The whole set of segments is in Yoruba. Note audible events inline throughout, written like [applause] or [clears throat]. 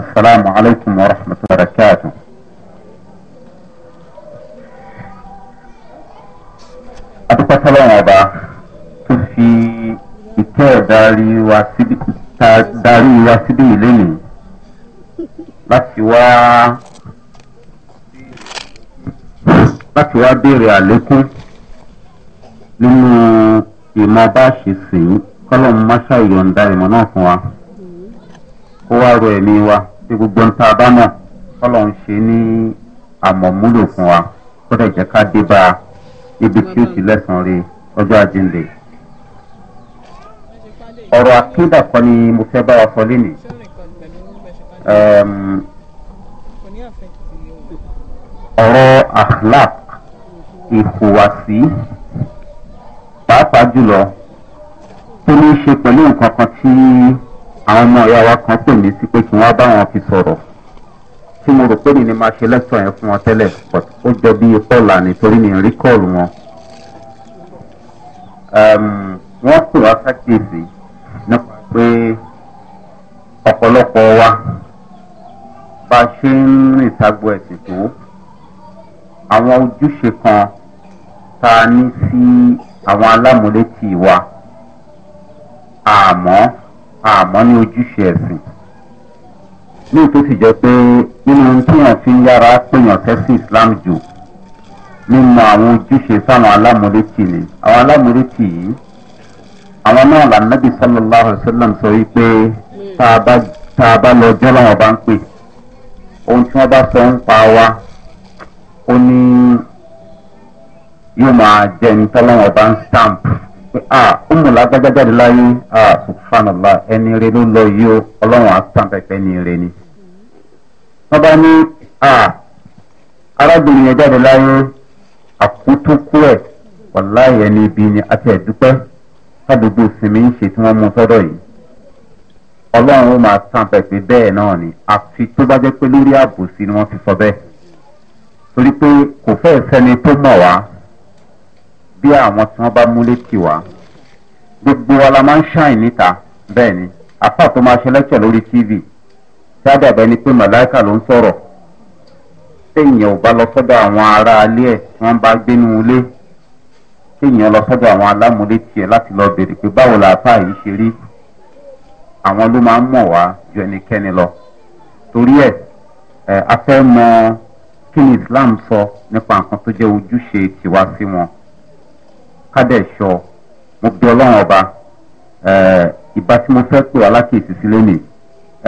السلام عليكم ورحمة الله وبركاته adúpẹ́ tọ́lọ́wọ́n ọba tó fi ìtẹ́ darí wa síbí ìlénìí láti wá láti wá béèrè àlékún nínú ìmọ̀ bá ṣe sìn kọ́lọ́mù máṣá ìyọ̀ǹda ìmọ̀ náà fún wa kó wá ro ẹ̀mí wa kí gbogbo ń tá a bá mọ̀ kọ́lọ̀ ń ṣe ní àmọ̀múlò fún wa kó dẹ̀ jẹ́ ká dé bá ibi tí ó ti lẹ́sàn-án rí ọjọ́ àjíǹde. ọ̀rọ̀ àkídà kan ni mo fẹ́ bá wa sọ lénìí. ọ̀rọ̀ akhlaq ìhùwàsí pàápàá jùlọ tó ní í ṣe pẹ̀lú nǹkan kan tí àwọn ọmọ ìyá wa kan pè mí sí pé kí wọ́n bá wọn fi sọ̀rọ̀ tí mo rò pé mi ni máa ṣe lẹ́sọ̀ yẹn fún wọn tẹ́lẹ̀ but ó jọ bí kọ́ọ̀là nítorí mi rí kọ́ọ̀lù wọn. wọ́n pè wá sákèsì nípa pé ọ̀pọ̀lọpọ̀ wa bá a ṣe ń rìn sagbo ẹ̀sìn tó àwọn ojúṣe kan tá a ní sí àwọn alámúlétì wa àmọ́ àmọ́ ní ojúṣe ẹ̀sìn ní tó sì jẹ́ pé nínú tíyàn fi ń yára pèèyàn fẹ́sìn islam jù nínú àwọn ojúṣe fáwọn alámúlétì ni àwọn alámúlétì yìí àwọn náà lànàbì sallallahu alayhi wa sọ wípé tá a bá lọ jọ́lọ́ wọn bá ń pè ohun tí wọ́n bá sọ ń pa wa ó ní yóò máa jẹ́ ní tọ́lọ́wọ́n bá ń stamp. a. Ah, ọmọ lágbájá jáde láyé ah subhanallah ẹni rẹ ló lọ yìí o ọlọ́run ni rẹ ni. wọ́n bá ní a ah, arábìnrin yẹn jáde láyé àkútúkú ẹ̀ wàláyé ẹni ibi ni àti ẹ̀dúpẹ́ sádùúgbò sinmi ń ṣe tí mú yìí. ó máa náà ni àfi tó bá jẹ́ pé lórí àbòsí ni wọ́n ti sọ bẹ́ẹ̀ torí pé kò tó wá bí àwọn tí wọ́n bá múlé tì gbogbo wa la máa ń ṣàìn níta bẹ́ẹ̀ ni apá tó máa ṣe lórí tv dáadáa bẹ́ẹ̀ ni pé màláìka ló ń sọ̀rọ̀ téèyàn ò bá lọ sọ́dọ̀ àwọn ará alẹ́ ẹ̀ tí wọ́n bá gbénú ilé téèyàn lọ sọ́dọ̀ àwọn alámúlé tiẹ̀ láti lọ bèrè pé báwo la apá yìí ṣe rí àwọn ló máa ń mọ̀ wá ju ẹnikẹ́ni lọ torí ẹ̀ ẹ̀ a mọ kí ni islam sọ nípa nǹkan tó jẹ́ ojúṣe tiwa sí wọn kádẹ̀ ṣọ mo bí ọlọ́run ọba ìbá tí mo fẹ́ pè alákìyèsí sí lónìí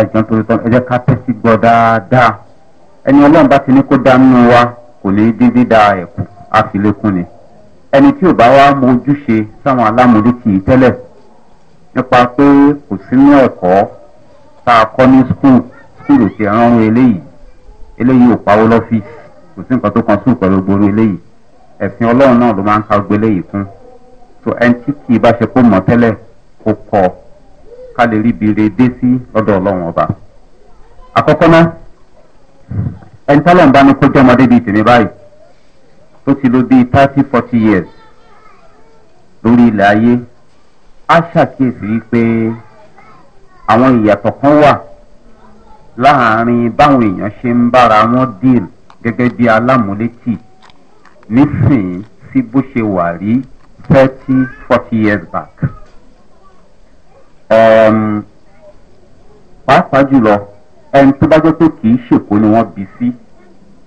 ẹ̀jọ̀n tó tọ́ ẹ̀jẹ̀ ká tẹ́sí gbọ́ dáadáa ẹni ọlọ́run bá ti ní kó dá nínú wa kò ní dín dídá ẹ̀kú àfilékún ni ẹni tí ò bá wá mọ sáwọn alámòlékì tẹ́lẹ̀ nípa pé kò sínú ẹ̀kọ́ tá a kọ́ ní skul skul ti ẹ̀rán eléyìí eléyìí ò pawó lọ́fíìsì kò sí nǹkan tó kan skul pẹ̀lú gbòòrò eléyìí ẹ̀sìn ọlọ́run náà ló máa ń ka gbélé yìí fún so ẹni tí kì í bá ṣe kó mọ̀ tẹ́lẹ̀ kó kọ́ ká lè rí ibire dé sí lọ́dọ̀ ọlọ́run ọba. àkọ́kọ́ náà ẹni tálọ̀ ń bá ní kó jẹ́ ọmọdé bíi tèmi báyìí tó ti lo bíi thirty forty years lórí ilẹ̀ ayé á ṣàkíyèsí wípé àwọn ìyàtọ̀ kan wà láàárín báwọn èèyàn ṣe ń bára wọn díìl gẹ́gẹ́ bí alámúlétì nísìnyí sí bó ṣe wà rí thirty forty years back. Um, pàápàá jùlọ ẹni tó bá jẹ́ pé kì í ṣèkó ni wọ́n bí sí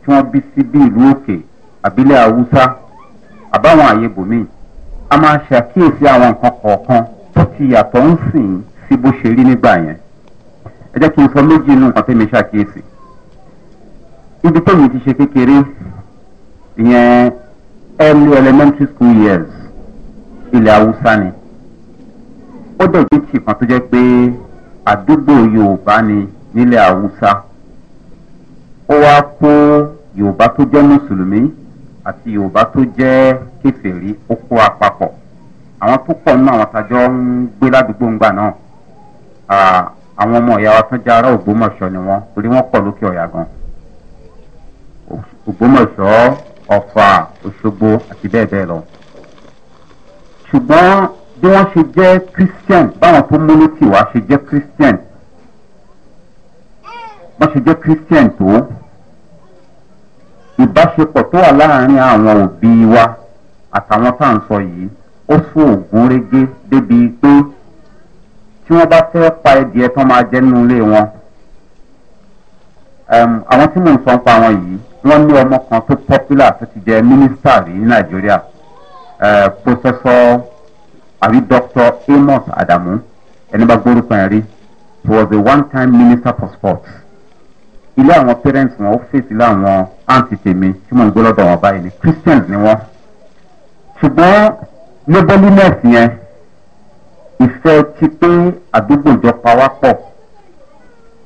tí wọ́n bí sí bí ìlú òkè àbílẹ̀ haúsá àbáwọn àyè bòmíì a máa ṣàkíyèsí àwọn nǹkan kọ̀ọ̀kan tó ti yàtọ̀ ń sìn sí bó ṣe rí nígbà yẹn ẹ jẹ́ kí n sọ méjì nù nǹkan tẹ́mi ṣàkíyèsí ibi tẹ́mi ti ṣe kékeré ìyẹn early elementary school years ilẹ̀ haúsá ni ó dẹ̀ jẹ́ tì kan tó jẹ́ pé àdúgbò yorùbá ni nílẹ̀ haúsá ó wá kó yorùbá tó jẹ́ mùsùlùmí àti yorùbá tó jẹ́ kẹfẹ́rí ó kó apapọ̀ àwọn tó pọ̀ nínú àwọn tajọ́ ń gbé ládùúgbò ńgbà náà àwọn ọmọ ìyá wa tó jẹ́ ará ògbómọ̀ṣọ́ ni wọ́n torí wọ́n pọ̀ lókè ọ̀yà gan ògbómọ̀ṣọ́ ọ̀fà òṣogbo àti bẹ́ẹ̀ bẹ́ẹ̀ lọ. ṣùgbọ́n bí wọ́n ṣe jẹ́ christian báwọn tó múlò tì wá ṣe jẹ́ christian bá ṣe jẹ́ christian tó ìbáṣepọ̀ tó wà láàrin àwọn òbí wa àtàwọn tá à ń sọ yìí ó fún ògùn régé débi pé tí wọ́n bá fẹ́ pa ẹdìẹ tán máa jẹ́ nínú ilé wọn àwọn tí mò ń sọ ń pa wọn yìí wọ́n ní ọmọ kan tó popular tó ti jẹ́ mínísítà rí ní nàìjíríà professor àbí dr amos adamu ẹni bá gbórúkọ yẹn rí he was a one time minister for sports ilé àwọn parents wọn ó fèsì láwọn àǹtí tèmi tí mò ń gbé lọ́dọ̀ wọn báyìí ni christians ni wọ́n ṣùgbọ́n neighborliness yẹn ìfẹ́ ti pé àdúgbò ìjọba wa pọ̀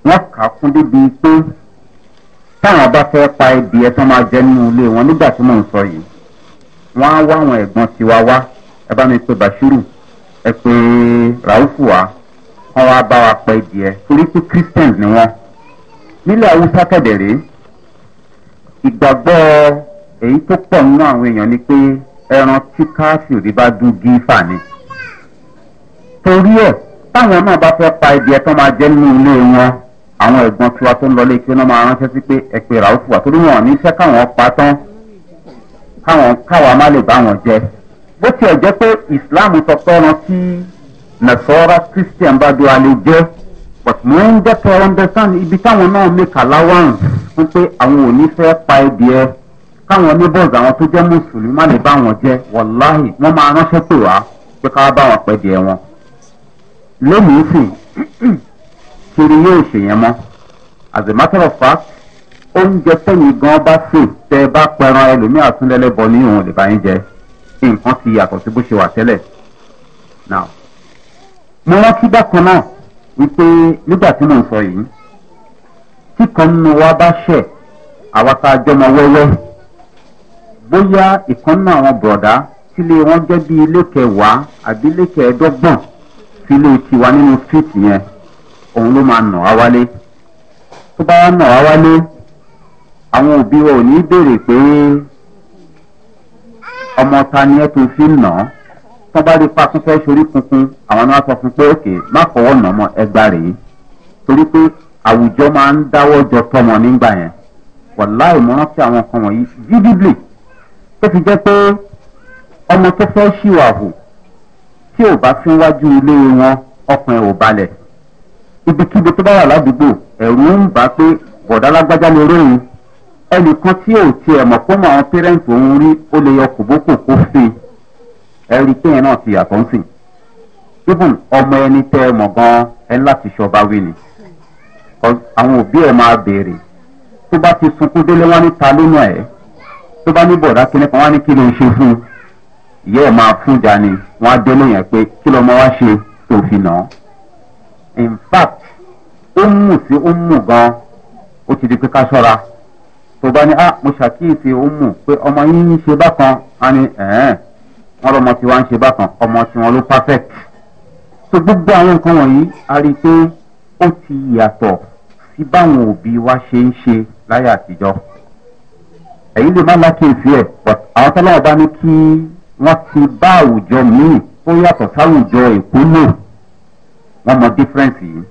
wọ́n kà á kún débi pé táwọn bá fẹ́ pa ẹdìẹ tán máa jẹ nínú ilé wọn nígbà tí mò ń sọ yìí wọ́n á wá àwọn ẹ̀gbọ́n tiwa wá ẹ bá mi pe bashiru ẹ pe raufu wa wọ́n wá bá wa pa ẹdìẹ torí pé christians ni wọ́n nílẹ̀ haúsá kẹ̀dẹ̀rẹ́ ìgbàgbọ́ èyí tó pọ̀ nínú àwọn èèyàn ni pé ẹran tí káfíìrì bá dún gífà ni torí ẹ̀ táwọn náà bá fẹ́ pa ẹdìẹ tán máa jẹ nínú ilé wọn àwọn ẹ̀gbọ́n tiwa tó ń lọ léèké náà máa ránṣẹ́ sí pé ẹ pé ràó fún wa torí wọn ní iṣẹ́ káwọn pa tán káwọn káwa má lè bá wọn jẹ bó tiẹ̀ jẹ́ pé islam tọ́tọ́ran kí nàṣọ́ra christian bá do lè jẹ́ but mo ń jẹ́ kẹ́ understand ibi táwọn náà make allowance fún pé àwọn ò ní fẹ́ pa ẹbí ẹ káwọn neighbors àwọn tó jẹ́ mùsùlùmí má lè bá wọn jẹ wàláhì wọ́n máa ránṣẹ́ pè wá pé ká bá wọn pẹ́ di ẹ lónìí sìn kiri yóò ṣe yẹn mọ́ as a matter of fact oúnjẹ tẹ̀yìn gan bá sè tẹ́ bá pẹran ẹlòmíì àtúndẹ́lẹ́bọ ní òun lè bá yín jẹ nǹkan ti yàtọ̀ sí bó ṣe wà tẹ́lẹ̀ now mo rántí bákan náà wípé nígbà tí mò ń sọ yìí kíkan nínú wa bá ṣẹ̀ àwa tá a jọmọ wẹ́wẹ́ bóyá ìkan nínú àwọn bọ̀dá tílé wọn jẹ́ bí ilé kẹwàá àbí ilé kẹẹ̀ẹ́dọ́gbọ̀n tílé tiwa nínú street yẹn òun ló máa nà á wálé tó bá wá nà á wálé àwọn òbí wa ò ní béèrè pé ọmọ ta ni ẹ tó fi nà á tó bá rí pa tó fẹ́ sorí kunkun àwọn náà sọ fún pé òkè má fọwọ́ nà mọ́ ẹgbà rèé torí pé àwùjọ máa ń dáwọ́ jọ tọmọ nígbà yẹn wàláì mo rántí àwọn kan wọ̀nyí vividly tó fi jẹ́ pé ọmọ tó fẹ́ ṣìwà hù tí ò bá fún wájú ilé wọn ọkùnrin ò balẹ̀ ibikíbi tó bá wà ládùúgbò ẹ̀rù ń bà pé bọ̀dá lágbájá lè róyìn ẹnìkan tí ò tiẹ̀ mọ̀ fún àwọn pẹ́rẹ́ǹtì òun rí ó lè yọ kòbókò kó fi ẹ̀rí kéèyàn náà ti yàtọ̀ ń sìn even ọmọ ẹni tẹ́ ẹ mọ̀ gan-an láti ṣọba wí ni àwọn òbí ẹ̀ máa béèrè tó bá ti sunkún délé wọn ní lónà ẹ̀ tó bá ní bọ̀dá kíní kan wọn ní kí ló ń ṣe fún ìyá ẹ̀ máa fún dání wọn á délé yẹn pé kí lọ́mọ wá ṣe tó fi nà in fact ó ń mù sí ó ń mù gan ó ti di pé ká ṣọ́ra tó bá ní ah mo ṣàkíyèsí ó ń mù pé ọmọ yín ń ṣe bákan á ní ẹ̀ẹ́n wọn lọmọ tiwa ń ṣe bákan ọmọ tiwọn ló perfect so gbogbo àwọn nǹkan wọ̀nyí a rí i pé ó ti yàtọ̀ sí báwọn òbí wa ṣe ń ṣe láyé àtijọ́ èyí lè má lákèéfì ẹ̀ but àwọn tọ́lọ́wọ́ bá ní kí wọ́n ti bá àwùjọ míì ó yàtọ̀ sáwùjọ èkó náà wọ́n mọ difference yìí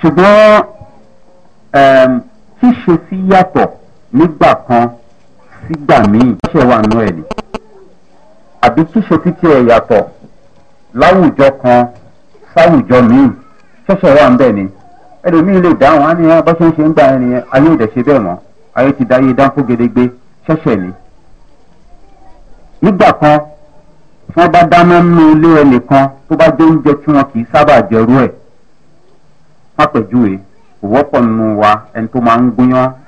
ṣùgbọ́n ṣíṣe sí yàtọ̀ nígbà kan sígbà míì ṣe wà nù ẹ̀ ni àbí ṣíṣe títí ẹ̀ yàtọ̀ láwùjọ kan sáwùjọ míì ṣẹ̀ṣẹ̀ wà ń bẹ̀ ni ẹlòmíì lè dáhùn á ní ẹ bá ṣe ń ṣe ń gba ẹni yẹn ayé ò dẹ̀ ṣe bẹ́ẹ̀ mọ́ ayé ti dá ayé dánfó gedegbe ṣẹ̀ṣẹ̀ ni nígbà kan wọ́n bá dáná nínú ilé ẹnìkan tó bá jẹ́ oúnjẹ tí wọn kì í sábà jẹrú ẹ̀ pápẹ̀júwe kò wọ́pọ̀ nínú wa ẹni tó máa ń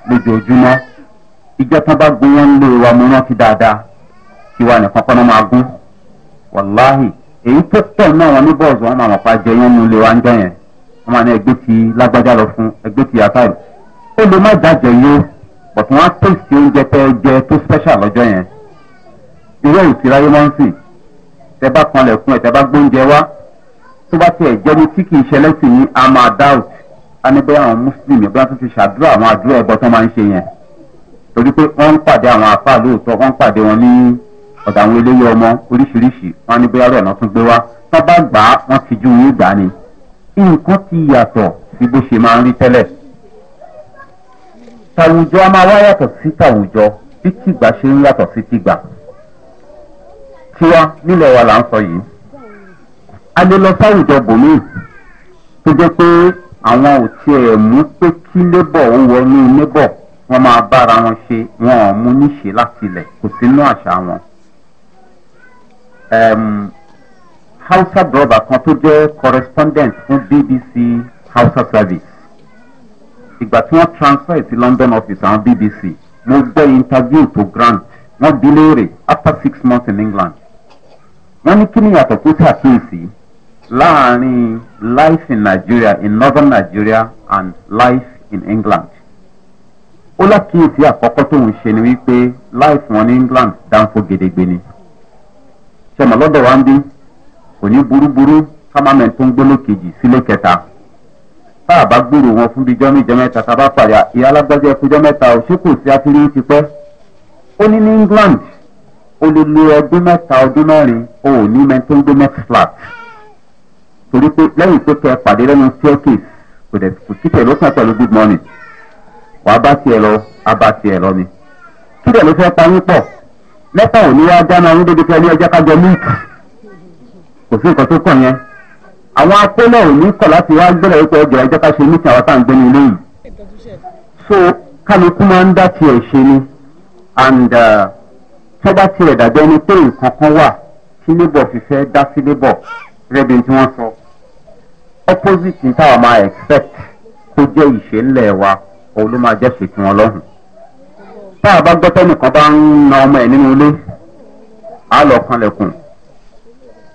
lójoojúmọ́ ìjọ tán bá wa mo rántí dáadáa kí wa nìkan kọ́nà máa gún wàláhì èyí tó pọ̀ náà wọn ní bọ́ọ̀sì wọn máa mọ̀ pa jẹyán nínú ilé wa ń wọn ti lágbájá lọ fún ẹgbẹ́ ti yàtá ó lè má dájẹ yó wọn á oúnjẹ special lọ́jọ́ yẹn irú òsì ráyé ń tẹ bá kanlẹ̀ fún ẹ tẹ bá gbóúnjẹ wá tó bá tiẹ̀ jẹ́ni tí kì í ṣẹlẹ̀ sí ní ama doubt anibẹ́ àwọn mùsùlùmí bí wọ́n tún ti ṣàdúrà àwọn àdúrà ẹ̀bọ tó máa ń ṣe yẹn torí pé wọ́n ń pàdé àwọn àfáà lóòótọ́ wọ́n ń pàdé wọn ní ọ̀dà àwọn eléyé ọmọ oríṣiríṣi wọn ní bóyá ọ̀nà tún gbé wá tó bá gbà á wọ́n ti ju yín gbà ni nǹkan ti yàtọ̀ sí bó ṣe máa ń rí tẹ́lẹ̀ tàwùjọ a máa wá yàtọ̀ sí tàwùjọ bí tìgbà ṣe ń yàtọ̀ sí tìgbà tiwa nílẹ̀ wa là ń sọ yìí a lè lọ sáwùjọ bòmíì tó jẹ́ pé àwọn ò tiẹ̀ mú pé kí lébọ̀ ó wọnú lébọ̀ wọ́n máa bára wọn ṣe wọn ò mú níṣe láti ilẹ̀ kò sínú àṣà wọn. hausa brother kan tó jẹ́ correspondent fún bbc hausa service ìgbà tí wọ́n transfer sí london office àwọn bbc mo gbọ́ interview to grant wọ́n bí léèrè after six months in england wọ́n ní kí ni yàtọ̀ tó ṣàkíyèsí láàrin life in nigeria in northern nigeria and life in england ó lákìyèsí àkọ́kọ́ tó ń ṣe ni wípé life wọn ní england dáńfó gedegbe ni ṣọmọ lọ́dọ̀ wa ń bí kò ní burúburú kámámẹ́ tó ń gbóló kejì sílé kẹta tá a bá gbúrò wọn fún bíi jọ́mí jọ́mẹ́ta tá a bá pàdé ìyá alágbájá ẹkú jọ́mẹ́ta ò ṣé kò sí afírí tipẹ́ ó ní ní england o lè lo ọdún mẹ́ta ọdún mẹ́rin o ò ní mẹ́ni tó ń gbé next flat torí pé lẹ́yìn pé kẹ́ ẹ pàdé lẹ́nu staircase kò dẹ̀ kò sí tẹ̀lé ó kàn pẹ̀lú good morning wàá bá tiẹ̀ lọ á bá tiẹ̀ lọ ni kí dẹ̀ ló fẹ́ pa pọ̀ mẹ́ta ò ní wá dáná ọdún dédé pé ẹni ẹjẹ́ ká jẹ kò sí nǹkan tó kàn yẹn àwọn akólẹ̀ ò ní kọ̀ láti wá gbẹ̀rẹ̀ wípé ẹjọ́ ká ṣe mílìkì àwọn tá à ń so kálukú máa ń dá tiẹ̀ ṣe ni and uh, tọ́ba tirẹ̀ dàgbẹ́ ni pé nǹkan kan wà tí labour fi fẹ́ dá sí labour rẹ́bi tí wọ́n sọ opposite ní táwa máa expect kó jẹ́ ìṣe ńlẹ̀ wa òun ló máa jẹ́ ṣètì wọn lọ́hùn. tá a bá gbọ́ tẹ́nìkan bá ń na ọmọ ẹ̀ nínú ilé á lọ kanlẹ̀kùn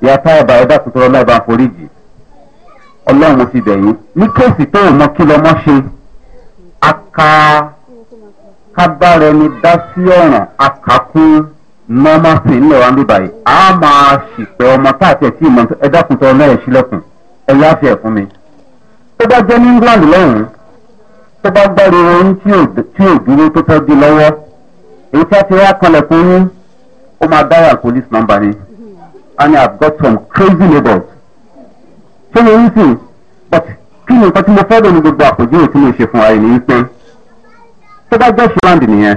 ìyá táyà ẹ̀dá tuntun ọlá ìbá foríjì ọlọ́run ti bẹ̀yìn ní kéèsì tó ò mọ kí lọmọ ṣe aka kábàárẹ̀ ni dá sí ọ̀ràn akakún normal thing ńlẹ̀ wa ń bí báyìí a máa ṣìpẹ́ ọmọ káàtì ẹ̀ tí ìmọ̀ ẹ dákun tọ́ náà ẹ̀ sílẹ̀kùn ẹ yá fi ẹ̀ fún mi. tó bá jẹ́ ní england lọ́hùn-ún tó bá gbẹ́rù oyún tí ò dúró tó tọ́ di lọ́wọ́ èyí tí a ti wá kanlẹ̀ fún yín ó máa dáyà police number ni and i have got some crazy neighbors. ṣé mo ń sìn but kí ni nǹkan tí mo fẹ́ lónìí gbogbo àpòjú òtún mi ṣe fún wa yìí ni wípé tó bá jẹ́ ṣíwáǹdì nìyẹn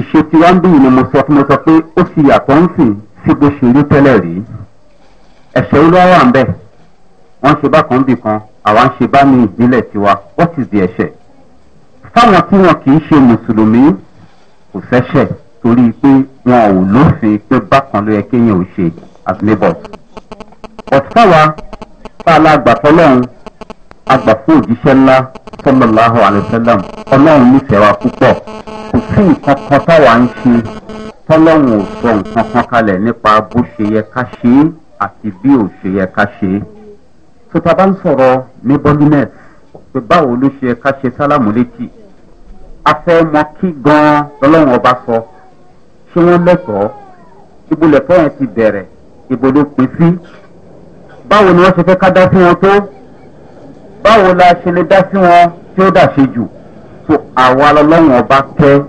ìṣe tiwa ń bìyìn ni mo sọ fún mi sọ pé ó sì yàtọ̀ ń sìn sí bó ṣe rí tẹ́lẹ̀ rí ẹ̀ṣẹ̀ olówó à ń bẹ̀ wọ́n ṣe bákan bì kan àwa ń ṣe bá ní ìbílẹ̀ tiwa what is the ẹ̀ṣẹ̀ fáwọn tí wọn kì í ṣe mùsùlùmí kò sẹ́ṣẹ̀ torí pé wọn ò lófin pé bákan ló yẹ kéèyàn ò ṣe as neighbors but fáwa tá a la gbàtọ́ agbàpọ̀ òjíṣẹ́ ńlá sọ́lọ́láhu alẹ́sẹ́lẹ̀m ọlọ́run nífẹ̀ẹ́ wa púpọ̀ kò sí nǹkan kan táwa ń ṣe tọ́lọ́run ò sọ nǹkan kan kalẹ̀ nípa bó ṣe yẹ ká ṣe é àti bí ò ṣe yẹ ká ṣe é. tó ta bá ń sọ̀rọ̀ ní bọ́lúnẹ̀t pé báwo ló ṣe yẹ ká ṣe sálámù létí a fẹ́ mọ kí gan-an lọ́lọ́run ọba sọ ṣé wọ́n lẹ́tọ̀ọ́ ibo lẹ̀fọ́ yẹn ti bẹ̀rẹ̀ ibo ló pin sí báwo ni wọ́n ṣe fẹ́ ká dá fún wọn tó báwo la ṣe lè dá sí wọn tí ó dà ṣe jù so àwa lọlọ́run ọba kẹ́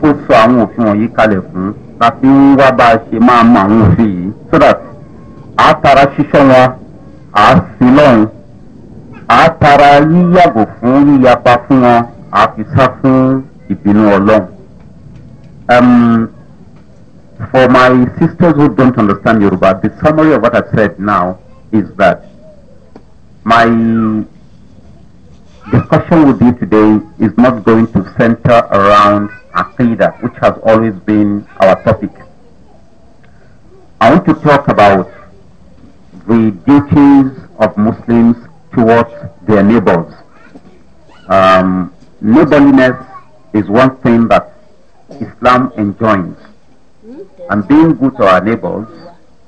kó sọ àwọn òfin wọ̀nyí kalẹ̀ fún láti ń wá bá a ṣe máa mọ àwọn òfin yìí so that a tara ṣíṣọ́ wọn a sí lọ́run a tara yíyàgò fún yíyapa fún wọn a fi sá fún ìbínú ọlọ́run. Um, for my sisters who don't understand Yoruba, the summary of what I've said now is that my discussion with you today is not going to center around Aqidah, which has always been our topic. I want to talk about the duties of Muslims towards their neighbors. Um, neighborliness is one thing that Islam enjoins, and being good to our neighbors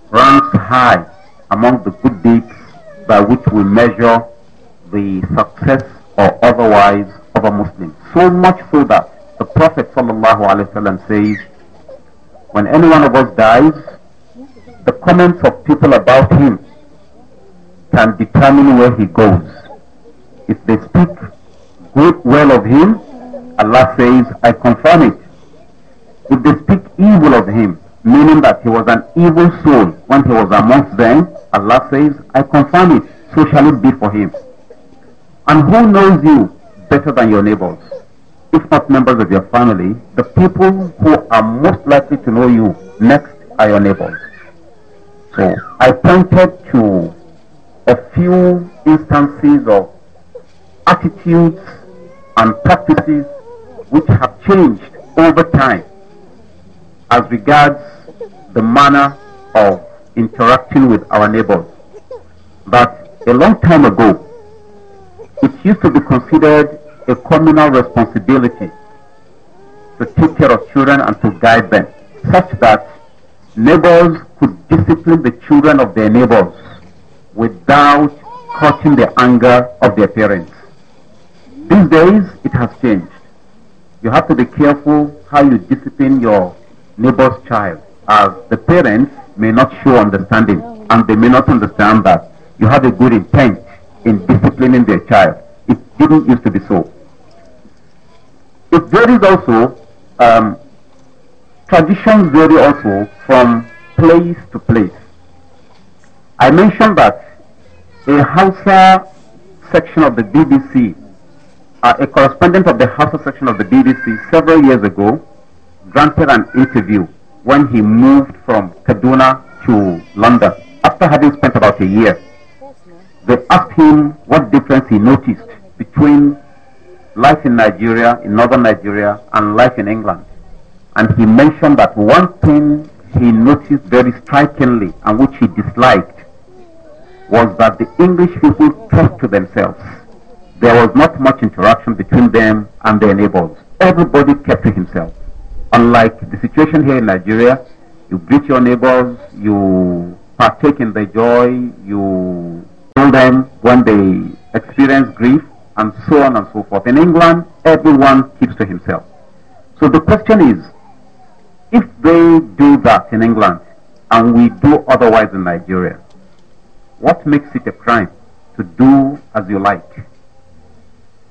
ranks high among the good deeds by which we measure the success or otherwise of a Muslim. So much so that the Prophet ﷺ says, when any one of us dies, the comments of people about him can determine where he goes. If they speak good well of him, Allah says, I confirm it. If they speak evil of him, meaning that he was an evil soul when he was amongst them, Allah says, I confirm it. So shall it be for him. And who knows you better than your neighbors? If not members of your family, the people who are most likely to know you next are your neighbors. So I pointed to a few instances of attitudes and practices which have changed over time as regards the manner of interacting with our neighbors. But a long time ago, it used to be considered a communal responsibility to take care of children and to guide them, such that neighbors could discipline the children of their neighbors without causing the anger of their parents. These days, it has changed. You have to be careful how you discipline your neighbor's child, as the parents may not show understanding and they may not understand that you have a good intent in disciplining their child. It didn't used to be so. It varies also, um, traditions vary also from place to place. I mentioned that a Hausa section of the BBC, uh, a correspondent of the Hausa section of the BBC several years ago granted an interview when he moved from Kaduna to London after having spent about a year they asked him what difference he noticed between life in Nigeria, in northern Nigeria, and life in England. And he mentioned that one thing he noticed very strikingly and which he disliked was that the English people kept to themselves. There was not much interaction between them and their neighbors. Everybody kept to himself. Unlike the situation here in Nigeria, you greet your neighbors, you partake in their joy, you tell them when they experience grief and so on and so forth. In England, everyone keeps to himself. So the question is, if they do that in England and we do otherwise in Nigeria, what makes it a crime to do as you like?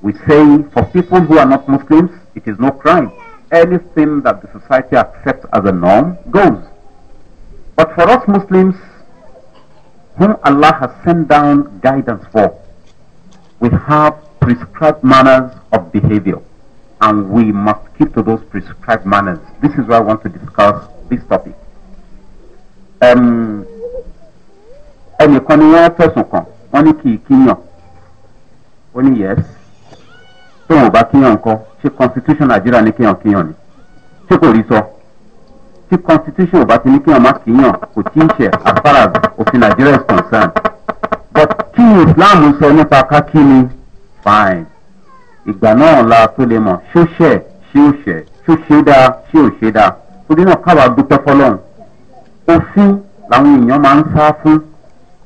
We say for people who are not Muslims, it is no crime. Anything that the society accepts as a norm goes. But for us Muslims, whom Allah has sent down guidance for, we have prescribed manners of behavior and we must keep to those prescribed manners. This is why I want to discuss this topic. Um, ẹnìkan ni wọ́n fẹ̀sùn kàn wọ́n ní kì í kíyàn ó ní yẹ́s tóun ò bá kíyàn nǹkan ṣe constitution nàìjíríà ní kíyàn kíyàn ni ṣé kò rí sọ tí constitution ò bá ti ní kí wọn má kíyàn kò tí ì ṣe as far as òfin nigeria is concerned but kí islam sọ nípa kákí fine ìgbà náà la tó lè mọ̀ ṣó ṣẹ̀ ṣé ó ṣẹ̀ ṣó ṣe dáa ṣé ò ṣe dáa torí náà káwa dúpẹ́ fọlọ́run òfin làwọn èèyàn máa ń sá fún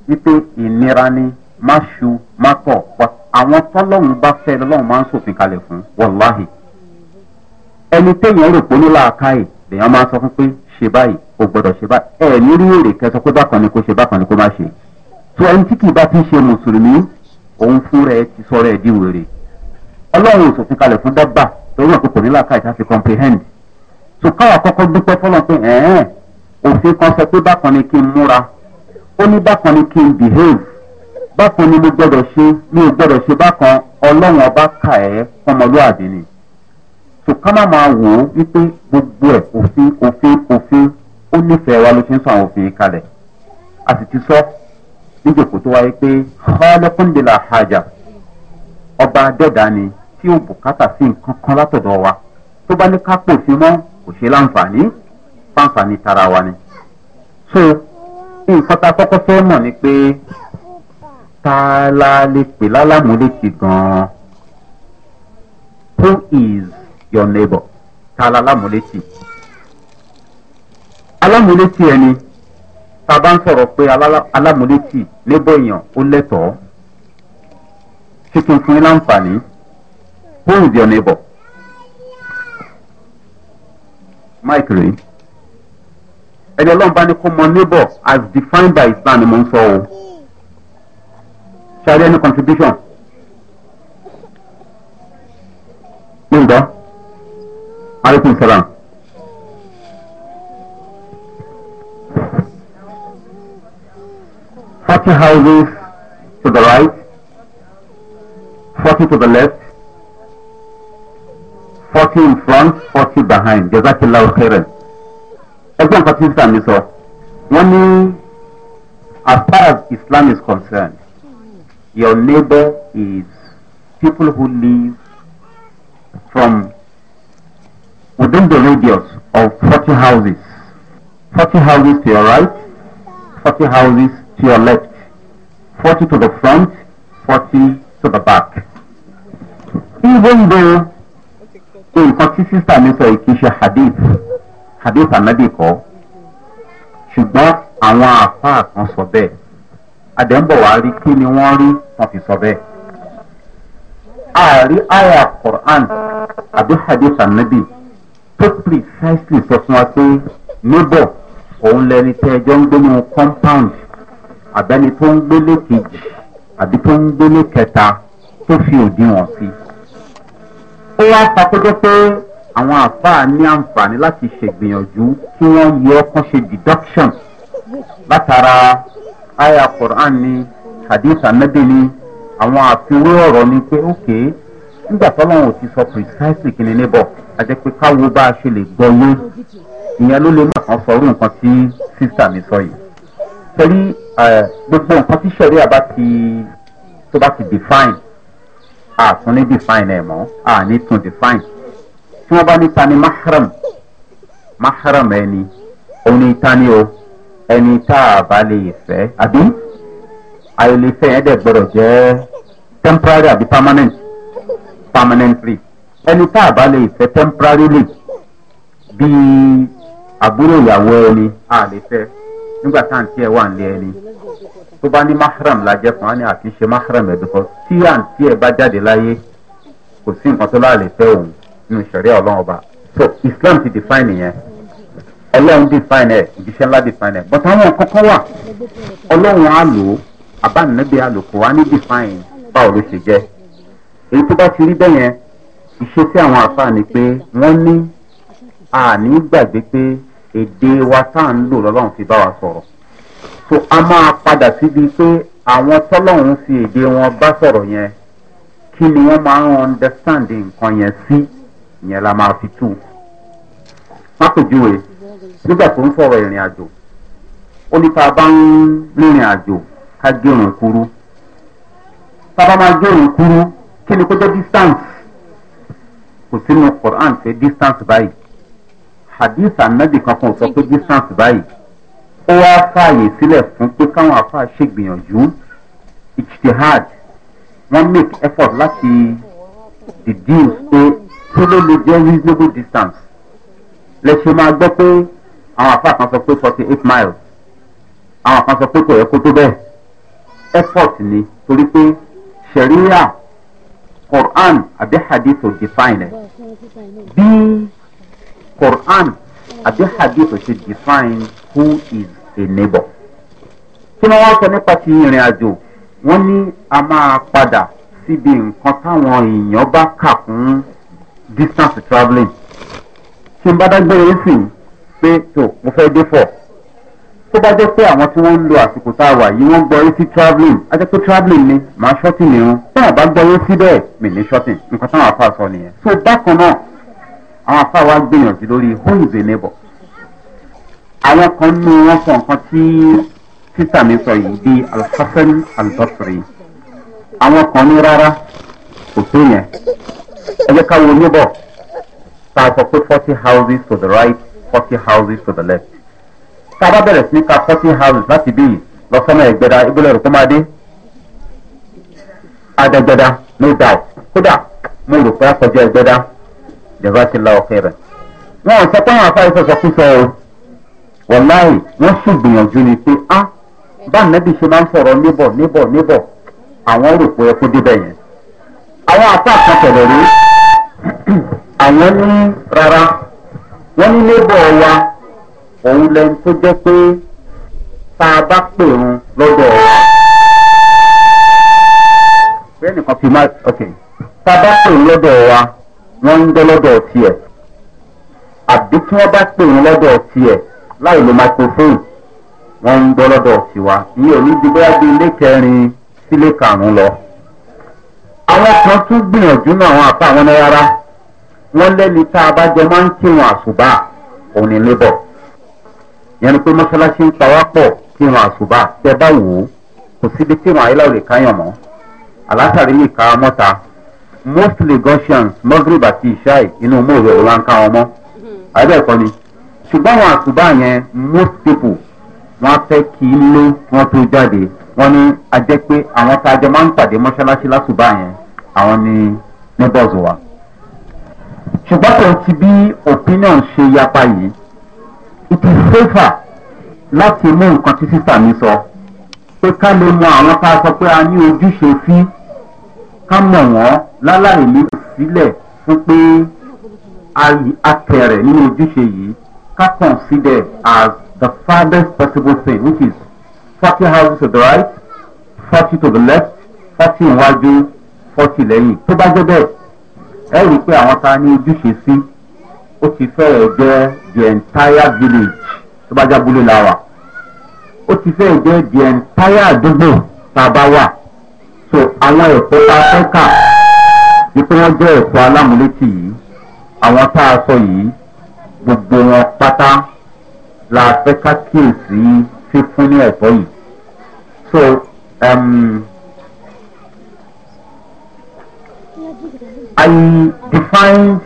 wípé ìnira ni má ṣu má tọ̀ but àwọn tọ́lọ́run bá fẹ́ lọ́lọ́run máa ń sòfin kalẹ̀ fún wàláhì ẹni téèyàn rò pé ó ní làákàyè lèèyàn máa sọ fún pé ṣe báyìí o gbọdọ̀ ṣe báyìí ẹ nírú èrè kẹsọ pé bákan ni kò ṣe bákan ni kò má ṣe tó ẹni tí kì í bá ti ṣe mùsùlùmí òun fúnra ẹ ti sọ̀rọ̀ ẹ di wèrè ọlọ́run òsòfin kalẹ̀ fún dábà torí wọn kò kò ní làákàyè ká fi comprehend so káwa kọ́kọ́ dúpẹ́ fọlọ́n pé ẹ̀ẹ́n òfin kan sọ pé bákan ni kí n múra ó ní bákan ni kí n behave bákan ni mo gbọdọ̀ ṣe mi ò gbọdọ̀ ṣe bákan ọlọ́run ọba kà ẹ́ fọmọlúwàbí ni so ká má máa wò ó wípé gbogbo ẹ̀ òfin òfin òfin ó nífẹ̀ẹ́ wa ló ti ń sọ àwọn òfin kalẹ̀ a sì ti sọ níjòkó tó wáyé pé xaalẹ́kùndínlá hajà ọba dẹ́dá ni tí ò bùkátà sí nǹkan kan látọ̀dọ̀ wa tó bá ní ká pòfin mọ́ kò ṣe láǹfààní fáǹfààní tara wa ni so nǹkan tá a kọ́kọ́ fẹ́ mọ̀ ni pé ta la lè pè lálàmúlétì gan-an who is your neighbor ta la alámúlétì alámúlétì ẹni tá a bá ń sọ̀rọ̀ pé alámúlétì níbọ̀ èèyàn ó lẹ́tọ̀ọ́ ṣé kí n fún yín láǹfààní who is your neighbor mike rèé ẹni ọlọ́run bá ní kó mọ neighbor as defined by islam ni mo ń sọ o ṣe àdé ẹni contribution. Nígbà aleykum salaam. Forty houses to the right, forty to the left, forty in front, forty behind. Jazakallah khairan. Ẹgbẹ́ nǹkan tí ń sàmì sọ, wọ́n ní as far as Islam is concerned, your neighbor is people who live from within the radius of 40 houses. 40 houses to your right, 40 houses to your left, 40 to the front, 40 to the back. Even though in tí sísá mi sọ hadith hadith anabi kọ ṣùgbọ́n àwọn àáfàá kan sọ bẹ́ẹ̀ àdẹ́ńbọ̀ wá rí kí ni wọ́n rí wọn fi sọ bẹ́ẹ̀. ààrí àyà quran àbí hadith anabi tó precisely sọ fún wa pé neighbor òun lẹni tẹ ẹjọ́ ń gbé nínú compound àbẹ́ni tó ń gbélé kejì àbí tó ń gbélé kẹta tó fi òdiwọ̀n sí. ó wá sàkójọ pé àwọn àfáà ní àǹfààní láti ṣègbìyànjú kí wọ́n yẹ ọkàn ṣe deduction látara aya quran ni hadith anabi ni àwọn àfiwé ọ̀rọ̀ ni pé ókè. Okay, nígbà tọ́lọ́run ò ti sọ precisely kí ni níbọ̀ a jẹ́ pé káwo bá a ṣe lè gbọ́ yé ìyẹn ló lè má kàn sọ orú nǹkan tí sísà mi sọ yìí torí gbogbo nǹkan tí sẹ̀ríà bá ti tó bá ti define àtún ní define ẹ̀ mọ́ àní tún define tí wọ́n bá ní ta mahram mahram ẹni òun ni ta ni o ẹni tá a bá lè fẹ́ àbí àìlè fẹ́ ẹ̀ dẹ̀ gbọ́dọ̀ jẹ́ temporary àbí permanent permanently ẹni tá a bá lè fẹ́ temporarily bíi àbúrò ìyàwó ẹni a lè fẹ́ nígbà tá à ń tiẹ̀ wà ń lé ẹni tó bá ní mahram lajẹ́ fún wa ní àti ṣe mahram ẹ̀dùkọ́ tí à ń tiẹ̀ bá jáde láyé kò sí nǹkan tó láàlè fẹ́ òun nínú ìṣẹ̀rí ọlọ́run ọba so islam ti define yẹn ọlọ́run define ẹ̀ ìdíṣẹ́ ńlá define ẹ̀ but àwọn kọ́kọ́ wà ọlọ́run á lò ó àbánibí á lò kó wá ní define báwo ló ṣe jẹ́ èyí tó bá ti rí bẹ́ẹ̀ yẹn ìṣe tí àwọn àfáà ni pé wọ́n ní àní gbàgbé pé èdè wa tá à ń lò lọ́lọ́run fi bá wa sọ̀rọ̀ so a máa padà síbi pé àwọn tọ́lọ́run fi èdè wọn bá sọ̀rọ̀ yẹn kí ni wọ́n máa ń understand nǹkan yẹn sí yẹn la máa fi tù mápèjúwe nígbà tó ń sọ̀rọ̀ ìrìn àjò ó ní tá a bá ń rìnrìn àjò ká gé òun kúrú tá a bá máa gé òun kúrú kí ni kó jẹ́ distance kò sínú quran ṣe distance báyìí hadith anabi kankan sọ pé distance báyìí ó wá fààyè sílẹ̀ fún pé káwọn afa ṣègbìyànjú ijtihad wọ́n make effort láti deduce pé tó ló lè jẹ́ reasonable distance lẹ́sẹ̀ máa gbọ́ pé àwọn afa kan sọ pé forty eight miles àwọn kan sọ pé kò yẹ kó tó bẹ́ẹ̀ effort ni torí pé sẹ̀ríyà quran àbí hadith ò define ẹ bí quran àbí hadith ò define who is a neighbor tí wọ́n wá sọ nípa ti ìrìn àjò wọ́n ní a máa padà síbi nǹkan táwọn èèyàn bá kà fún distance travelling tí n bá dágbére sí pé tó mo fẹ́ dé fọ̀ tó bá jẹ́ pé àwọn tí wọ́n ń lo àsìkò tá a wà yìí wọ́n gbọ́ sí travelling a jẹ́ travelling ni màá shorting ni wọn tí wọ́n bá gbọ́ sí bẹ́ẹ̀ mi ní shorting nǹkan táwọn afa sọ nìyẹn. so bákan náà àwọn afa wa gbìyànjú lórí who is a neighbor. àwọn kan nú wọn sọ nǹkan tí títà mi sọ yìí bíi alhassan albasri àwọn kan ní rárá kò tó yẹn ẹ jẹ́ ká wo sọ pé forty houses to the right forty houses to the left tá a bá bẹ̀rẹ̀ sí ka fourteen houses láti bí yìí ẹ̀gbẹ́dá ìgbélé rẹ̀ máa dé adẹ́gbẹ́dá no doubt kódà mo rò pé akọjọ ẹ̀gbẹ́dá jẹ̀bá ti la ọ̀kẹ́ rẹ̀. wọ́n sọ pé àwọn afáyé sọ̀sọ̀ kú sọ o wọ̀láì wọ́n sì gbìyànjú ni pé á ah, bá nẹ́bí ṣe máa ń sọ̀rọ̀ níbọ̀ níbọ̀ níbọ̀ àwọn rò pé ẹkú débẹ̀ yẹn. àwọn afá kan rí àwọn ní rárá wọ́n ní níbọ̀ wa òun lẹni tó jẹ́ pé tá a bá pè wọn lọ́dọ̀ wa pé nìkan fi má ok tá a bá pè wọn lọ́dọ̀ wa wọ́n ń jẹ́ lọ́dọ̀ tiẹ̀ àbí tí wọ́n bá pè wọn lọ́dọ̀ tiẹ̀ láì lo microphone wọ́n ń gbọ́ lọ́dọ̀ tiwa ní òní ju bóyá bíi ilé kẹrin sílé karùn-ún lọ. àwọn kan tún gbìyànjú náà àwọn àpá náírà wọ́n lẹ́ni tá a bá jọ máa ń kírun àṣùbà òun ní lébọ̀ yẹn ni pé mọ́ṣáláṣí ń pawá pọ̀ kí wọn àṣùbà tẹ bá wò ó kò síbi tí wọn ayélujára lè káyàn mọ́ àlásàrí ní ìka mọ́ta most lagosians magreb àti ishai inú mòwe ò wá ń ká wọn mọ́ àbẹ́ẹ̀kọ́ ni ṣùgbọ́n àwọn àṣùbà yẹn most people wọn fẹ́ kí ilé wọn tó jáde wọn ní ajẹ́ pé àwọn tá a jọ máa ń pàdé mọ́ṣáláṣí lásùbà yẹn àwọn ni neighbors wa. ṣùgbọ́n kò ti bí opinion ṣe yapa yìí it is safer láti mú nǹkan tí sísà mi sọ pé ká lè mọ àwọn tá a sọ pé a ní ojúṣe sí ká mọ̀ wọ́n láláì ní sílẹ̀ fún pé a tẹ̀rẹ̀ nínú ojúṣe yìí ká consider as the farthest possible thing which is forty houses to the right forty to the left forty iwájú forty lẹ́yìn tó bá jẹ́ bẹ́ẹ̀ ẹ rí i pé àwọn tá a ní ojúṣe sí ó ti fẹ́ẹ̀ jẹ́ the entire village tó bá jábúlé la wà ó ti fẹ́ẹ̀ jẹ́ the entire àdúgbò tá a bá wà so àwọn ẹ̀kọ́ tá a fẹ́ kà wípé wọ́n jẹ́ ẹ̀kọ́ alámúlétì yìí àwọn tá a sọ yìí gbogbo wọn pátá la fẹ́ ká kíyèsí fífún ní ẹ̀kọ́ yìí so. Um, I defined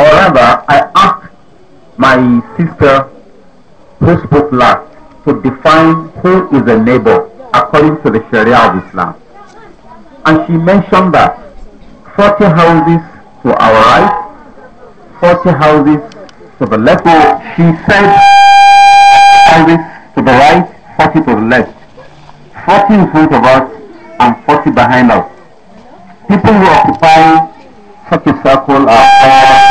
or rather I asked my sister who spoke last to define who is a neighbor according to the Sharia of Islam. And she mentioned that 40 houses to our right, 40 houses to the left. she said houses to the right, 40 to the left, 40 in front of us and 40 behind us. People who occupy such a circle are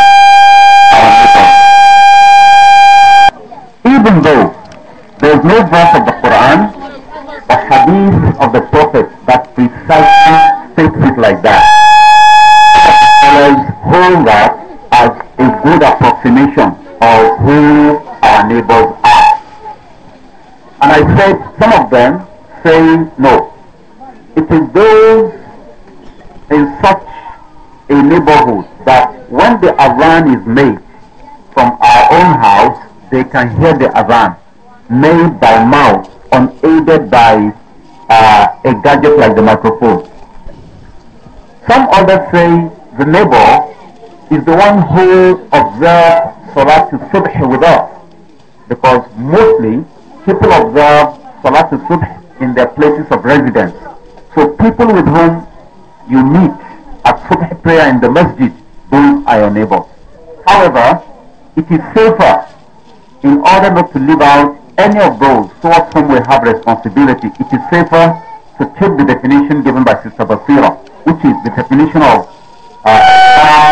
There is no verse of the Quran or hadith of the Prophet that precisely states it like that. Scholars hold that as a good approximation of who our neighbors are. And I said some of them say no. It is those in such a neighborhood that when the Azan is made from our own house, they can hear the Azan made by mouth unaided by uh, a gadget like the microphone. Some others say the neighbor is the one who observes Salatul Subh with us because mostly people observe to Subh in their places of residence. So people with whom you meet at Subh prayer in the masjid, those are your neighbors. However, it is safer in order not to leave out any of those towards whom we have responsibility, it is safer to take the definition given by Sister Basira, which is the definition of uh,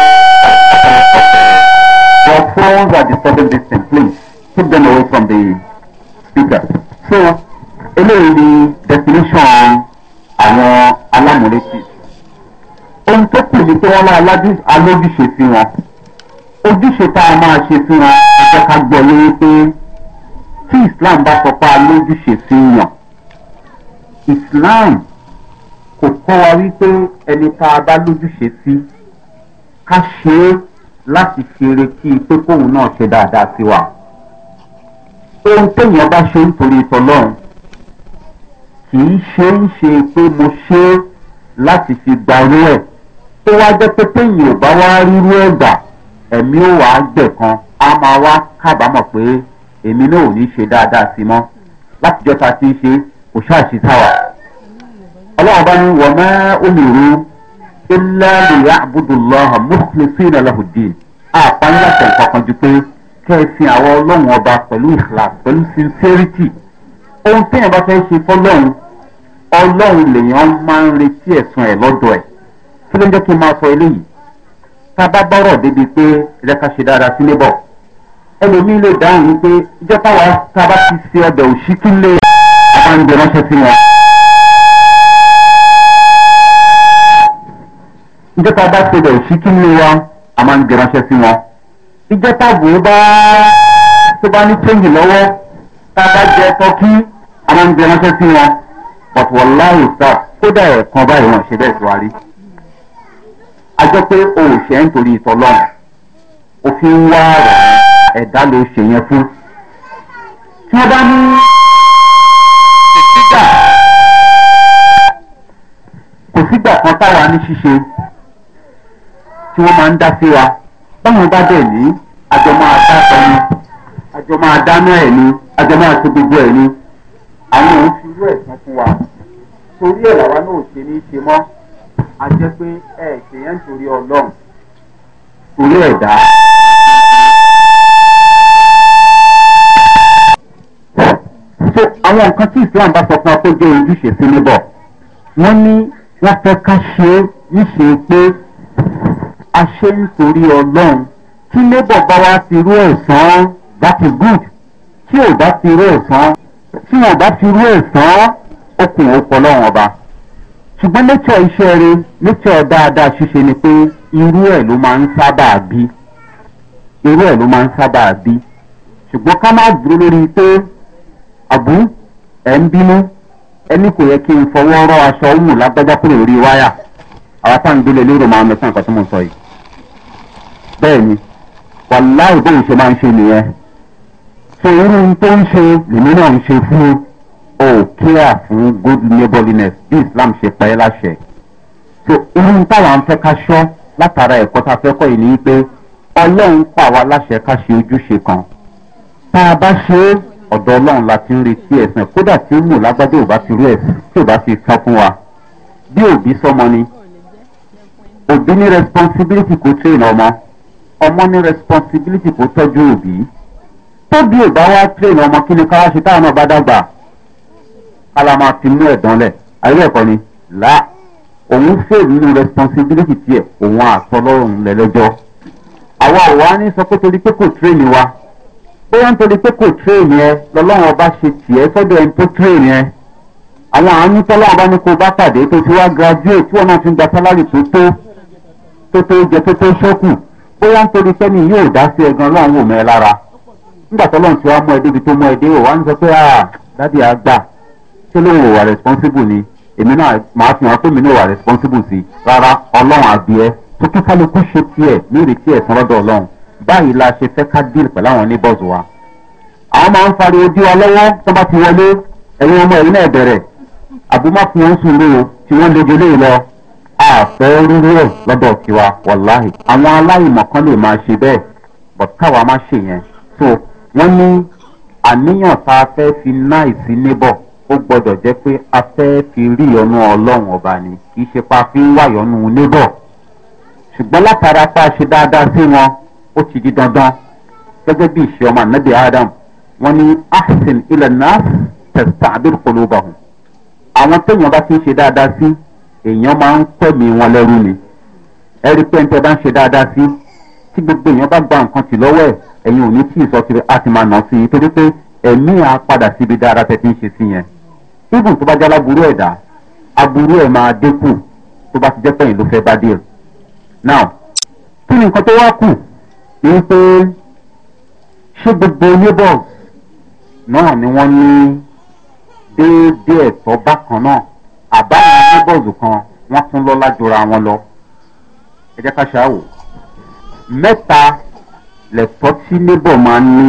your phones are disturbing this thing, please keep them away from the speaker. So, eléyìí ni definition àwọn alámúlétí. ohun tó kù ni pé wọ́n máa alójúṣe sí wọn ojúṣe tá a máa ṣe sí wọn ẹ̀ka gbọ́ lórí pé tí islam bá sọ pé alójúṣe sí yàn islam kò kọ́ wa wípé ẹni tá a bá lójúṣe sí ká ṣe é láti fi retí pé kóun náà ṣe dáadáa sí wa ohun téèyàn bá ṣe nítorí tọlọ́run kì í ṣe ń ṣe pé mo ṣe é láti fi gbarú ẹ̀ tó wá jẹ́ pé téèyàn ò bá wá rírú ẹ̀ gbà ẹ̀mí ò wá gbẹ̀ kan á máa wá kábàámọ̀ pé èmi náà ò ní ṣe dáadáa sí mọ́ látijọ́ ta ti ń ṣe kò ṣáàṣì táwa. ọlọ́run bá ní wọ́n máa ń mìíràn ilá lèyà abudulayi mùsùlùmí aláhùdí àpáńláṣẹ kankan ju pé kẹ́ẹ̀sìn àwọn ọlọ́run ọba pẹ̀lú ìhlà pẹ̀lú sincerity ohun téèyàn bá fẹ́ ṣe fọlọ́run ọlọ́run lèèyàn máa ń retí ẹ̀sùn ẹ̀ lọ́dọ̀ ẹ̀ kí ló ń jẹ́ kí n máa sọ eléyìí tá a bá bọ́rọ̀ débi pé rẹ́ka ẹlòmíín lè dáhùn wípé ìjọ táwa tá a bá ti ṣe ọbẹ̀ òṣìkí lé àwọn oúnjẹ ránṣẹ́ sí wọn. ìjọ tá a bá ṣe ọbẹ̀ òṣìkí lé wa a máa ń jẹ ránṣẹ́ sí wọn. ìjọ táàbù bá tó bá ní chẹ́ǹgì lọ́wọ́ tá a bá jẹ tọ́kí a máa ń jẹ ránṣẹ́ sí wọn. but wàláhì sá kódà ẹ̀ẹ̀kan báyìí wọn ṣe bẹ́ẹ̀ tó wa a jọ pé òòṣẹ́ nítorí ìtọ́lọ́run òfin wá rẹ̀ ẹ̀dá ló ṣe yẹn fún. tí wọ́n bá ní kò sígbà kan táwa ní ṣíṣe tí wọ́n máa ń dá sí wa báwọn bá bẹ̀ ní àjọ máa dá sọnù àjọ máa ẹ̀ ni àjọ máa ṣe gbogbo ẹ̀ ni àwọn òun torí ẹ̀ náà ṣe ní í ṣe mọ́ a jẹ́ pé ẹ̀ ṣèyẹn ọlọ́run torí ẹ̀dá. pé àwọn nǹkan tí islam bá sọ fún wa tó jẹ́ ojúṣe sí níbọ̀ wọ́n ní wọ́n fẹ́ ká ṣe é níṣe pé a ṣe ń torí ọlọ́run tí labour bá wá ti rú ẹ̀sán that is good tí ò bá ti rú ẹ̀sán tí wọn bá ti rú ẹ̀sán okùn ọpọlọ́run ọba ṣùgbọ́n nature iṣẹ́ rẹ nature dáadáa ṣíṣe ni pé irú ẹ̀ ló máa ń sábà bí irú ẹ̀ ló máa ń sábà bí ṣùgbọ́n ká má dúró lórí pé abu ẹ̀ ń bínú ẹni kò yẹ kí n fọwọ́ rọ́ aṣọ wù lágbájá kúrò lórí wáyà àwọn táwọn gbélé lérò máa ń mẹsàn nǹkan tí mo sọ yìí bẹ́ẹ̀ ni wàláì bóun ṣe máa ń ṣe nìyẹn ṣe irú tó ń ṣe lèmi náà ń ṣe fún o kíá fún good neighborliness bí islam ṣe pa ẹ́ láṣẹ so irú táwọn ń fẹ́ ká ṣọ́ látara ẹ̀kọ́ tá a fẹ́ kọ́ yìí ni pé ọlọ́run pa láṣẹ ká ṣe ojúṣe kan tá a bá ṣe é ọ̀dọ̀ ọlọ́run la ti ń retí ẹ̀sìn kódà tí ó mú lágbájá ò bá fi rú ẹ̀sìn tí ò bá fi san fún wa bí òbí sọmọ ni òbí ní responsibility kó train ọmọ ọmọ ní responsibility kó tọ́jú òbí tóbi ò bá wá train ọmọ kí ni ká ṣe táwọn náà bá dàgbà kálá máa mú ẹ̀dán lẹ̀ ayé ẹ̀kọ́ ni là òun fail nínú responsibility tiẹ̀ òun àtọ́lọ́run lẹ́lẹ́jọ́ àwa ò wá ní sọ pé torí pé kò train wa bóyá nítorí pé kò train yẹn lọ́lọ́run ọba ṣe tiẹ̀ sọ́dọ̀ ẹni tó train yẹn àwọn àánú tọ́lá ọba ní kó bá pàdé tó ti wá graduate tí wọ́n náà ti ń gba sálárì tó tó tó tó jẹ tó tó ṣókù bóyá nítorí sẹ́ni yóò dá sí ẹ̀gan ọlọ́run wò mẹ́ lára nígbà tọ́lọ́run ti wá mọ ẹ débi tó mọ ẹ dé wò wá ń sọ pé ah dádì á gbà ṣé lóun ò wà responsible ni èmi náà màá fi hàn pé mi náà wà responsible sí rárá ọlọ́run àbí ẹ tó kíkálukú ṣe tiẹ̀ ní ìrètí ẹ̀sán lọ́dọ̀ ọlọ́run báyìí la ṣe fẹ́ ká díìlì pẹ̀lú àwọn wa àwọn máa ń fari dí wa lọ́wọ́ tó bá ti wọlé ẹ̀yin ọmọ ẹ̀yin náà bẹ̀rẹ̀ àbúmọ̀ fún wọn sùn lóo tí wọ́n lójú eléyìí lọ àfẹ́ lọ́dọ̀ tiwa wàláhì lè máa ṣe bẹ́ẹ̀ má ṣe yẹn so wọ́n ní àníyàn tá a fẹ́ fi ná ìsí ó gbọ́dọ̀ a fẹ́ fi rí ọlọ́run pa fi ń wà yọnu ṣùgbọ́n látara pa ṣe dáadáa sí wọn ó ti di dandan gẹ́gẹ́ bí ìṣe ọmọ anabi adam wọn ní ahsin ilẹ̀ nas tẹ̀sán abirikoloba hù àwọn téèyàn bá ti ń ṣe dáadáa sí èèyàn máa ń pẹ̀mí wọn lẹ́rú ni ẹ̀rí pé ń tẹ́ bá ń ṣe dáadáa sí tí gbogbo èèyàn bá gba nǹkan tì lọ́wọ́ ẹ̀ ẹ̀yin ò ní tí ì sọ kiri á ti máa nà sí i torí pé ẹ̀mí à padà síbi dáadáa tẹ̀ ti ń ṣe sí yẹn ibùn tó bá jẹ́ aláburú ẹ̀dá aburú ẹ̀ máa dínkù tó bá ti jẹ́ pẹ̀yìn ló fẹ́ bá díẹ̀ wípé ṣé gbogbo labours náà ni wọ́n ní déédéé ẹ̀tọ́ bákan náà àbá àwọn labours kan wọ́n tún lọ lájọra wọn lọ ẹ jẹ́ ká ṣàwò mẹ́ta lẹ̀tọ́ tí labour máa ń ní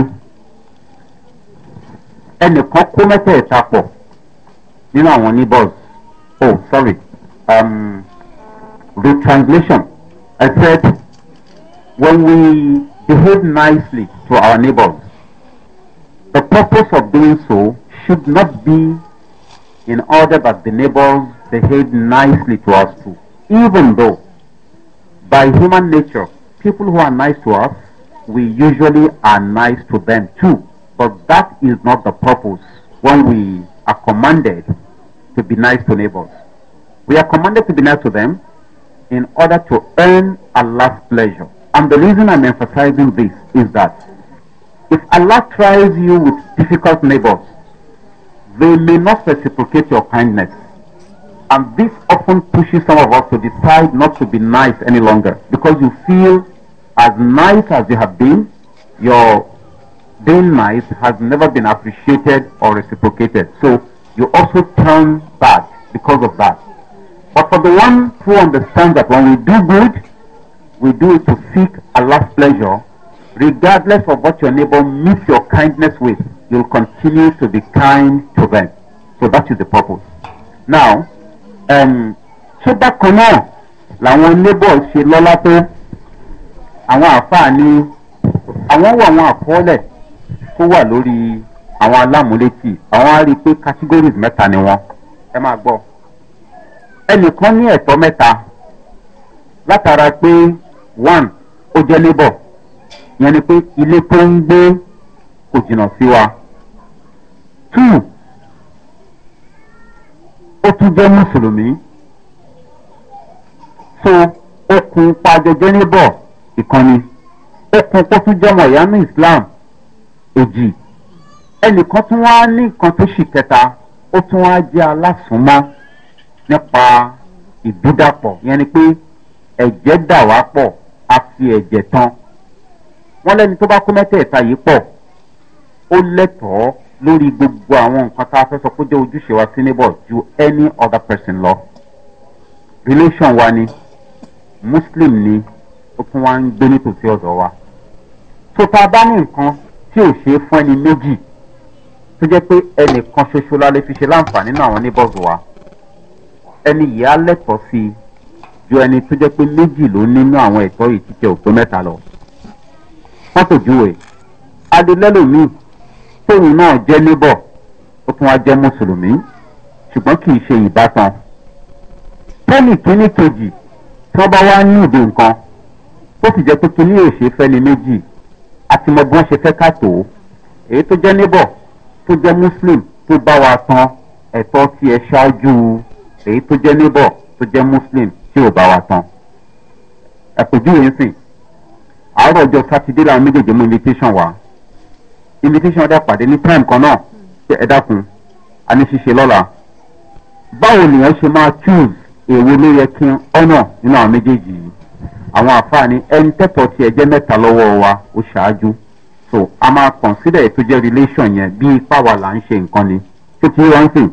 ẹnìkan kó mẹ́tẹ̀ẹ̀ta pọ̀ nínú àwọn neighbors oh sorry um retranslation i said when we behave nicely to our neighbors, the purpose of doing so should not be in order that the neighbors behave nicely to us too. Even though, by human nature, people who are nice to us, we usually are nice to them too. But that is not the purpose when we are commanded to be nice to neighbors. We are commanded to be nice to them in order to earn Allah's pleasure. And the reason I'm emphasizing this is that if Allah tries you with difficult neighbors, they may not reciprocate your kindness. And this often pushes some of us to decide not to be nice any longer because you feel as nice as you have been, your being nice has never been appreciated or reciprocated. So you also turn bad because of that. But for the one who understands that when we do good, we do it to seek Allah's pleasure, regardless of what your neighbor meets your kindness with, you'll continue to be kind to them. So that is the purpose. Now, um, ṣé bákan náà làwọn neighbors ṣe lọ́lá tó àwọn àáfàá ní àwọn wọ àwọn àkọọ́lẹ̀ tó wà lórí àwọn alámúlétì àwọn á rí i pé categories mẹ́ta ni wọ́n ẹ máa gbọ́ ẹnìkan ní ẹ̀tọ́ mẹ́ta látara pé one ó jẹ́ labour yẹn ni pé ilé tó ń gbé kò jìnnà sí wa two ó tún jẹ́ mùsùlùmí so ó kun pàjọjẹ́ níbọ̀ ìkànnì ó kun kó tún jẹ́ mọ̀yánú islam èjì ẹnìkan tún wá ní nǹkan tó sì kẹta ó tún wá jẹ́ alásùnmọ́ nípa ìdúdàpọ̀ yẹn ni pé ẹ̀jẹ̀ dà wá pọ̀ àti ẹ̀jẹ̀ tán wọ́n lẹ́ni tó bá kó mẹ́tẹ̀ẹ̀ta yìí pọ̀ ó lẹ́tọ̀ọ́ lórí gbogbo àwọn nǹkan tá a fẹ́ sọ pé jẹ́ ojúṣe wa sí neighbor ju any other person lọ relation wa ni muslim ni ó tún wá ń gbé nítòsí ọ̀dọ̀ wa tó tá a bá ní nǹkan tí ò ṣeé fún ẹni méjì tó jẹ́ pé ẹnìkan ṣoṣo la lè fi ṣe láǹfààní nínú àwọn neighbors wa ẹni yìí á lẹ́tọ̀ọ́ sí i ju ẹni tó jẹ́ pé méjì ló nínú àwọn ẹ̀kọ́ yìí títẹ òpó mẹ́ta lọ. wọ́n kò ju ẹ̀ adélẹ́lòmíì tóun náà jẹ́ níbọ̀ ó tún wá jẹ́ mùsùlùmí ṣùgbọ́n kì í ṣe ìbátan. pẹ́ẹ́lì kínní kejì tí wọ́n bá wá ní ìdè nǹkan ó sì jẹ́ pé kínní ò ṣe fẹ́ ni méjì àti mọ bí wọ́n ṣe fẹ́ ká tó èyí tó jẹ́ níbọ̀ tó jẹ́ muslim tó bá wa tan ẹ̀tọ́ tí ẹ ṣáájú èyí tó jẹ́ níbọ̀ tó jẹ́ muslim tí ò bá wa tán àpèjúwe ń sìn àárọ̀ ọjọ́ sátidé làwọn méjèèjì mú invitation wá invitation ọdẹ pàdé ní time kan náà ṣe ẹ dákun a ní ṣíṣe lọ́la báwo nìyẹn ṣe máa choose èwo ló yẹ kí ọ̀nà nínú àwọn méjèèjì yìí àwọn àfààní ẹni tẹ́tọ̀ tí ẹ jẹ́ mẹ́ta lọ́wọ́ wa ó ṣáájú so a máa consider ètò jẹ́ relation yẹn bí ipá wa là ń ṣe nǹkan ni tó ti wọ́n ń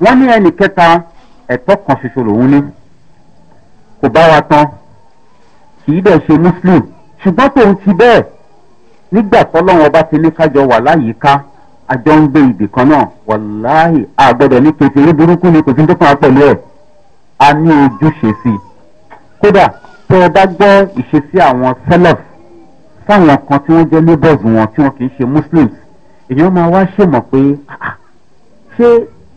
wọ́n ní ẹnì kẹta ẹ̀tọ́ kan ṣoṣo lòún ní kò bá wa tán kì í dẹ̀ ṣe muslim ṣùgbọ́n tòun ti bẹ́ẹ̀ nígbà tọ́lọ́wọ́n bá ti ní kájọ wà láyìíká àjọ ń gbé ibì kan náà wàláhì àgbẹ̀dẹ̀ ní kékeré burúkú ni kò sí tó kàn á pẹ̀lú ẹ̀ a ní ojúṣe sí i kódà tẹ́ ẹ bá gbọ́ ìṣesí àwọn sẹ́lẹ̀f fáwọn kan tí wọ́n jẹ́ neighbors wọn tí wọ́n kì í ṣe muslims èyí máa wá ṣèmọ̀ pé ṣé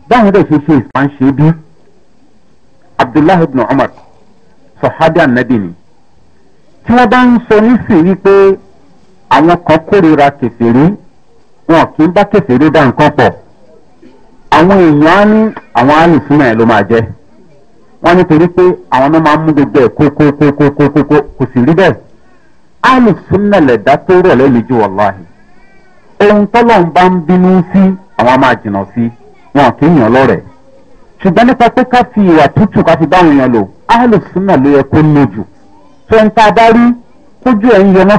báwọn dẹ̀ ṣe ṣe ìfàǹṣe bí abdullahi ibn umar sọ̀hádì ànábì ni tí wọ́n bá ń sọ nísìn wípé àwọn kan kórira kẹfìrí wọn kì í bá kẹfìrí dá nǹkan pọ̀ àwọn èèyàn á ní àwọn alùsùnà ló máa jẹ́ wọ́n nítorí pé àwọn náà ń gbogbo kò sì ohun bá ń bínú sí àwọn máa jìnnà ṣùgbọ́n nípa pé ká fi ìwà tútù ká fi báwọn èèyàn lò áàlù súnà ló yẹ kó lò jù tó ń ta adarí ẹ̀ ń yọ sí wọn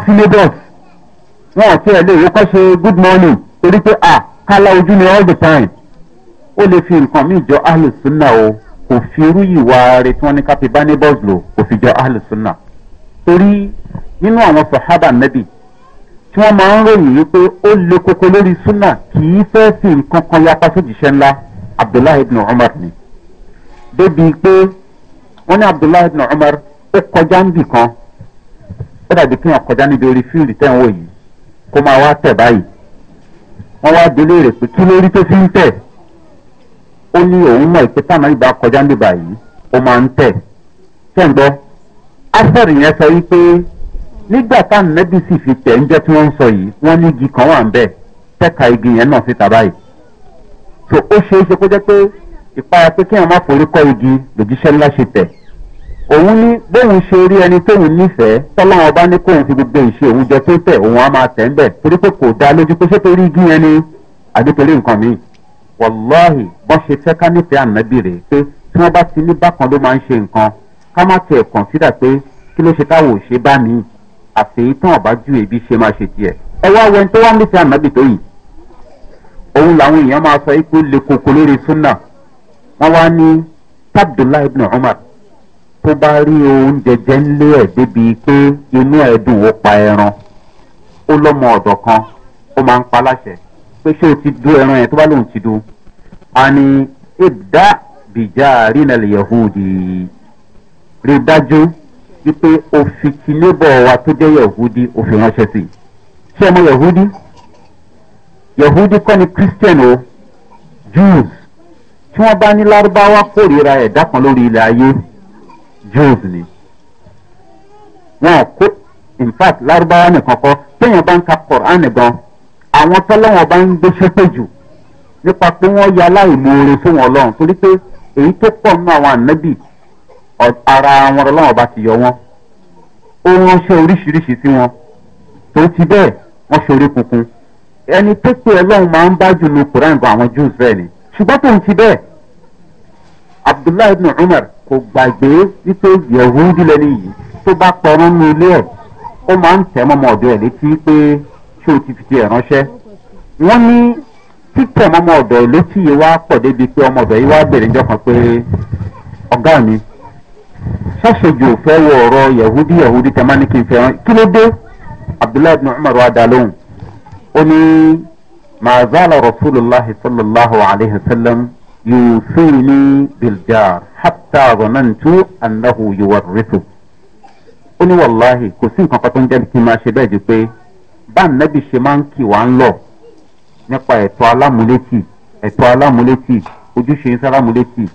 ò ṣe good morning torí pé à kálá ni all the time ó fi nǹkan jọ o kò fi irú ìwà tí ní ká fi bá neighbors lò kò fi jọ áàlù torí nínú àwọn sahaba tí máa ń ròyìn wípé ó le koko lórí kì í fẹ́ fi nǹkan kan yapa abdullahi ibn umar ni débi pé wọn ní abdullahi ibn umar ó kọjá níbì kan ó dàbí kí wọn kọjá níbi orí fíìlì tẹ̀ ń wò yìí kó máa wá tẹ̀ báyìí wọn wá délé rẹ̀ pé kí lórí tó fi ń tẹ̀ ó ní òun mọ̀ pé táwọn ìgbà kọjá níbì báyìí ó máa ń tẹ̀ ṣé ń asẹ́rì yẹn sọ wípé nígbà táwọn nẹ́bí sì fi tẹ̀ ń jẹ́ tí wọ́n ń sọ yìí wọ́n ní igi kan wà ń bẹ̀ tẹ́ka igi yẹn náà síta báyìí so ó ṣeé ṣe kó jẹ́ pé ìpayà pé kéèyàn má forí kọ́ igi lòjíṣẹ́ ńlá ṣe tẹ̀ òun ní bóun ṣe rí ẹni tóun nífẹ̀ẹ́ tọ́lọ́wọ́n bá ní kóun fi gbogbo ìṣe òun jẹ tó tẹ̀ òun á máa tẹ̀ ń bẹ̀ torí pé kò dá lójú pé ṣé torí igi yẹn ni àbí torí nǹkan míì wàláhì bọ́n ṣe fẹ́ ká nífẹ̀ẹ́ ànábì rèé pé tí wọ́n bá ti ní bákan ló máa ń ṣe nǹkan ká má tiẹ̀ kọ̀ǹsídà pé kí ló ṣe táwọn ṣe bá mi àfẹ́yìntàn ọ̀bá ju èbí ṣe máa ṣe tiẹ̀ ẹ wá wẹ́n tó wá nífẹ̀ẹ́ ànábì tó yìí òun làwọn èèyàn máa sọ pé lè koko lórí súnà wọn wá ní tábdùlá ibn umar tó bá rí oúnjẹ jẹ ńlé ẹ débi pé inú ẹ dùn ó pa ẹran ó lọmọ ọdọ kan ó máa ń pa láṣẹ pé ṣé o ti du ẹran yẹn tó bá lòun ti du a ní ibda bìjà rínàlì yahudi rí dájú wípé òfin wa tó jẹ́ yahudi òfin ránṣẹ́ sí ṣé ọmọ yahudi yahudi kọ́ ni christian o jews tí wọ́n bá ní lárúbáwá kórìíra ẹ̀dá kan lórí ilẹ̀ ayé jews ni wọn kó in fact lárúbáwá nìkan kọ́ téèyàn bá ń ka quran gan àwọn tọ́lọ́wọ́n bá ń gbé ṣépè jù nípa pé wọ́n ya aláìmoore fún wọn lọ́run torí pé èyí tó pọ̀ nínú àwọn ànábì ara wọn lọ́wọ́n bá ti yọ wọn ó ránṣẹ́ oríṣiríṣi sí wọn tó ti bẹ́ẹ̀ wọ́n ṣe orí kunkun ẹni tó pé ọlọ́run máa ń bá jù ní quran gan àwọn jews bẹ́ẹ̀ ni ṣùgbọ́n tó ń ti bẹ́ẹ̀ abdullahi ibn umar kò gbàgbé wípé yehudi lẹni yìí tó bá pọnrán ní ilé ẹ̀ ó máa ń tẹ̀ mọ́mọ́ ọ̀dọ́ ẹ̀ létí pé ṣé o ti fi ti ẹ̀ ránṣẹ́ wọ́n ní títẹ̀ mọ́mọ́ ọ̀dọ́ ẹ̀ létí yìí wá pọ̀ débi pé ọmọ ọ̀dọ́ yìí wá bèrè níjọ́ kan pé ọ̀gá mi ṣọ́ṣọ́jù fẹ́ wọ ọ̀rọ̀ yehudi yehudi tẹ̀ máa ní kí n fẹ́ràn kí ló dé abdullahi ibn umar wá dá lóhùn ó ní màzàlá rasulillah sallallahu alayhi wa sallam yusufini biljar hatta zonantu anahu yuwarisu ó ní wàláhì kò sí nǹkan kan tó ń jẹ́ kí n máa ṣe bẹ́ẹ̀ ju pé bá nẹ́bì ṣe máa ń kì wá ń lọ nípa ẹ̀tọ́ alámúlétì ẹ̀tọ́ alámúlétì ojúṣe ń sálámúlétì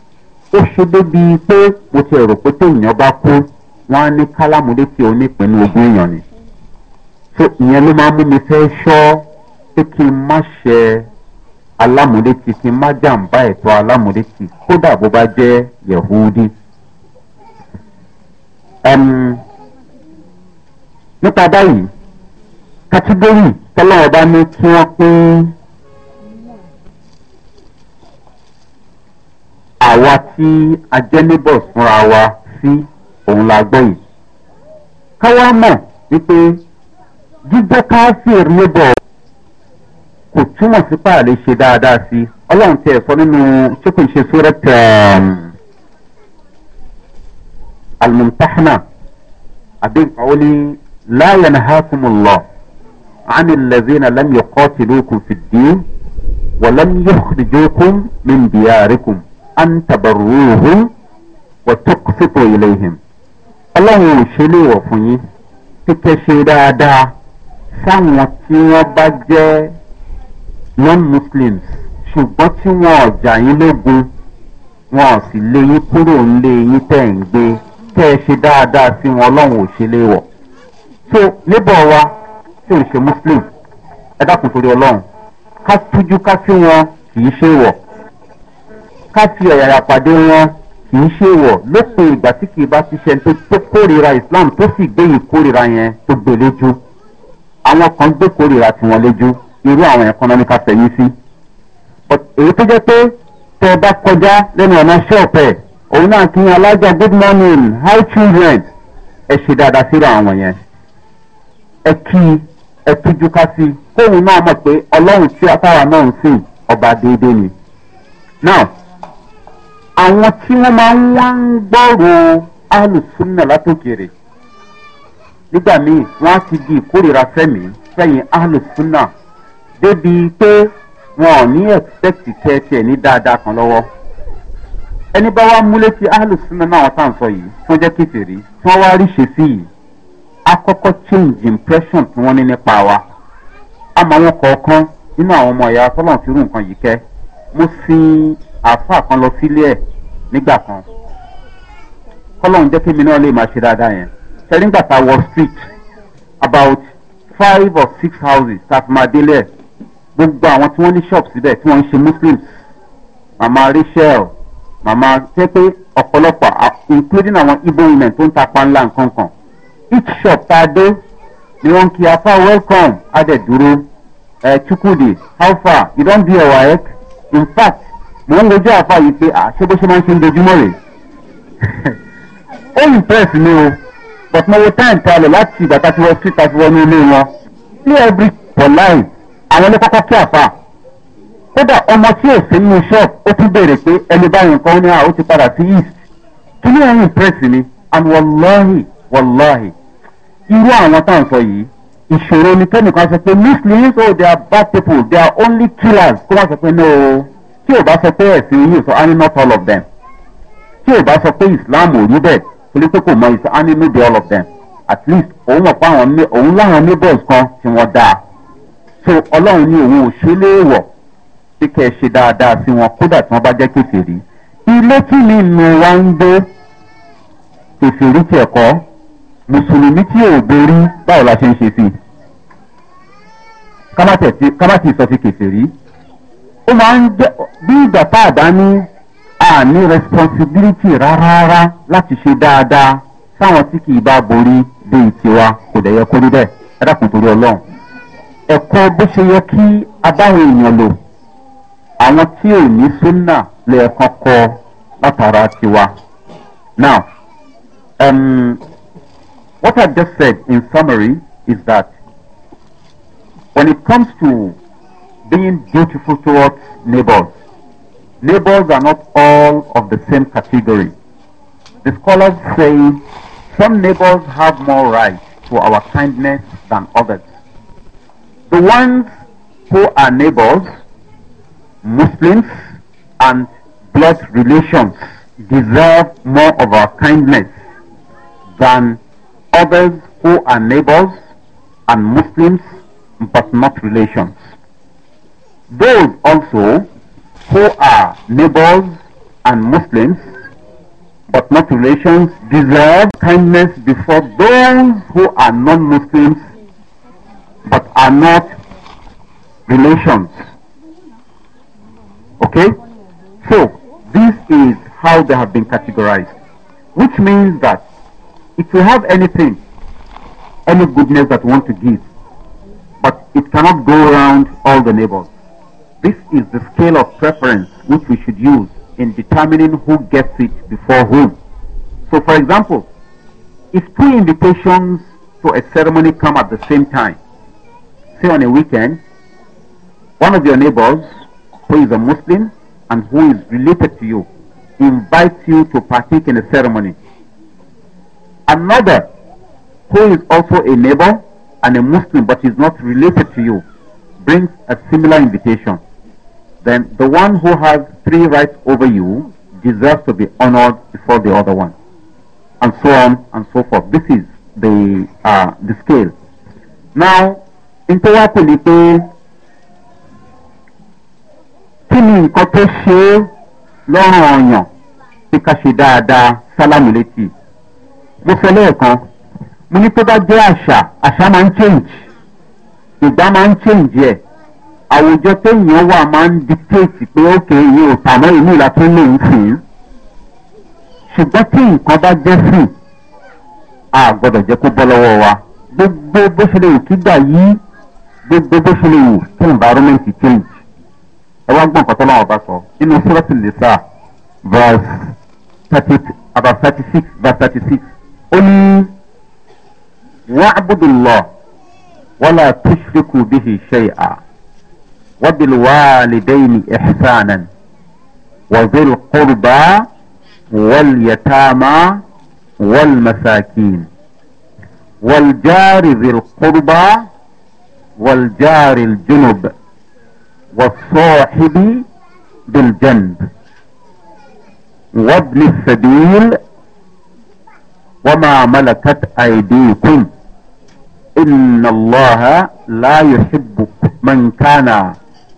ó ṣe débi pé mo ti rò pé téèyàn bá kú wọn á ní kálámúlétì onípinnu ogún èèyàn ni ìyẹn ló máa mú mi fẹ́ ṣọ́ pé kí n má ṣe alámúlétì kí n má jàǹbá ẹ̀tọ́ alámúlétì kódà bó bá jẹ́ yẹ̀húdí. nípa báyìí kátígórì tọ́lọ́wọ́ bá ní kí wọ́n pín àwa tí a jẹ́ níbọ̀ fúnra wa sí òun la gbọ́ yìí. káwá mọ̀ wípé jíjẹ́ káfíìrì níbọ̀ kò túmọ̀ sí pààlẹ́ ṣe dáadáa sí i ọlọ́run tẹ̀ sọ nínú tí kò ń ṣe sórí tẹ̀m ehm, almuntahna àbí nǹkan ó ní láyé ní hákùmùlọ àni lẹ́zínà lẹ́mí kọ́tìlúkùn fìdí wọ́lẹ́mí yọ̀kùdìjókùn mímbìyàríkùn à ń tàbàrúhùn ọlọ́run ò ṣe léèwọ̀ fún yín kíkẹ́ ṣe dáadáa sáwọn tí wọ́n bá jẹ́ non-muslims ṣùgbọ́n tí wọn ọ̀jà yín lógun wọn ò sì lé yín kúrò nílé yín tẹ̀ ń gbé tẹ́ ẹ ṣe dáadáa sí wọn ọlọ́run ò ṣe lé wọ̀. so níbọ̀ wa tí ò ṣe muslim ẹ dákun torí ọlọ́run ká tújú ká sí wọn kì í ṣe wọ̀ ká fi ọ̀yàyà pàdé wọn kì í ṣe wọ̀ lópin ìgbà tí kì í bá ti ṣe tó kórira islam tó sì gbé ìkórira yẹn tó gbé lójú àwọn kan gbé kórira tiwọn lójú irú àwọn ẹ̀kọ́ náà ní ká fẹ̀yìn sí. èyí tó jẹ́ pé tẹ ẹ bá kọjá lẹ́nu ọ̀nà ṣọ́ọ̀pẹ̀ òun náà kí alájà good morning hi children ẹ ṣe dáadáa síra àwọn yẹn ẹ kí ẹ tújú ká sí kóun náà mọ̀ pé ọlọ́run tí atára náà ń sìn ọba déédéé ni. now àwọn tí wọ́n máa ń wá ń gbọ́rò alùsùnà látòkèrè nígbà míì wọ́n á ti di ìkórìíra fẹ́mi fẹ́yìn alùsùnà débi pé wọn ò ní expect kẹ tiẹ̀ ní dáadáa kan lọ́wọ́ ẹni bá wá múlé tí ahlùsùnà náà tá à ń sọ yìí tí wọ́n jẹ́ kékeré tí wọ́n wá rí ṣe sí yìí akọ́kọ́ change impression tí wọ́n ní nípa wa àmọ́ àwọn kọ̀ọ̀kan nínú àwọn ọmọ ẹ̀yà tọ́lọ̀ fi rú nǹkan yìí kẹ́ mo sin àáfàá kan lọ sílé ẹ̀ nígbà kan kọ́lọ́hún jẹ́ kémi náà lè máa ṣe dáadáa yẹn ṣẹ́rí ńgbà tá a wọ street about five or six houses tá a fi máa délé ẹ̀ gbogbo àwọn tí wọ́n ní shop síbẹ̀ tí wọ́n ń ṣe muslims mama rachel mama ṣe pé ọ̀pọ̀lọpọ̀ including àwọn igbo women tó ń ta panla nǹkan kan each shop tá a dé ni wọ́n kí afa welcome adẹ̀dúró ẹ̀ chukwudi how far you don be our ex in fact mo ń lójú àfa yìí pé àṣẹ bó ṣe máa ń ṣe ń dojúmọ́ rè [laughs] ó impress mi o but mo wo time kalẹ̀ láti ìgbà tá a ti wọ street tá a ti wọnú ilé wọn clear every for àwọn ní kọ́kọ́ sí àfà kódà ọmọ tí ò sí nínú ṣọ́ọ̀bù ó tún béèrè pé ẹni báyìí nǹkan ní àwọn ó ti padà sí east kí ni ẹ̀yìn press ni and wàláhì wàláhì irú àwọn tá à ń sọ yìí ìṣòro ni kẹ́nìkan sọ pé muslims oh they are bad people they are only killers kó má sọ pé no tí ò bá sọ pé ẹ̀sìn yìí sọ ani not all of them tí ò bá sọ pé islam ò rí bẹ́ẹ̀ torí pé kò mọ ìsọ ani no all of them at least òun mọ̀ pé àwọn òun láwọn neighbors kan tí wọ́n dáa so ọlọ́run ní òun ò ṣe léèwọ̀ pé kẹ́ ẹ ṣe dáadáa sí wọn kódà tí wọ́n bá jẹ́ kẹfìrí ilé tí mi nù wá ń gbé kẹfìrí tí ẹ̀kọ́ mùsùlùmí tí ò borí báwo la ṣe ń ṣe sí i kábàtì sọ ti kẹfìrí ó máa ń jẹ́ bí ìgbà tá a bá ní àní responsibility rárá láti ṣe dáadáa sáwọn tí kì í bá borí dé ìtiwa kò dẹ̀ yẹ bẹ́ẹ̀ ẹ dákun torí ọlọ́run ẹ̀kọ́ bó ṣe yẹ kí abáwọn èèyàn lò àwọn tí ò ní súnà lẹ́ẹ̀kan kọ látara tiwa. now um, what i just said in summary is that when it comes to being dutiful towards neighbors neighbors are not all of the same category the scholars say some neighbors have more right to our kindness than others The ones who are neighbors, Muslims, and blood relations deserve more of our kindness than others who are neighbors and Muslims but not relations. Those also who are neighbors and Muslims but not relations deserve kindness before those who are non-Muslims but are not relations. Okay? So, this is how they have been categorized. Which means that if you have anything, any goodness that you want to give, but it cannot go around all the neighbors. This is the scale of preference which we should use in determining who gets it before whom. So for example, if two invitations to a ceremony come at the same time, say on a weekend, one of your neighbors who is a Muslim and who is related to you invites you to partake in a ceremony. Another who is also a neighbor and a Muslim but is not related to you brings a similar invitation. Then the one who has three rights over you deserves to be honored before the other one. And so on and so forth. This is the, uh, the scale. Now, nítorí wá tẹ̀lé pé kí ni nǹkan tó ṣe é lọ́rùn ọ̀yàn tí ká ṣe dáadáa sálámù létí mo fẹ́ lẹ́ẹ̀kan mo ní tó bá jẹ́ àṣà àṣà máa ń change ìgbà máa ń change ẹ̀ àwùjọ téèyàn wà máa ń dictate pé ókè yìí ò tàmọ́ ìlú ìlà tó lè ń fì í ṣùgbọ́n tí nǹkan bá jẹ́ sí i a gbọ́dọ̀ jẹ́ kó bọ́ lọ́wọ́ wa gbogbo bó ṣe lè kí yìí. gbogbo bó ṣe lè wù kí environment change ẹ wá gbọ́n kọ́tọ́ lọ́wọ́ bá sọ nínú sọ́ọ̀tì lẹ́sà verse thirty about thirty six verse thirty six ó ní wà ábùdùlọ wàlà tùṣìkù bíhì ṣẹ́yà wàbìlì wàlìdẹ́yìn ẹ̀ṣánán wàbìlì kùrbà wàlìyàtàmà wàlìmàsàkìn wàlìjárì bìlì kùrbà. والجار الجنب والصاحب بالجنب وابن السبيل وما ملكت أيديكم إن الله لا يحب من كان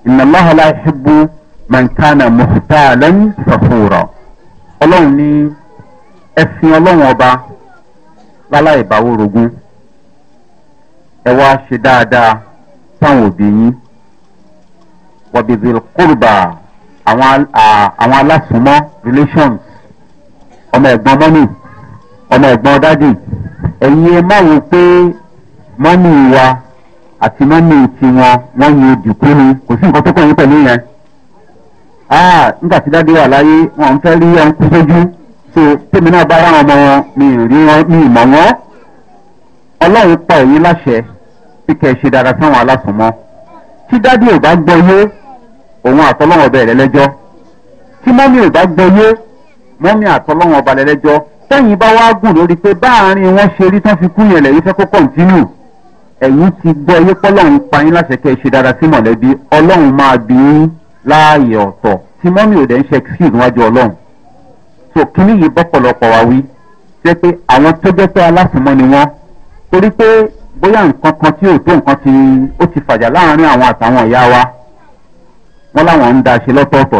إن الله لا يحب من كان محتالا فخورا ọlọ́run ní ẹ̀sìn ọlọ́run ọba láláì rogún ẹ wá ṣe dáadáa sáwọn òbí yín wọ̀bìbìl kúrùbà àwọn alásùnmọ́ relations ọmọ ẹ̀gbọ́n mọ́mì ọmọ ẹ̀gbọ́n dádì ẹ̀yin ẹ má wo pé mọ́mì wa àti mọ́mì tiwọn wọ́n yin òdìkú ni kò sí nǹkan tó kàn yín pẹ̀lú yẹn nígbà tí dádì wà láyé wọn ń fẹ́ rí ẹ̀ ń kú sójú so tèmi náà bá ráwọn ọmọ wọn mi ì mọ̀ wọ́n ọlọ́run pa ẹ̀yin láṣẹ bí kẹ́ ẹ ṣe dára sáwọn alásùnmọ́ tí dádì ò bá gbọ́ yé òun àtọ́lọ́wọ̀n ọba rẹ̀ lẹ́jọ́ tí mọ́mí ò bá gbọ́ yé mọ́mí àtọ́lọ́wọ̀n ọba rẹ̀ lẹ́jọ́ tẹ́yìn bá wá gùn lórí pé báàrin wọn ṣe rí tán fi kú yẹn lẹ́yìn fẹ́ kó kọ̀ǹtínù ẹ̀yìn ti gbọ́ yé pọ́lọ́run pa yín láṣẹ kẹ́ ẹ ṣe dára sí mọ̀lẹ́bí ọlọ́run máa bí yín láàyè ọ̀tọ̀ tí mọ́mí ò dẹ̀ ń ṣe excuse ọlọ́run so kíní yìí bọ́pọ̀lọpọ̀ wá wí jẹ́ pé àwọn tó jẹ́ pé alásùnmọ́ ni wọ́n torí pé bóyá nǹkan kan tí ò tó nǹkan ti ó ti fàjà láàrin àwọn àtàwọn ìyá wa wọn láwọn ń da ṣe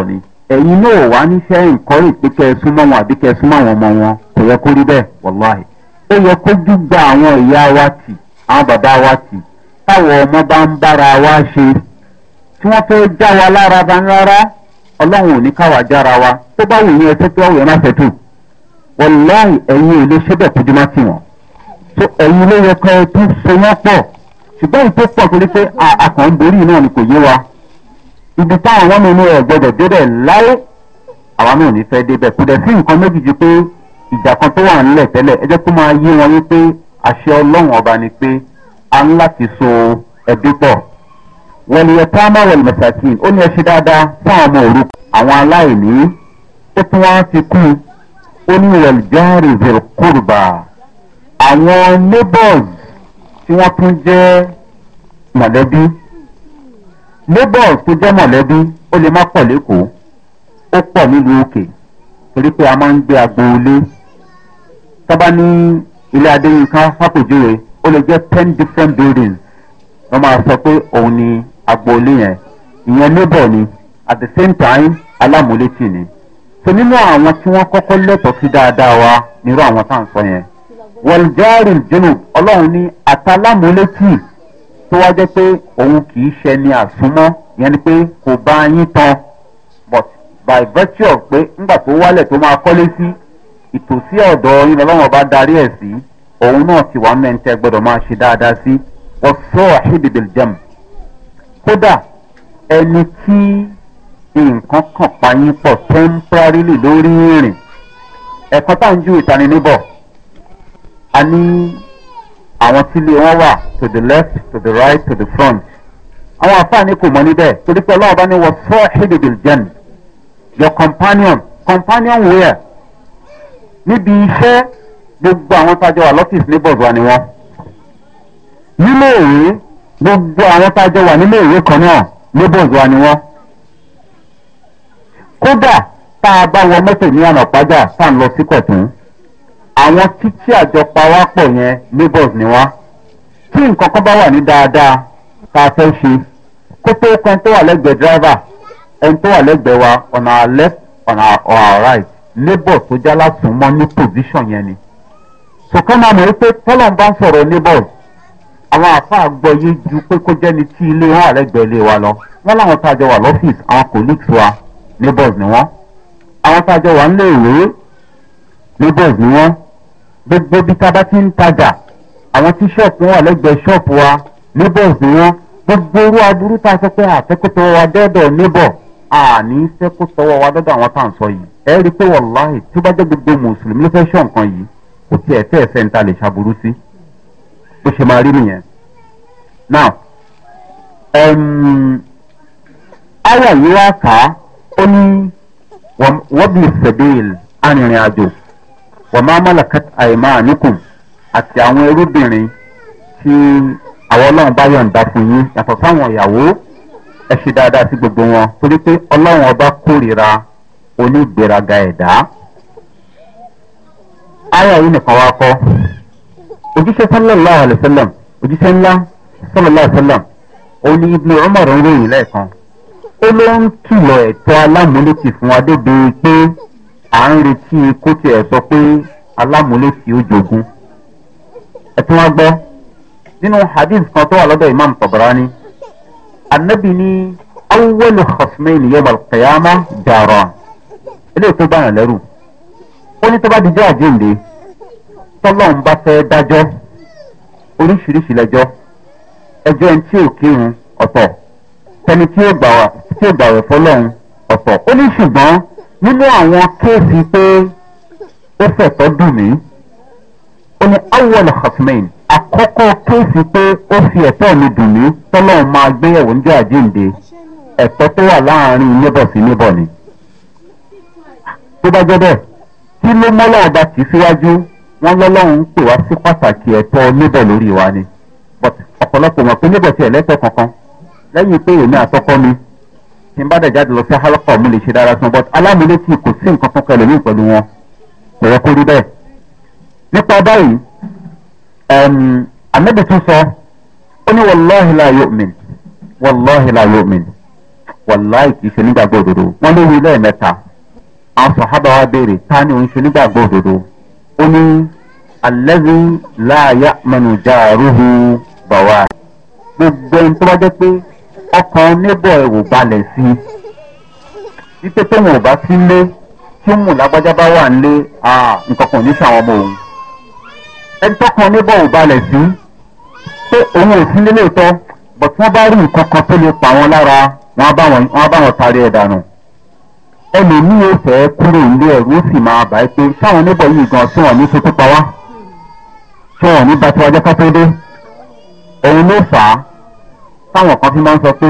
ni ẹ̀yin náà wà níṣẹ́ ìkọ́rè ẹ wọn àbí kẹ́ ẹ àwọn ọmọ wọn kò yẹ kó rí bẹ́ẹ̀ wàláhì ó yẹ àwọn ìyá wa tì àwọn bàbá wa tì táwọn ọmọ bá ń wa ṣe tí wọ́n fẹ́ já wa lára bá ń rárá ọlọ́run ò ní wa tó bá wù tó má kójú so ẹ̀yin ló yẹ kẹ́ ẹ tún so wọ́n pọ̀ ṣùgbọ́n èyí tó pọ̀ torí pé àkàn dorí náà ni kò yé wa ibi táwọn wọn nínú ẹ̀ gbọ́dọ̀ débẹ̀ láyé àwa náà ní fẹ́ débẹ̀ kò dẹ̀ sí nǹkan méjì ju pé ìjà kan tó wà ńlẹ̀ tẹ́lẹ̀ ẹ jẹ́ kó máa yé wọn wípé àṣẹ ọlọ́run ọba ni pé a ń láti so ẹbí pọ̀ wọ́n yẹ táwọn wọ̀lì mẹ̀sàkín ó ní ẹ ṣe dáadáa fáwọn ọmọ òru àwọn aláìní ó tún wá ti kún ó ní wọ̀lì járe zèrè kúrùbà àwọn neighbors tí wọ́n tún jẹ́ mọ̀lẹ́bí neighbors tó jẹ́ mọ̀lẹ́bí ó lè má pọ̀ lẹ́kọ̀ọ́ ó pọ̀ nílùú òkè torí pé a máa ń gbé agboolé sábà ní ilé adéyínká fàpèjúwe ó lè jẹ́ ten different buildings wọ́n máa sọ pé òun ni agboolé yẹn ìyẹn neighbor ni at the same time alámúlétì ni so nínú àwọn tí wọ́n kọ́kọ́ lẹ́tọ̀ọ́ sí dáadáa wa nírú àwọn tá à ń sọ yẹn wọlgáàrì junub ọlọ́run ní àtàlámúlétì tó wá jẹ́ pé òun kì í ṣe ni àsúnmọ́ yẹn ni pé kò bá yín tan but by virtue of pé ńgbà tó wálẹ̀ tó máa kọ́lé sí ìtòsí ọ̀dọ̀ yín lọ́wọ́ bá darí ẹ̀ sí òun náà ti wà mẹ́ńtẹ́ gbọ́dọ̀ máa ṣe dáadáa sí wọ́n sọ àhíbìbìl jẹ́m kódà ẹni tí nǹkan kan pa yín pọ̀ temporarily lórí ìrìn ẹ̀kọ́ tá à ń ju ìtanilẹ́bọ̀ a ní àwọn tílé wọn wà to the left to the right to the front àwọn àfààní kò mọ níbẹ̀ torí pé ọlọ́run bá ní wọ fọ́ hídìdìl jẹ́n your companion companion where níbi iṣẹ́ gbogbo àwọn tájọ wà lọ́fíìsì neighbors wa ni wọ́n nílé ìwé gbogbo àwọn tájọ wà nílé ìwé kan náà neighbors wa ni wọ́n kódà tá a bá wọ mọ́tò ní ànàpájà tá à ń lọ sí kọ̀tún. àwọn títí àjọ pawápọ̀ yẹn labours ni wá tí nǹkan kan bá wà ní dáadáa fẹ́ ṣe kó tó kọ ẹni tó wà lẹ́gbẹ̀ẹ́ driver ẹni tó wà lẹ́gbẹ̀ẹ́ wa on our left on our, on our right labour tó já láti mọ́ ní position yẹn ni wípé tọ́lọ̀ bá ń sọ̀rọ̀ àwọn ju pé kó tí ilé wa lọ wọ́n láwọn tá wà lọ́fíìsì àwọn colleagues wa ni wọ́n àwọn tá a jọ wà gbogbo bí tá a bá ti ń tajà àwọn tí ṣọ́ọ̀pù wà lẹ́gbẹ̀ẹ́ ṣọ́ọ̀pù wa neighbors ni wọ́n gbogbo orú aburú tá a sọ pé àfẹ́kọ́tọ̀ wa dẹ́dọ̀ neighbor àní fẹ́kọ́tọ̀ wa dọ́dọ̀ àwọn tá à ń sọ yìí ẹ rí i pé wàláhì tó bá jẹ́ gbogbo mùsùlùmí ló fẹ́ ṣọ́ nǹkan yìí kò tiẹ̀ fẹ́ ẹ̀fẹ́ ń ta lè ṣàbùrú sí bó ṣe máa rí nìyẹn. now ayọ̀ yìí wá kà á ó ní wọ́n bí sẹ̀bẹ̀ẹ́lì arìnrìn àjò wàmá malakat aimaanikum àti àwọn irúbìnrin tí àwọn ọlọ́run bá yọ̀ǹda fún yín yàtọ̀ sáwọn ìyàwó ẹ ṣe dáadáa sí gbogbo wọn torí pé ọlọ́run ọba kórìíra onígbèraga ẹ̀dá. àyà yìí nìkan wá kọ́ ojúṣe sọlọ́lá àlẹ́sẹ́lẹ̀m ojúṣe ńlá sọlọ́lá àlẹ́sẹ́lẹ̀m òun ni ibùdó ọmọ rẹ̀ ń ròyìn lẹ́ẹ̀kan ó ló ń kìlọ̀ ẹ̀tọ́ alámúlétì fún wa débi pé à ń retí kó tiẹ̀ sọ pé alámúlétì ó jogún ẹ tún wá gbọ́ nínú hadith kan tó wà lọ́dọ̀ imam tabarani anabi ní awọ́lù xasmẹ́yìn yọba kẹyàmá jàrọ̀ eléyìí tó báyọ̀ lẹ́rù ó ní tó bá dijọ́ àjíǹde tọ́lọ́ ń bá fẹ́ dájọ́ oríṣiríṣi lẹ́jọ́ ẹjọ́ ẹni tí ò kírun ọ̀tọ̀ tẹni tí ò gbàwẹ̀ fọlọ́run ọ̀tọ̀ ó ní ṣùgbọ́n nínú àwọn kéèsì pé ó fẹ̀tọ́ dùn mí ó ní awol hosmain àkọ́kọ́ kéèsì pé ó fi ẹ̀tọ́ mi dùn mí tọ́lọ́run máa gbéyẹ̀wò ní àjíǹde ẹ̀tọ́ tó wà láàrin níbọ̀ sí níbọ̀ ni tó bá jẹ́ bẹ́ẹ̀ kí ló mọ́lá ọba tì síwájú wọn lọ́lọ́run ń pè wá sí pàtàkì ẹ̀tọ́ níbọ̀ lórí wa ni ọ̀pọ̀lọpọ̀ mọ̀ pé níbọ̀ tí ẹ̀lẹ́tọ̀ kankan lẹ́yìn pé èmi àtọ́kọ́ mi tí n bá dẹ̀ jáde lọ sí hálọ́kọ̀ mi lè ṣe dára tán but alámúlétì kò sí nǹkan fún kẹlẹ̀ mí pẹ̀lú wọn kò yẹ kó rí bẹ́ẹ̀. nípa báyìí àmẹ́bí tún sọ ó ní wàláhi la mìn wàláhi la mìn wàláhi kì í ṣe nígbàgbọ́ òdodo wọ́n ló wí lẹ́ẹ̀mẹ́ta àwọn sọ̀hábà wa béèrè ta ni òun ṣe nígbàgbọ́ òdodo ó ní alẹ́bí láàyà mẹ́nu jáàrúhu bàwá gbogbo ẹni tó bá jẹ́ pé ọkàn ẹ̀ ẹ̀wò balẹ̀ sí i wípé tóun ò bá sí lé tí mù lágbájá bá wà nílé nǹkan kan ní sàwọn ọmọ òun ẹni kan níbọ̀ ò balẹ̀ sí pé òun ò sí nílé tọ́ bọ̀tí tí wọ́n bá rí nǹkan kan tó lè pa wọn lára wọn á bá wọn tarí ẹ̀ dànù ẹlòmíì ò fẹ́ kúrò nílé ẹ̀rú ó sì máa bàá pé sáwọn níbọ̀ yìí gan tí wọ́n ní ṣe tó pa wá tí wọ́n ní bá tiwájú ká dé òun ló fà á táwọn kan fi máa ń sọ pé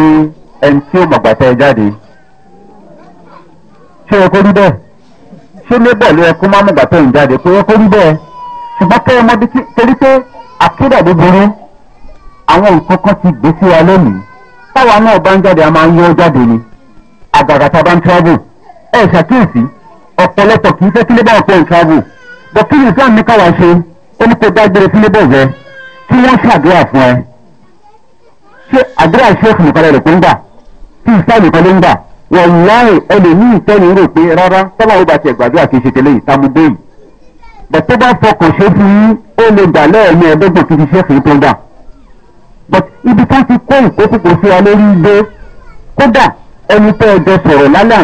ẹni tí ò mọ̀gbà tẹ́ ẹ jáde ṣé ẹ kó rí bẹ́ẹ̀ ṣé lébọ̀ ló yẹ kó má mọ̀gbà tẹ́ ẹ jáde pé ẹ kó rí bẹ́ẹ̀ ṣùgbọ́n kẹ́ ẹ mọ bí torí pé àkídà ló burú àwọn nǹkan kan ti gbé sí wa lónìí táwa náà bá ń jáde a máa ń yọ jáde ni àgàgà tá a bá ń travel ẹ ṣàkíyèsí ọ̀pọ̀lọpọ̀ kì í fẹ́ kí lébọ̀ ọ̀pọ̀ ń travel bọ̀ kí ni islam ní káwa ṣe ó ní kó dágbére sí lébọ̀ rẹ kí wọ́n ṣàdúrà fún ẹ ṣé àdúrà ṣéèkì nìkan lè pé ń gbà tí ìṣá nìkan ló ń gbà wọn láì ẹlòmíì tẹ́lẹ̀ rò pé rárá tọ́lá ó bá tiẹ̀ gbàdúrà kì í ṣe tẹ́lẹ̀ ìtamúdé yìí bẹ̀ tó bá fọkàn ṣe fún yín ó lè gbà lẹ́ẹ̀mí ẹ̀ẹ́dọ́gbọ̀n kì í ṣe fún tó ń but ibi ká ti kó ìkókòkò sí wa lórí ilé kódà ẹni tẹ́ ẹ sọ̀rọ̀ lálẹ́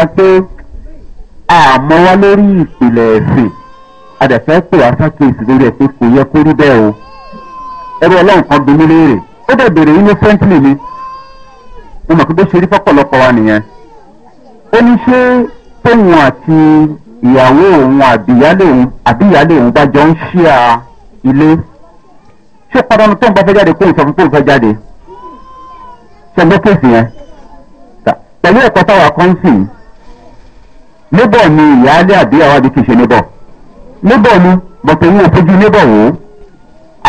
àná àmọ́ wá lórí ìpìlẹ̀ ẹ̀sìn adàfẹ́ pè wá sákèsì lórí ẹ̀sìn kò yẹ kó rí bẹ́ẹ̀ o ẹrú ọlọ́run kan bíi nílé ó dẹ̀ bèrè innocently ni mo mọ̀ pé bó ṣe rí fọ́pọ̀lọpọ̀ wa nìyẹn ó ní ṣé tóun àti ìyàwó òun àbíyálé òun àbíyálé òun bá jọ ń ṣíà ilé ṣé padànù tóun bá fẹ́ jáde kóun sọ fún tóun fẹ́ jáde ṣe ń gbé kéèsì yẹn pẹ̀lú ẹ̀kọ́ táwa kan sìn yìí níbọ̀ ni ìyáálé àbí àwọn àbí ti ṣe níbọ̀ níbọ̀ ni bọ̀tẹ̀ yín ò fojú níbọ̀ wò ó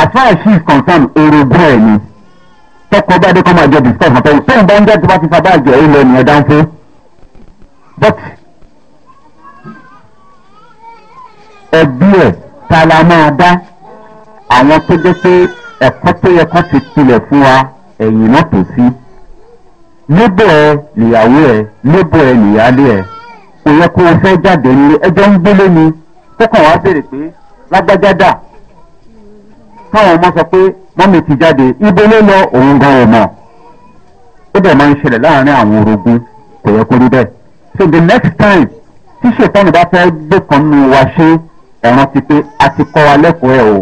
as far as she is concerned orogún ẹ̀ ni tọkọ bá dé kọ́ máa jọ discuss ọ̀tọ̀ yìí tóun bá ń jẹ́ tó bá ti fa báàgì ẹ̀ lọ ènìyàn dáhùn fún but ẹbí ẹ̀ ta la máa dá àwọn tó jẹ́ pé ẹ̀kọ́ tó yẹ kó ti tilẹ̀ fún wa ẹ̀yìn náà tó sí níbọ̀ ẹ̀ nìyàwó ẹ̀ níbọ̀ ẹ̀ nìyáálé ẹ̀ kò yẹ kó o fẹ́ jáde nílé ẹjọ́ ń gbélé ni kókàn wá béèrè pé lágbájá táwọn ọmọ sọ pé mọ́mì ti jáde ibo ló lọ òun gan ò mọ̀ ó dẹ̀ máa ń ṣẹlẹ̀ láàrin àwọn orogún kò yẹ kó rí bẹ́ẹ̀ so the next time tí ṣètọ́nù bá fẹ́ gbé kan nínú wa ṣe ẹ̀ràn ti pé a ti kọ́ wa lẹ́kọ̀ọ́ ẹ̀ o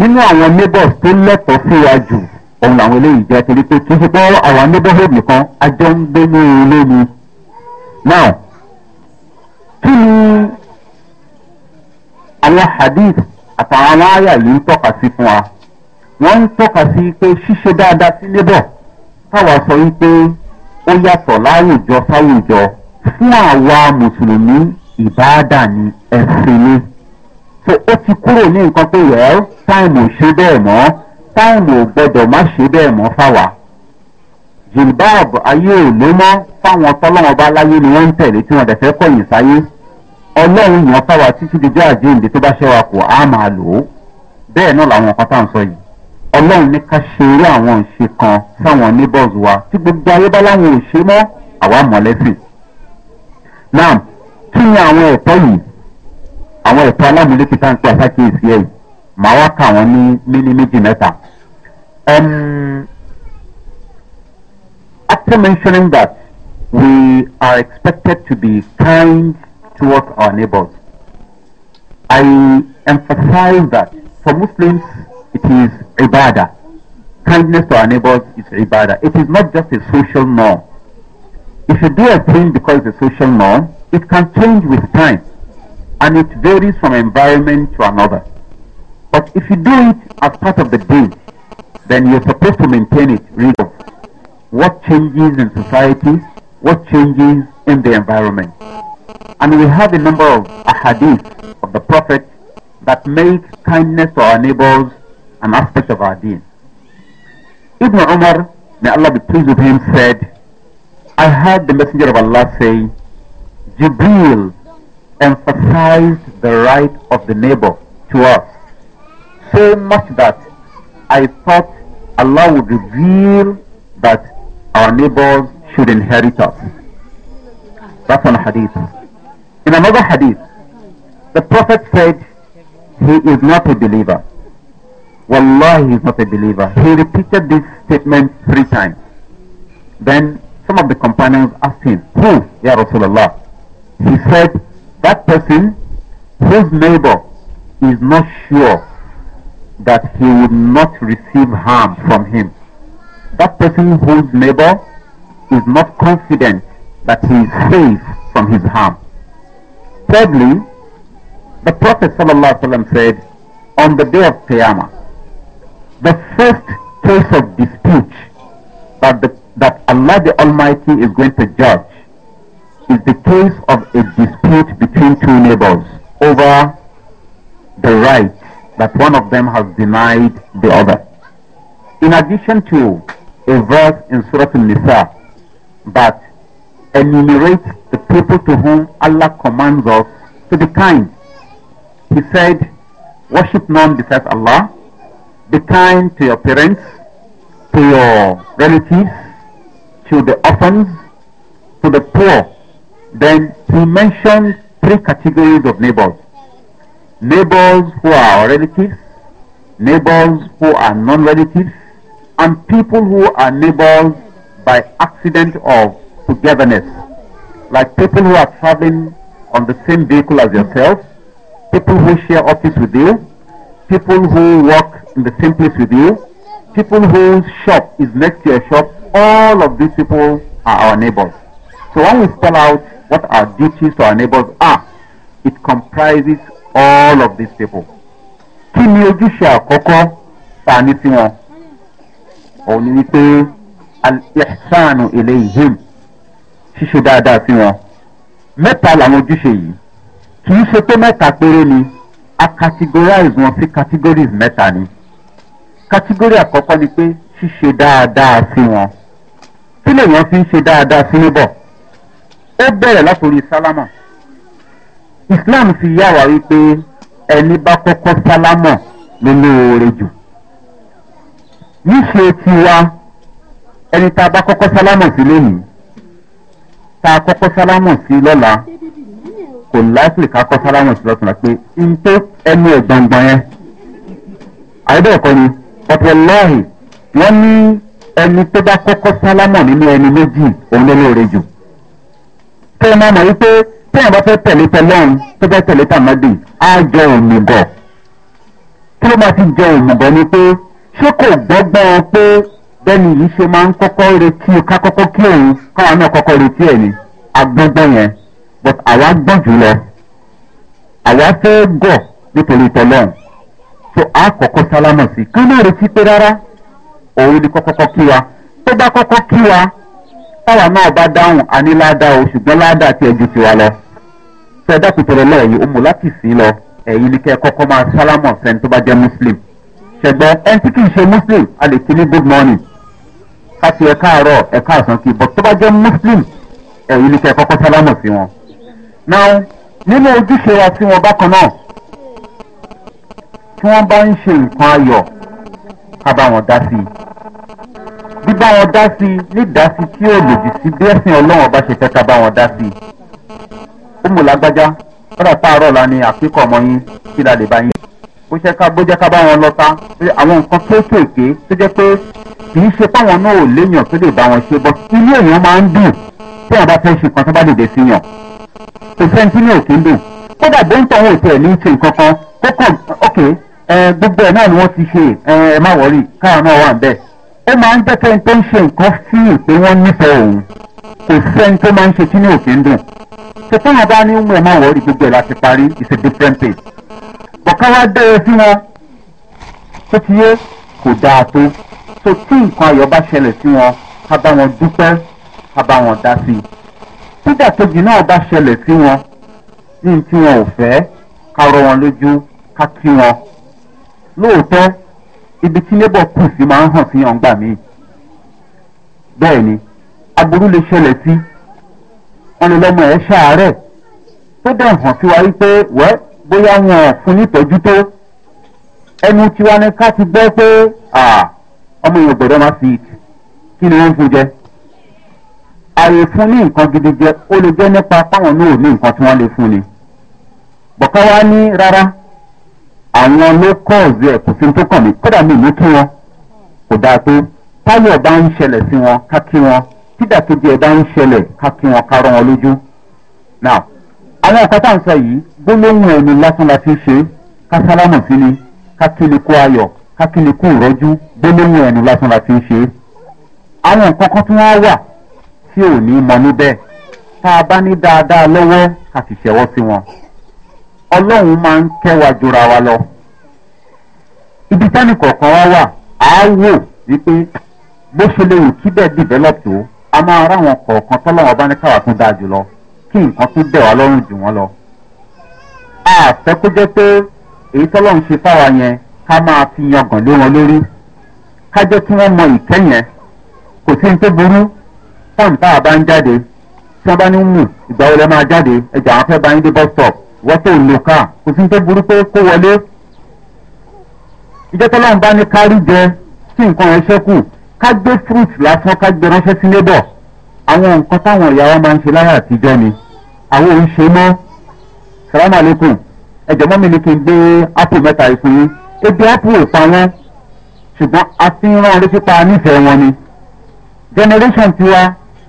nínú àwọn neighbors tó lẹ́tọ̀ọ́ fún wa jù òun làwọn eléyìí jẹ́ torí pé kì í ṣe pé àwọn neighborhood nìkan a ń gbé ní ilé ni now. kí ni àwọn hadith àtàwọn aráyà yìí ń tọ́ka sí fún wa wọ́n ń tọ́ka sí pé ṣíṣe dáadáa sí lébọ̀ táwa sọ wípé ó yàtọ̀ láwùjọ sáwùjọ fún àwa mùsùlùmí ìbáàdà ni ẹ̀sìn ni so ó ti kúrò ní nǹkan tó yẹ ẹ́ táìmù ò ṣe bẹ́ẹ̀ mọ́ táìmù ò gbọ́dọ̀ má ṣe bẹ́ẹ̀ mọ́ fáwa jilbab ayé ò lé mọ́ fáwọn tọ́lọ́mọba láyé ni wọ́n ń tẹ̀lé tí wọ́n dẹ̀ fẹ́ kọ̀yìn sáyé ọlọ́run yàn fáwa títí dojú àjíǹde tó bá ṣẹ́wà kù á máa lò ó bẹ́ẹ̀ náà làwọn kan tá à ń sọ yìí ọlọ́run ní ká ṣe eré àwọn ìṣe kan sáwọn neighbors wa tí gbogbo ayé bá láwọn ò ṣe mọ́ àwa mọ̀lẹ́sìn náà kí ni àwọn ẹ̀tọ́ yìí àwọn ẹ̀tọ́ alámúlékè tá à ń pè àsákìyèsí ẹ̀ màá wá kà wọ́n ní mímí méjì mẹ́ta. After mentioning that, we are expected to be kind towards our neighbors. I emphasize that for Muslims it is ibadah. Kindness to our neighbors is ibadah. It is not just a social norm. If you do a thing because it's a social norm, it can change with time and it varies from environment to another. But if you do it as part of the day, then you're supposed to maintain it regardless. What changes in society, what changes in the environment. And we have a number of ahadith of the Prophet that make kindness to our neighbors an aspect of our deen. Ibn Umar, may Allah be pleased with him, said, I heard the Messenger of Allah say, Jibreel emphasized the right of the neighbor to us so much that I thought Allah would reveal that our neighbors should inherit us. That's on hadith. In another hadith, the Prophet said, He is not a believer. Wallahi, he is not a believer. He repeated this statement three times. Then some of the companions asked him, Who, Ya Rasulullah? He said, That person whose neighbor is not sure that he would not receive harm from him. That person whose neighbor is not confident that he is safe from his harm. Thirdly, the Prophet ﷺ said, on the day of Qiyamah, the first case of dispute that, the, that Allah the Almighty is going to judge is the case of a dispute between two neighbors over the right that one of them has denied the other. In addition to a verse in Surah Al-Nisa that enumerate the people to whom Allah commands us to be kind. He said, Worship none besides Allah. Be kind to your parents, to your relatives, to the orphans, to the poor. Then he mentioned three categories of neighbors neighbors who are our relatives, neighbors who are non relatives, and people who are neighbors by accident of togetherness, like people who are traveling on the same vehicle as yourself, people who share office with you, people who work in the same place with you, people whose shop is next to your shop, all of these people are our neighbors. So when we spell out what our duties to our neighbors are, it comprises all of these people. Kí ni ojúṣe àkọ́kọ́ ta ní sí Òun ni wípé al-ihsanu ilayhim ṣíṣe dáadáa sí wọn mẹ́ta làwọn ojúṣe yìí kì í ṣe pé mẹ́ta péré ni a categorize wọn sí categories mẹ́ta ni category àkọ́kọ́ ni pé ṣíṣe dáadáa sí wọn kí lèèyàn fi ń ṣe dáadáa sí níbọ̀ ó bẹ̀rẹ̀ látòrí sálámà islam fi yá wa wípé ẹni bá kọ́kọ́ sálámà nínú oore jù níṣe tiwa ẹni tá a bá kọ́kọ́ sálámà sí lónìí tá a kọ́kọ́ sálámù sí lọ́la kò láìsí ká kọ́ sálámù sí lọ́tùnla pé n tó ẹnu ẹ̀ gbọ̀ngbọ̀n yẹn àìbẹ̀ẹ̀kọ́ ni ọ̀pọ̀ lọ́ọ̀hìn wọ́n ní ẹni tó bá kọ́kọ́ sálámù nínú ẹni méjì òun ló lóore jù tó máa mọ̀ wípé téèyàn bá fẹ́ tẹ̀lé tẹlọ́run tó fẹ́ tẹ̀lé tàmádì á jọ òmùgọ̀ kí ló máa ti jọ òmùgọ̀ ni pé ṣé kò gbọ́gbọ́n pé bẹ́ẹ̀ni yìí ṣe máa ń kọ́kọ́ retí ká kọ́kọ́ kí òun káwọn náà kọ́kọ́ retí ẹ̀ ni agbọ́gbọ́n yẹn but àwa gbọ́n jù lọ àwa fẹ́ gọ̀ nítorí tọ́lọ́n so a kọ́kọ́ sálámọ̀ sí ká má retí pé rárá òun ni kọ́kọ́kọ́ kí wa tó bá kọ́kọ́ kí wa táwa náà bá dáhùn a ní ládàá o ṣùgbọ́n ládàá ti ẹ̀jú tiwa lọ sẹ́dá kùtẹ̀rẹ̀ lẹ́yìn o mú láti sí lọ ẹ̀yin ni kẹ́ kọ́kọ́ máa sálámọ̀ sẹ́ni tó bá jẹ́ muslim ṣẹ̀gbọ́n ẹni tí kì í ṣe muslim a lè kí ní good morning ká ṣe ẹ̀ka àárọ̀ ẹ̀ka àìsàn kì í bọ̀ tó bá jẹ́ muslim ẹ̀yìn ni kẹ́ ẹ̀ kọ́kọ́ sálámù sí wọn. now nínú ojúṣe wa sí wọn bákan náà tí wọ́n bá ń ṣe nǹkan ayọ̀ ká bá wọn dá sí i. bíbá wọn dá sí i ní ìdásí tí yóò lòdì sí bí ẹ̀sìn ọlọ́wọ́n bá ṣe fẹ́ ká bá wọn dá sí i. ó mú lágbájá kọ́dà pààrọ̀ la ni àkíkọ̀ ọmọ yín kí la lè bá yín. bó ṣe ká bó jẹ́ ká bá wọn lọ́ta àwọn nǹkan tó kì í ṣe páwọn náà ò léèyàn tó lè bá wọn ṣe bọ́ inú èèyàn máa ń dùn tí wọn bá fẹ́ ṣe kan tó bá lè dé sí yàn kò sẹ́ni tí ní òkè ń dùn kódà bóńtọ̀ wọn ò tẹ̀ ní ṣe nǹkan kan ó ok gbogbo ẹ̀ náà ni wọ́n ti ṣe ẹ má wọrí káwọn náà wà bẹ́ẹ̀ ó máa ń jẹ́kẹ́ tó ń ṣe nǹkan sí ìpé wọ́n nífẹ̀ẹ́ òun kò sẹ́ni tó máa ń ṣe tí ní òkè ń dùn ṣe tó wọn bá ní mú ẹ má wọrí gbogbo ẹ̀ láti parí it's a different page ọ̀ká wá dẹ́rẹ́ e sí wọn tó ti yé kò dáa tó so tí nǹkan ayọ̀ bá ṣẹlẹ̀ sí wọn ká bá wọn dúpẹ́ ká bá wọn dá sí i tídà kejì náà bá ṣẹlẹ̀ sí wọn ní tí wọn ò fẹ́ ká rọ wọn lójú ká kí wọn lóòótọ́ ibi tí labour kù sí máa ń hàn sí ọ̀ngbà míì bẹ́ẹ̀ ni aburú lè ṣẹlẹ̀ sí wọn ni lọ́mọ ẹ̀ ṣàárẹ̀ tó dẹ̀ hàn sí wa wípé wẹ́ bóyá wọn ò fún nítọ́jú tó ẹnu tiwa ni ká ti gbọ́ pé àà ọmọ yẹn gbọdọ má fi kí ni wọn fún jẹ àyè fún ní nǹkan gidi jẹ ó lè jẹ nípa táwọn náà ní nǹkan tí wọn lè fún ni bọ̀ká wá ní rárá àwọn ló kọ́ ọ̀zẹ́ ẹ̀ kò sí tó kàn mí kódà mi ìlú kí wọn kò dáa tó táyọ̀ bá ń ṣẹlẹ̀ sí wọn ká kí wọn tídàkejì ẹ̀ bá ń ṣẹlẹ̀ ká kí wọn ká rán wọn lójú now àwọn ọ̀kan tá à ń sọ yìí gbólóhùn ẹni lásán la fi ṣe ká sálámù sí ni ká kí ni kó ayọ̀ kákìlíkù rọ́jú gbólóhùn ẹni lásán la fi ń ṣe é àwọn nǹkan kan tí wọ́n wà tí ò ní mọ níbẹ̀ tá a bá ní dáadáa lọ́wọ́ àti ṣẹ̀wọ́ sí wọn ọlọ́run máa ń kẹ́wàá jura wa lọ ibi tẹ́nì kọ̀ọ̀kan wá wà á wò wípé bó ṣe lè wù kí bẹ́ẹ̀ develop tó a máa ráwọn kọ̀ọ̀kan tọ́lọ́wọ́n bá ní káwá tún dáa jù lọ kí nǹkan tún bẹ̀ wá lọ́rùn jù wọ́n lọ. a kó jẹ́ pé èyí tọ́lọ́run ṣe fáwa yẹn ká máa fi yangàn lé wọn lórí ká jẹ́ kí wọ́n mọ ìkẹ́ yẹn kò sí ní tó burú fọ́ọ̀n tá a bá ń jáde tí wọ́n bá ní mú ìgbà wo lẹ máa jáde ẹ̀jẹ̀ àwọn fẹ́ bá yín dé bus stop wọ́n tó lò ká kò sí ní tó burú pé kó wọlé ìjẹ́ tọ́lọ́run bá ní kárí jẹ sí nǹkan ẹ̀ ṣẹ́kù ká gbé fruit lásán ká gbé ránṣẹ́ sí labour àwọn nǹkan táwọn ìyá wa máa ń ṣe láyà àtijọ́ ni àwọn ò ń ṣe mọ́ salamaleykum ẹ̀jẹ̀ mọ́mi ni kí n gbé apple mẹ́ta ìfún yín ebi ápù ò pa wọn ṣùgbọ́n a fi ń rán orí pípa nífẹ̀ẹ́ wọn ni generation tiwa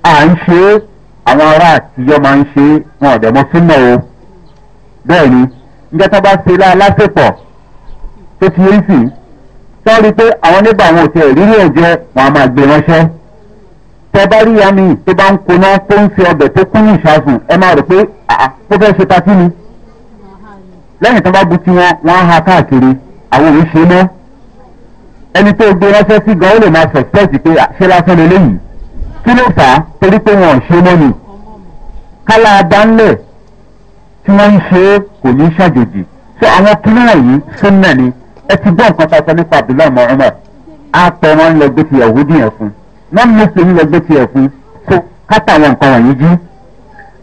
à ń ṣe é àwọn ará àtijọ́ máa ń ṣe é wọn ò dẹ̀mọ́ súnmọ́ o bẹ́ẹ̀ ni níjẹ́ tó bá ṣe lálásèpọ̀ tó ti rí sí sọ́ọ́rí pé àwọn nígbà àwọn òtí ìrírí ẹ̀jẹ̀ wọn a máa gbé ránṣẹ́ tẹ bá rí ya mi tó bá ń koná tó ń fi ọbẹ̀ tó kún ìṣàfùn ẹ máa rò pé àà tó fẹ́ ṣe patí ni lẹ́yìn tó bá bu tiwọn wọ́n á ha káàkiri àwọn òun ṣe mọ́ ẹni tó gbé ránṣẹ́ sí gan ó lè máa sọ̀tẹ́ẹ̀tì pé ṣé lásán lélẹ́yìí kí ló fà á torí pé wọn ò ṣe mọ́ ni kálá adánlẹ̀ tí wọ́n ń ṣe é kò ní ṣàjòjì ṣé àwọn kìnìún wọ̀nyí súnmọ́ ni ẹ ti gbọ́ nǹkan pàtó nípa abdullahi muhammad àtọ̀ wọn lọ gbé ti yahudi yẹn fún non muslim lọ gbé ti yẹn fún so kátà àwọn nǹkan wọ̀nyí jí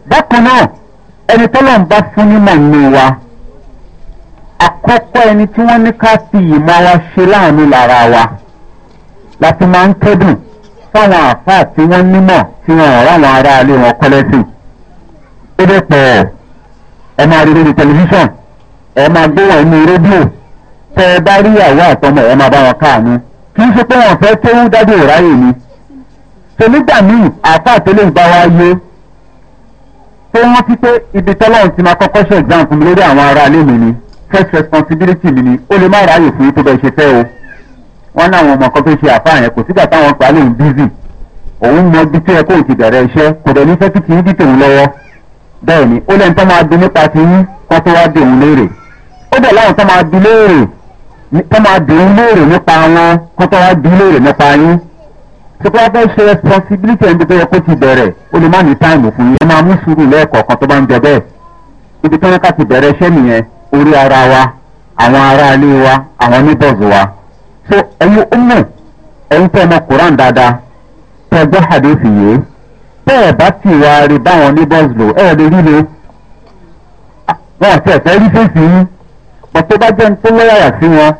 bákan náà ẹni tọ́lọ́ ń bá fún nímọ̀ nínú wa. Akọ́kọ́ ẹni tí wọ́n ní ká fi ìmọ̀ wa ṣe láàánú lára wa la máa ń kẹ́dùn fáwọn àfáà tí wọ́n nímọ̀ tí wọ́n àwọn wọn kọ́lẹ́sìn. ó dẹ̀ pọ̀ ẹ máa rí lórí tẹlifíṣàn ẹ máa ẹ bá rí ìyàwó àtọmọ ẹ máa kì í ṣe pé wọn fẹ́ tó ń dájú ìráyè míì àfáà tó wọ́n fi ti máa kọ́kọ́ ṣe ìgbà fún mi lórí àwọn mi first responsibility mi ni ó lè má ráàyè fún yín tó bẹ́ẹ̀ ṣe fẹ́ o wọ́n láwọn ọmọ kan tó ṣe àfáà yẹn kò sígbà táwọn pa lóun bízì òun mọ ibi tí ẹ kó ti bẹ̀rẹ̀ iṣẹ́ kò dẹ̀ ní fẹ́ kí kìí dìtò òun lọ́wọ́ bẹ́ẹ̀ ni ó lẹ́nu tó máa dun nípa ti yín kan tó wá di òun léèrè ó dẹ̀ láwọn tó máa dun òun léèrè nípa wọn kan tó wá di léèrè nípa yín tó bá fẹ́ ṣe responsibility ẹni tó yẹ kó ti bẹ̀rẹ̀ ó lè má ní táìmù fún yín ó máa mú sùúrù lẹ́ẹ̀kọ̀ọ̀kan tó bá ń jẹ bẹ́ẹ̀ ibi tó yẹ ká ti bẹ̀rẹ̀ iṣẹ́ nìyẹn orí ara wa àwọn ará ilé wa àwọn oníbọ̀sù wa so ẹ̀yin ọmọ ẹ̀yin tẹ́ ọmọ koran dáadáa tẹ́ ẹgbẹ́ àdéhùn yìí tẹ́ bá ti wá rí báwọn oníbọ̀sù lò ẹ̀ lè rí wọ́n àti ẹ̀fẹ́ rí fèsì yín bá jẹ́ sí wọn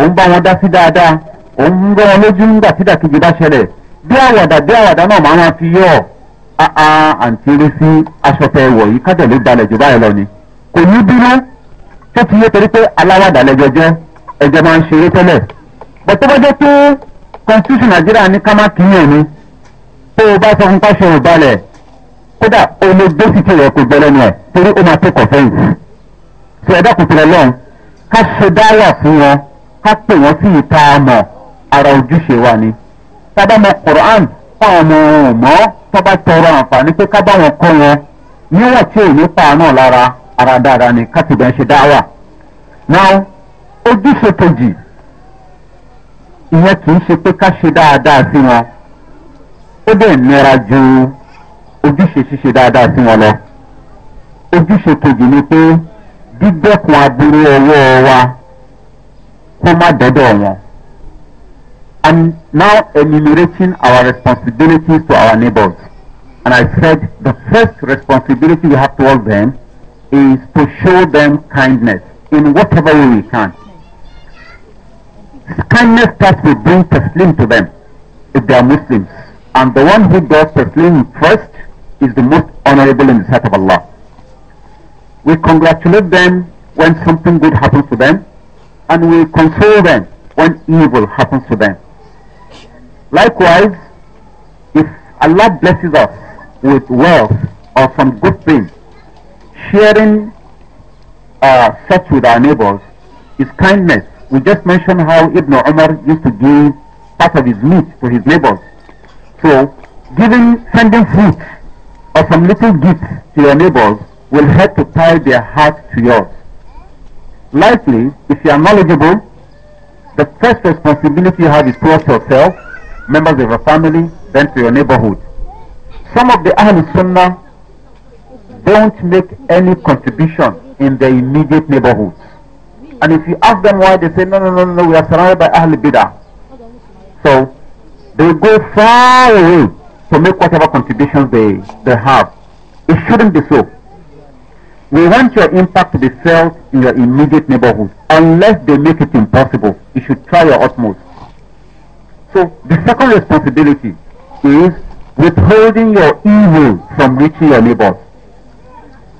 òun bá wọn dá sí dáadáa òun ń gbọ́ wọn lójú nígbà fi yọ ọ́ àǹtí rí sí aṣọ yìí gbalẹ̀ jù báyìí ṣé ti yé torí pé aláwàdà lẹ́jọ́ jẹ́ ẹ̀jẹ̀ máa ń ṣeré tẹ́lẹ̀ bọ̀ tó bá jẹ́ pé constitution nàìjíríà ní ká má kíyàn ni tó o bá sọ fún pàṣẹ ò balẹ̀ kódà olóògbésìtì rẹ̀ kò gbẹlẹ́ ni ẹ̀ torí ó máa tẹ́kọ̀ fẹ́yìn ṣe ẹ̀dá kò tẹ̀lé lọ́hùn ká ṣe dáwà fún wọn ká pè wọ́n sí ìta àmọ̀ ara ojúṣe wa ni sábàmọ̀ quran fáwọn ọmọ ọmọ tó bá tọrọ àǹfààní pé ká bá wọn kọ́ wọn níwọ̀n tí ò ní pa náà lára ara ni ká ti bẹ̀ ṣe dáwà náà ojúṣe ìyẹn kì í ṣe pé ká ṣe dáadáa sí wọn ó dẹ̀ nira ju ojúṣe ṣíṣe dáadáa sí wọn lọ ojúṣe kejì ni pé dídẹ́kun aburú ọwọ́ wa kó má dọ́dọ̀ wọn and now enumerating our responsibilities to our neighbors and i said the first responsibility we have towards them is to show them kindness in whatever way we can. Kindness starts with being taslim to them if they are Muslims. And the one who does taslim first is the most honorable in the sight of Allah. We congratulate them when something good happens to them and we console them when evil happens to them. Likewise, if Allah blesses us with wealth or some good things, sharing uh, such with our neighbors is kindness. We just mentioned how Ibn Umar used to give part of his meat to his neighbors. So, giving, sending fruit or some little gifts to your neighbors will help to tie their heart to yours. Likely, if you are knowledgeable, the first responsibility you have is towards yourself, members of your family, then to your neighborhood. Some of the Ahlul Sunnah don't make any contribution in their immediate neighborhoods. And if you ask them why, they say, no, no, no, no, we are surrounded by Ahl Bidah. So they go far away to make whatever contributions they, they have. It shouldn't be so. We want your impact to be felt in your immediate neighborhood. Unless they make it impossible, you should try your utmost. So the second responsibility is withholding your evil from reaching your neighbors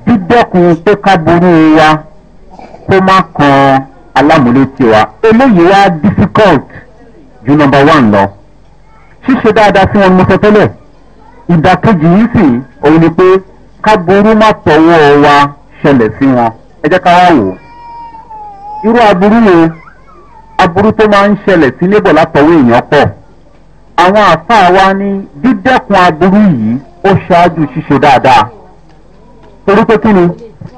dídẹ́kun pé ká borí wa kó má kan alámúlétí wa eléyìí wá difficult ju number one lọ ṣíṣe dáadáa sí wọn ni mo sọ tẹ́lẹ̀ ìdàkejì yìí sì òun ni pé ká burú má tọwọ́ wa ṣẹlẹ̀ sí wọn ẹ jẹ́ ká wá wò ó irú aburú wo aburú tó máa ń ṣẹlẹ̀ sí lébọ̀ látọwọ́ èèyàn pọ̀ àwọn àfáà wa ní dídẹ́kun aburú yìí ó ṣáájú ṣíṣe dáadáa torí pé kí ni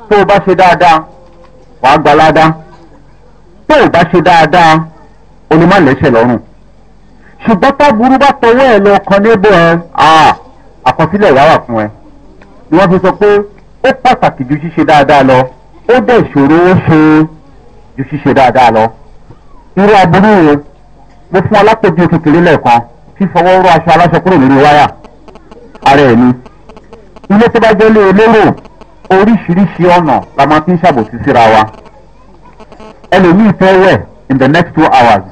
tó o bá ṣe dáadáa wàá gba ládàá tó o bá ṣe dáadáa o ní má lẹ́sẹ̀ lọ́rùn ṣùgbọ́n táburú bá tọwọ́ ẹ̀ lọ kan níbo ẹ àkọsílẹ̀ ìyá wà fún ẹ ni wọ́n fi sọ pé ó pàtàkì ju ṣíṣe dáadáa lọ ó dẹ̀ ìṣòro ó ṣe ju ṣíṣe dáadáa lọ irú aburú yẹn mo fún alápèjú kékeré lẹ́ẹ̀kan fífọwọ́ rọ aṣọ aláṣọ kúrò lórí wáyà ara ẹ̀ ni ilé tó bá jẹ́ lé olóró oríṣiríṣi ọ̀nà la máa fi ń ṣàbòsí síra wa ẹlòmíì fẹ́ wẹ̀ in the next two hours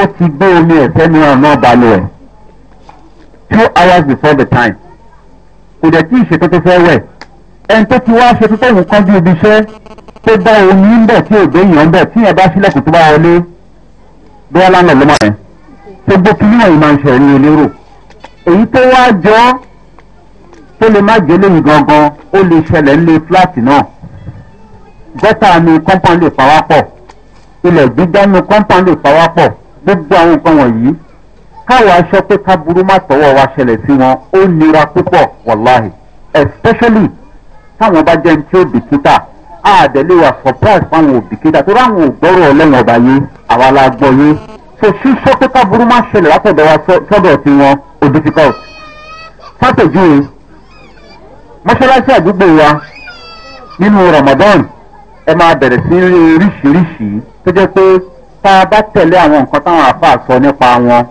ó ti gbé omi ẹ̀fẹ́ mìíràn náà balùwẹ̀ two hours before the time kò dẹ̀ tí ì fẹ́ wẹ̀ ẹni tó ti wá ṣètò tó nǹkan bí ibi iṣẹ́ tó bá omi ń bẹ̀ tí òde èèyàn ń bẹ̀ tí ẹ̀ bá sílẹ̀kùn tó bá wọlé bí wọ́n lánàá ló máa rẹ̀ tó gbókìlì wọ̀nyí máa ń ṣẹ̀rí onírò èyí tó wá jọ ọ́ tó lè má jẹ́ lẹ́yìn gangan ó lè ṣẹlẹ̀ ńlẹ̀ fúláàtì náà gọ́tà ni kọ́ńpọ́n lè pawápọ̀ ilẹ̀ gbígbá ni kọ́ńpọ́n lè pawápọ̀ gbogbo àwọn nǹkan wọ̀nyí káwọn aṣọ pé ká burú má tọwọ́ wa ṣẹlẹ̀ sí wọn ó nira púpọ̀ wàláhì especially táwọn bá jẹ́ tí ó bìkítà àdẹ̀lé wa surprise fáwọn òbìkítà tó ráwọn ògbọ́rọ̀ ọlọ́wọ̀n ọba yé àwa la gbọ́ yé so ṣíṣọ́ pé ká burú má ṣẹlẹ̀ látọ̀dọ̀ wa sọ́dọ̀ tiwọn ó difficult. sátẹ̀jú mọ́ṣáláṣí àdúgbò wa nínú ramadan ẹ máa bẹ̀rẹ̀ sí ríṣiríṣi tó jẹ́ pé tá a bá tẹ̀lé àwọn nǹkan táwọn àáfàá sọ nípa wọn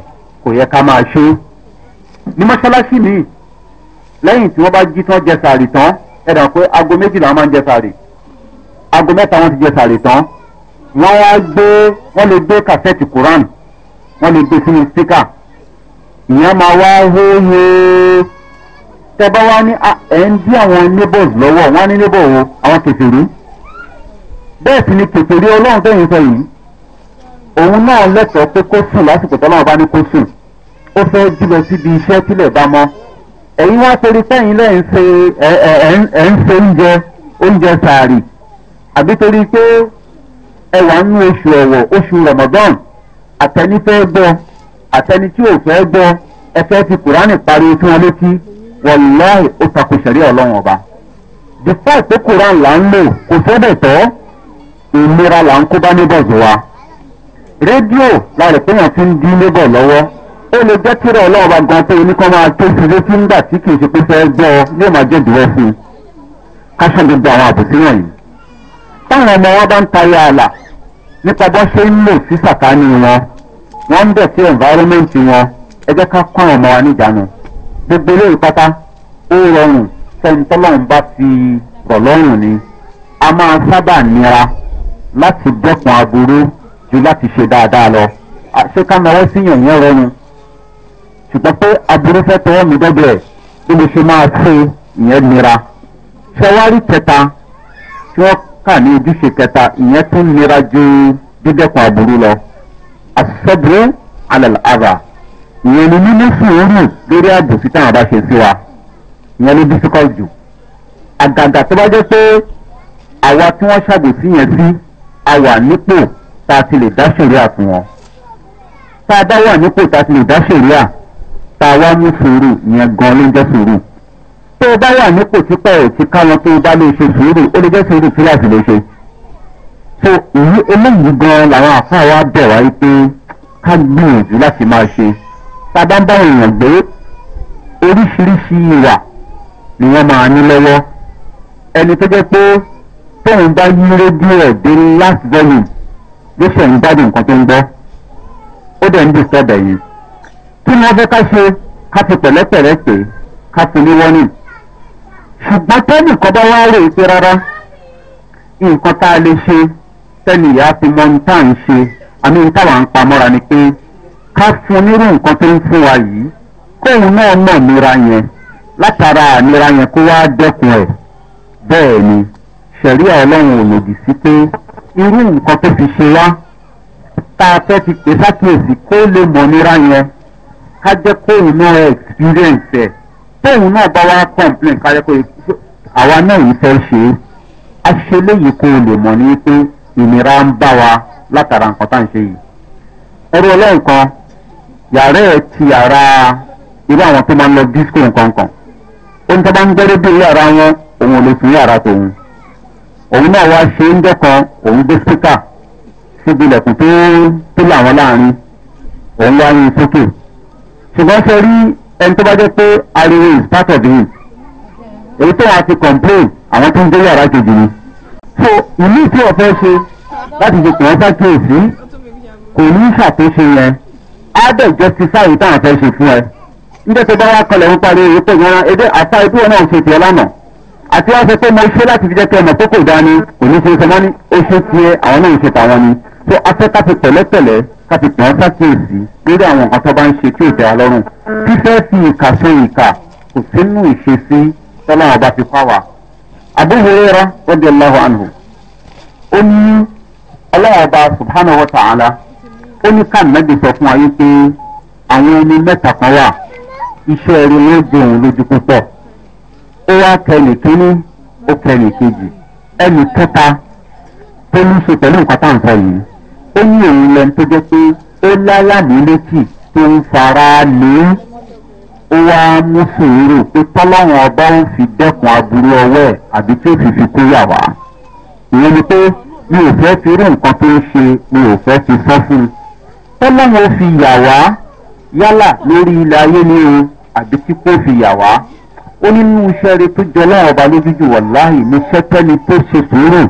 kò yẹ ká máa ṣe é ní mọ́ṣáláṣí míì lẹ́yìn tí wọ́n bá jí tán jẹ sàrì tán ẹ dàn pé aago méjìlá máa ń jẹ sàrì aago mẹ́ta wọ́n ti jẹ sàrì tán wọ́n wá gbé wọ́n lè gbé kàfẹ́ẹ̀tì koran wọ́n lè gbé sínú síkà ìyẹn máa wá hóhóó tẹ́bá wá ní ah, ẹ̀ ń dí àwọn neighbors lọ́wọ́ wọ́n á ní neighbor o àwọn kẹfìrí bẹ́ẹ̀ sì ni kẹfìrí ọlọ́run tẹ̀yìn sọ yìí òun náà lẹ́tọ̀ọ́ pé kó sùn lásìkò tọ́lọ́run bá ní kó sùn ó fẹ́ jùlọ síbi iṣẹ́ tílẹ̀ bá mọ́ ẹ̀yin wá torí tẹ̀yìn lẹ́yìn ṣe ẹ̀ ń ṣe oúnjẹ oúnjẹ sàárì àbí torí pé ẹ wà nínú oṣù ẹ̀wọ̀ oṣù ramadan àtẹni fẹ́ gbọ́ àtẹni tí ò fẹ́ gbọ́ ẹ fẹ́ fi kùránì pariwo tí wọ́n létí wọláì ó takò sẹ̀rí ọlọ́run ọba despite pé koran là ń lò kò sọ́dẹ̀ tọ́ ìlera là ń kó bá neighbors wa rédíò láàrẹ̀ pé wọ́n ti ń dín neighbor lọ́wọ́ ó lè jẹ́ kíra ọlọ́run ọba gan pé oníkan máa tó sí létí ńgbà tí kì í ṣe pé fẹ́ gbọ́ ọ yóò máa jẹ́ ìdúró sí i káṣán gbogbo àwọn àbòsí wọ̀nyí táwọn ọmọ wọn bá ń tayé ààlà nípa bọ́ ṣe ń lò sí sàkání wọn wọ́n ń bẹ̀ sí environment wọn ẹ jẹ́ ká kọ́ àwọn ọmọ wa níjànú gbogbo ilé ìpátá ó rọrùn sẹ́ńtọ́lọ́run bá ti rọ̀ lọ́rùn ni a máa sábà nira láti dẹ́kun aburú ju láti ṣe dáadáa lọ ṣé ká náwó síyàn yẹn rọrùn ṣùgbọ́n pé aburú fẹ́ tọwọ́ mi dọ́dọ̀ ẹ̀ bí mo ṣe máa ṣe ìyẹn nira ṣẹwárí kẹta tí wọ́n kà ní ojúṣe kẹta ìyẹn tún nira ju dídẹ́kun aburú lọ àṣẹbùrú alẹ́ àbá ìyẹn ni nínú sùúrù lórí àjòsí táwọn bá ṣe sí wa ìyẹn ló difficult jù àgàgà tó bá jẹ́ pé àwa tí wọ́n ṣàgbèsí yẹn sí a wà nípò tá a ti lè dá sòríà fún wọn tá a dá wà nípò tá a ti lè dá sòríà tá a wá ní sùúrù ìyẹn gan ló ń jẹ́ sùúrù tó o bá wà nípò tí pẹ̀ ò ti ká wọn tó o bá lè ṣe sùúrù ó lè jẹ́ sùúrù tí láti lè ṣe so èyí eléyìí gan làwọn àfáà wa bẹ̀ wáyé pé ká gbìyànjú láti máa ṣe tàbá bá èèyàn gbé oríṣiríṣi ìwà ni wọ́n máa ní lọ́wọ́ ẹni tó jẹ́ pé tóun bá yí rédíò ẹ̀ dé last volume ló ṣe ń gbádùn nǹkan tó ń gbọ́ ó dẹ̀ ń disturb ẹ̀yìn kí ni wọ́n fẹ́ ká ṣe ká fi pẹ̀lẹ́pẹ̀lẹ́ pè ká fi ní wọ́nì ṣùgbọ́n tẹ́nì kan bá wá rè é pé rárá nǹkan tá a lè ṣe tẹ́nì yà á fi mọ ohun tá à ń ṣe àmì táwa ń pamọ́ra ni pé ká fún nírú nǹkan tó ń fún wa yìí kóun náà nà nira yẹn látara ànira yẹn kó wá dẹ́kun ẹ̀ bẹ́ẹ̀ ni sẹ̀ríà ọlọ́run ò lòdì sí pé irú nǹkan tó fi ṣe wá tá a fẹ́ ti pè sákìyèsí kó lè mọ̀ nira yẹn ká jẹ́ kóun náà experience ẹ̀ tóun náà bá wá complain ká jẹ́ kó àwa náà yìí fẹ́ ṣe é a ṣe léyìí kó o lè mọ̀ ní pé ìnira ń bá wa látara nǹkan tá à ń ṣe yìí ẹrú ọlọ́run kan yàrá ẹ̀ ti yàrá irú àwọn tó máa ń lọ disco nkankan ó ní sábà ń gbẹ́rẹ́ bí yàrá wọn òun ò lè sùn yàrá tòun òun náà wá ṣe ń dẹ́kan òun gbé spíkà síbi ilẹ̀kùn tó tó làwọn láàrin òun wá yin sókè ṣùgbọ́n ṣe rí ẹni tó bá jẹ́ pé ariwo is part of him èyí tó wàá ti complain àwọn tó ń gbé yàrá kejì ni so ìlú tí wọ́n fẹ́ ṣe láti fi kàn án sákèésí kò ní ṣàtúnṣe yẹn. ádẹ̀ ti tá à fẹ́ ṣe fún ẹ níjẹ́ tó bá wá kọlẹ̀ ń parí èyí pé yẹn ebí àṣà ibi wọn náà tiẹ̀ lánàá àti wọ́n sọ pé mo ṣe láti fi jẹ́ kí ọmọ tó kò dání kò ní ṣe sọmọ́ ní oṣù tiẹ̀ àwọn náà ń ṣe tàwọn ni tó afẹ́ ká fi pẹ̀lẹ́pẹ̀lẹ́ ká fi pọ̀ sákèésì lórí àwọn nǹkan tó bá ń ṣe lọ́rùn fífẹ́ ó ní kàmẹ́dì sọ fún wa wípé àwọn ẹni mẹ́ta kan wà iṣẹ́ rí wọn jẹ òun lójú púpọ̀ ó wá kẹ́ni kínní ó kẹ́ni kejì ẹnì kẹta tó ní ṣe pẹ̀lú nǹkan tá à ń sọ yìí ó ní òun lẹni tó jẹ́ pé ó lálàmì létí tó ń fara lé ó wá mú sòwúrò pé tọ́lọ́run ọba ń fi dẹ́kun aburú ọwọ́ ẹ̀ àbí tí ó fi fi kó yà wá ìyẹn ni pé mi ò fẹ́ fi irú nǹkan tó ń ṣe mi ò fẹ́ fi sọ fún un tọ́lọ́wọ́n fi yà wá yálà lórí ilẹ̀ ayé ni o àbí tí kò fi yà wá ó ní nínú iṣẹ́ rẹ tó jọ lọ́wọ́ ọba lójújù wàláhì ní sẹ́tẹ́ni tó ṣe sùúrù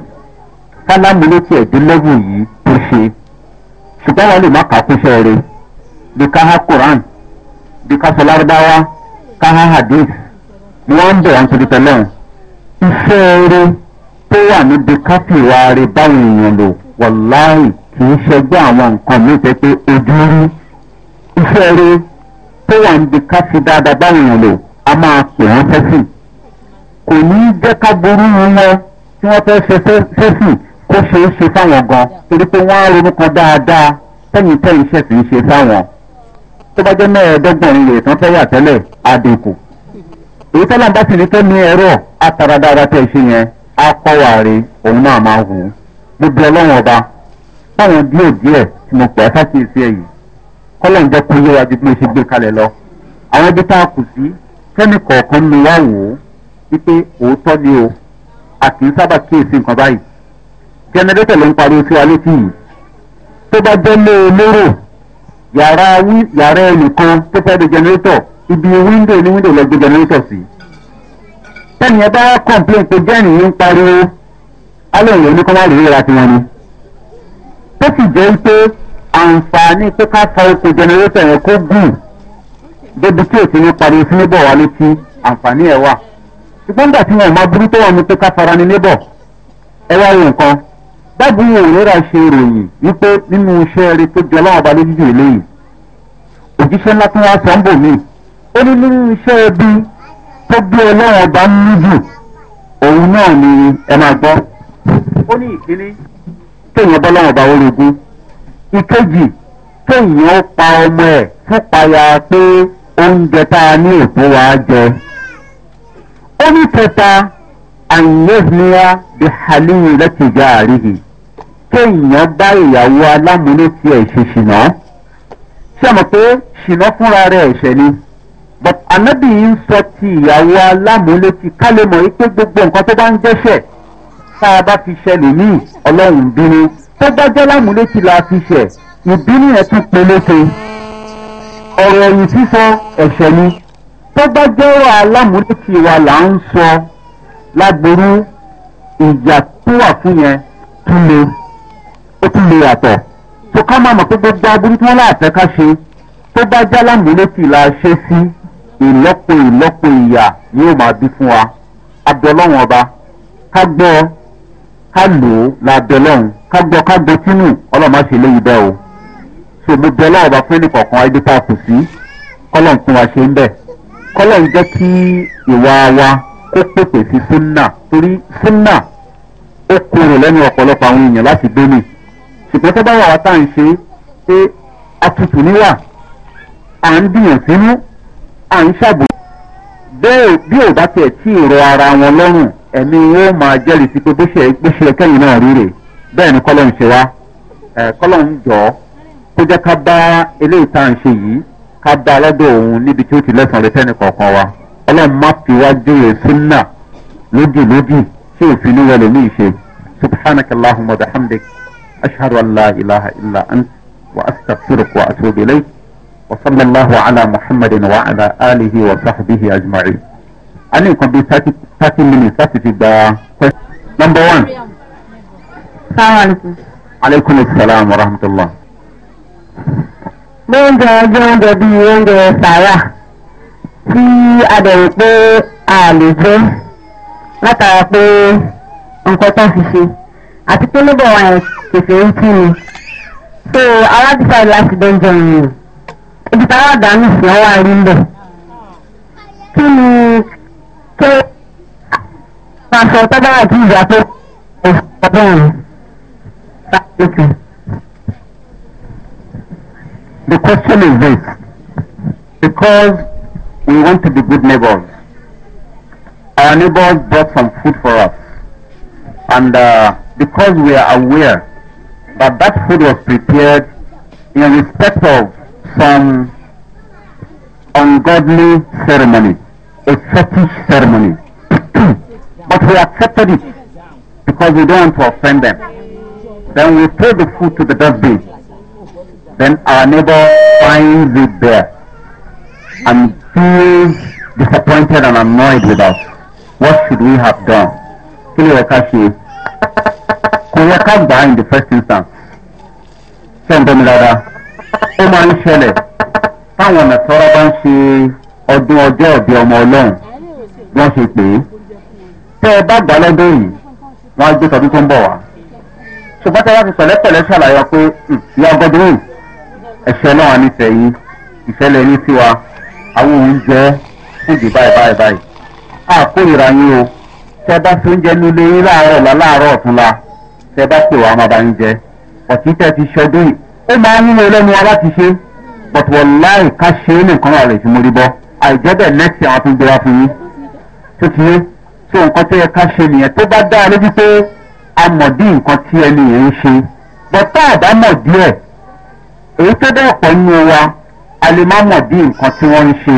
kálámù ló ti ẹ̀dínlẹ́bù yìí tó ṣe ṣùgbọ́n wọn lè má kà á kúṣẹ́ rẹ bí ká há quran bí ká sọ lárúbáwá ká há hadith ni wọ́n ń bẹ̀ wọ́n torí tẹ́lẹ̀ iṣẹ́ rẹ tó wà níbi káfíńwá rẹ báwọn èèyàn lò wàláhì kì í ṣẹgbẹ́ àwọn nǹkan mi tẹ́ pé ojú rí iṣẹ́ rí tó wà níbi ká fi dáadáa báwọn èèyàn lò a máa pè wọ́n sẹ́sìn kò ní jẹ́ ká burú wọn tí wọ́n fẹ́ ṣe sẹ́sìn kó ṣe é ṣe fáwọn gan torí pé wọ́n á ronú kan dáadáa tẹ́yìn tẹ́yìn ṣẹ̀sì ń ṣe fáwọn tó bá jẹ́ mẹ́ẹ̀ẹ́dọ́gbọ̀n ilé tán fẹ́ yà tẹ́lẹ̀ àdínkù èyí tọ́lá bá sì ní tó ní ẹ̀rọ àtàràdára tẹ̀ ṣe yẹn á kọ́ wàá òun náà máa wù ú gbogbo ọlọ́run ọba fáwọn díẹ̀ díẹ̀ tí mo pẹ́ sákìsí ẹ̀yìn kọ́lọ̀ ń jẹ́ kó yé wa ju bí mo ṣe gbé kalẹ̀ lọ àwọn ibi tá a kù sí fẹ́mi kọ̀ọ̀kan ni wá wò ó wípé òótọ́ ni o a kì í sábà kíyèsí nǹkan báyìí jẹnẹrétọ̀ ló ń pariwo sí wa létí yìí tó bá jẹ́ lé e lérò yàrá yàrá ẹnìkan tó fẹ́ de jẹnẹrétọ̀ ibi wíńdò ní wíńdò lọ gbé jẹnẹrétọ̀ sí tẹ́niyẹ bá kọ̀ǹpléǹ pé jẹ́nìí ń pariwo alẹ́ ìyẹn ní kọ́ má rí ìra tiwọn ni. tó sì jẹ́ pé àǹfààní pé fa jẹnẹrétọ̀ yẹn kó gùn débi tí pariwo sí níbọ̀ wá létí àǹfààní ẹ̀ wà ṣùgbọ́n tí wọn máa burú tó wà pé ká fara ní níbọ̀ ẹ wá nǹkan dábì ṣe ròyìn wípé nínú iṣẹ́ rí tó balẹ̀ òjíṣẹ́ ńlá sọ ń bò mí ó ní nínú iṣẹ́ tó ń ni ẹ téèyàn bọ́ lọ́wọ́ bá orogún ìkejì téèyàn ó pa ọmọ ẹ̀ fún payà pé oúnjẹ tá a ní ètò wa jẹ ó ní kẹta àyẹ̀hìnìyà bí halimu lẹ́tìjà àríhì kéèyàn bá ìyàwó alámúlétí ẹ̀ ṣe ṣìnà ṣe mọ̀ pé ṣìnà fúnra rẹ̀ ẹ̀ṣẹ̀ ni but anabi ń sọ ti ìyàwó alámúlétí ká lè mọ̀ wípé gbogbo nǹkan tó bá ń jẹ́ṣẹ̀ tá a bá fi ṣẹlẹ̀ ní ọlọ́run ń bínú tó dájọ́ lámúlétí la fi ṣẹ̀ ìbínú yẹn tún peléke ọ̀rọ̀ ẹ̀yìn sísọ ẹ̀ṣẹ̀ ni tó bá jẹ́wọ́ alámúlétí wa là ń sọ lágbóró ìjà tó wà fún yẹn tún le ó tún le yàtọ̀ tó ká má mọ̀ pé gbogbo aburú tí wọ́n láàfẹ́ ká ṣe tó bá jẹ́ alámúlétí la ṣe sí ìlọ́po ìlọ́po ìyà yóò máa bí fún wa abẹ́ ọlọ́run ọba ká gbọ́ ọ. ká lò ó la bẹ lọ́hùn ká gbọ́ ká gbọ́ sínú ọlọ́run má ṣe léyìí bẹ́ẹ̀ o so mo bẹ ọlọ́run bá fún ẹnìkọ̀ọ̀kan ibi tá a kù sí kọ́lọ́n tún wa ṣe ń bẹ̀ kọ́lọ́n jẹ́ kí ìwà wa kó pèpè sí súnà torí súnà ó kúrò lẹ́nu ọ̀pọ̀lọpọ̀ àwọn èèyàn láti gbé mi ṣùgbọ́n tó bá wà wá tá à ń ṣe pé atutù níwà à ń dìyàn sínú à ń ṣàbò bí ò bá tiẹ̀ tí ì rọ ara wọn lọ́rùn ẹ̀mí ó máa jẹ́rìí sí pé bó ṣe bó ṣe kẹ́yìn náà rí rè bẹ́ẹ̀ ni kọ́lọ́n ṣe wá kọ́lọ́n jọ kó jẹ́ ká bá eléyìí tá à ń ṣe yìí ká bá alọ́dọ̀ òun níbi tí ó ti lẹ́sàn-án lé tẹ́nì kọ̀ọ̀kan wa ọlọ́run má fi wá jòyè súnà lójú lójú tí òfin ní wọlé ní ìṣe subhanaka allahumma bihamdik ashhadu an la ilaha illa ant wa astaghfiruka wa wa sallallahu ala muhammadin wa ala alihi wa sahbihi ajma'in a ní nǹkan bíi thirty thirty minutes láti fi gba question. number one. salaamaleykum. aleykum salaam wa rahmatulah. mo ń jẹ ọjọ́ oúnjẹ bíi oúnjẹ sàrà tí a dẹ̀rù pé a lè jẹ́ látara pé nǹkan tó fi ṣe àti pé níbọ̀ wà yẹn kèfè ń kí ni so aládùúgbò láti dẹ́jọ́ yìí ibi táwọn àdánù sí ọwọ́ àrí bẹ̀ kí ni pé aṣọ tábà àti ìjà tó ọdún rẹ̀ The question is this because we want to be good neighbors. Our neighbors brought some food for us and uh, because we are aware that that food was prepared in respect of some ungodly ceremony a fetish ceremony. [clears throat] but we accepted it because we don't want to offend them. Then we throw the food to the dustbin. Then our neighbor finds it there and feels disappointed and annoyed with us. What should we have done? Kiliwekashi, Koyakagba in the first instance. Send them, bẹ́ mi dáadáa? Ó máa ń ṣẹlẹ̀ táwọn ọdún ọjọ́ ọ̀bí ọmọ ọlọ́run wọ́n ṣe pé tẹ́ ẹ bá gbà lọ́dún yìí wọ́n á gbé tọdún tó ń bọ̀ wá. ṣùgbọ́n tí wọ́n ti sọ̀lẹ́ pẹ̀lẹ́ ṣàlàyé pé hmm, ìyá ọgọ́dún yìí ẹ̀ṣẹ̀ náà ní tẹ̀yìn ìṣẹ̀lẹ̀ ní tiwa àwọn oúnjẹ fúdì báyìí báyìí báyìí. a kó ìra yín o tẹ́ ẹ bá fi oúnjẹ nílé yín láàárọ̀ ọ̀la láàárọ̀ ọ̀túnla tẹ́ ẹ bá pè wá máa bá yín jẹ ọ̀tí tẹ́ ti ṣọdún yìí ó máa ń mú ẹlẹ́nu wa láti ṣe bọ̀tùwọ̀láì ká ṣe é nìkan rà rẹ̀ ti mórí bọ́ àìjẹ́bẹ̀ lẹ́sì àwọn tó ń gbéra fún yín tó ti yé tó nǹkan tó yẹ ká ṣe nìyẹn tó bá dá lójú pé a mọ̀ dí nǹkan tí ẹni yẹn ń ṣe bọ́tá àdámọ̀ díẹ̀ èyí tó dẹ́ ọ̀pọ̀ nínú wa a lè má mọ̀ dí nǹkan tí wọ́n ń ṣe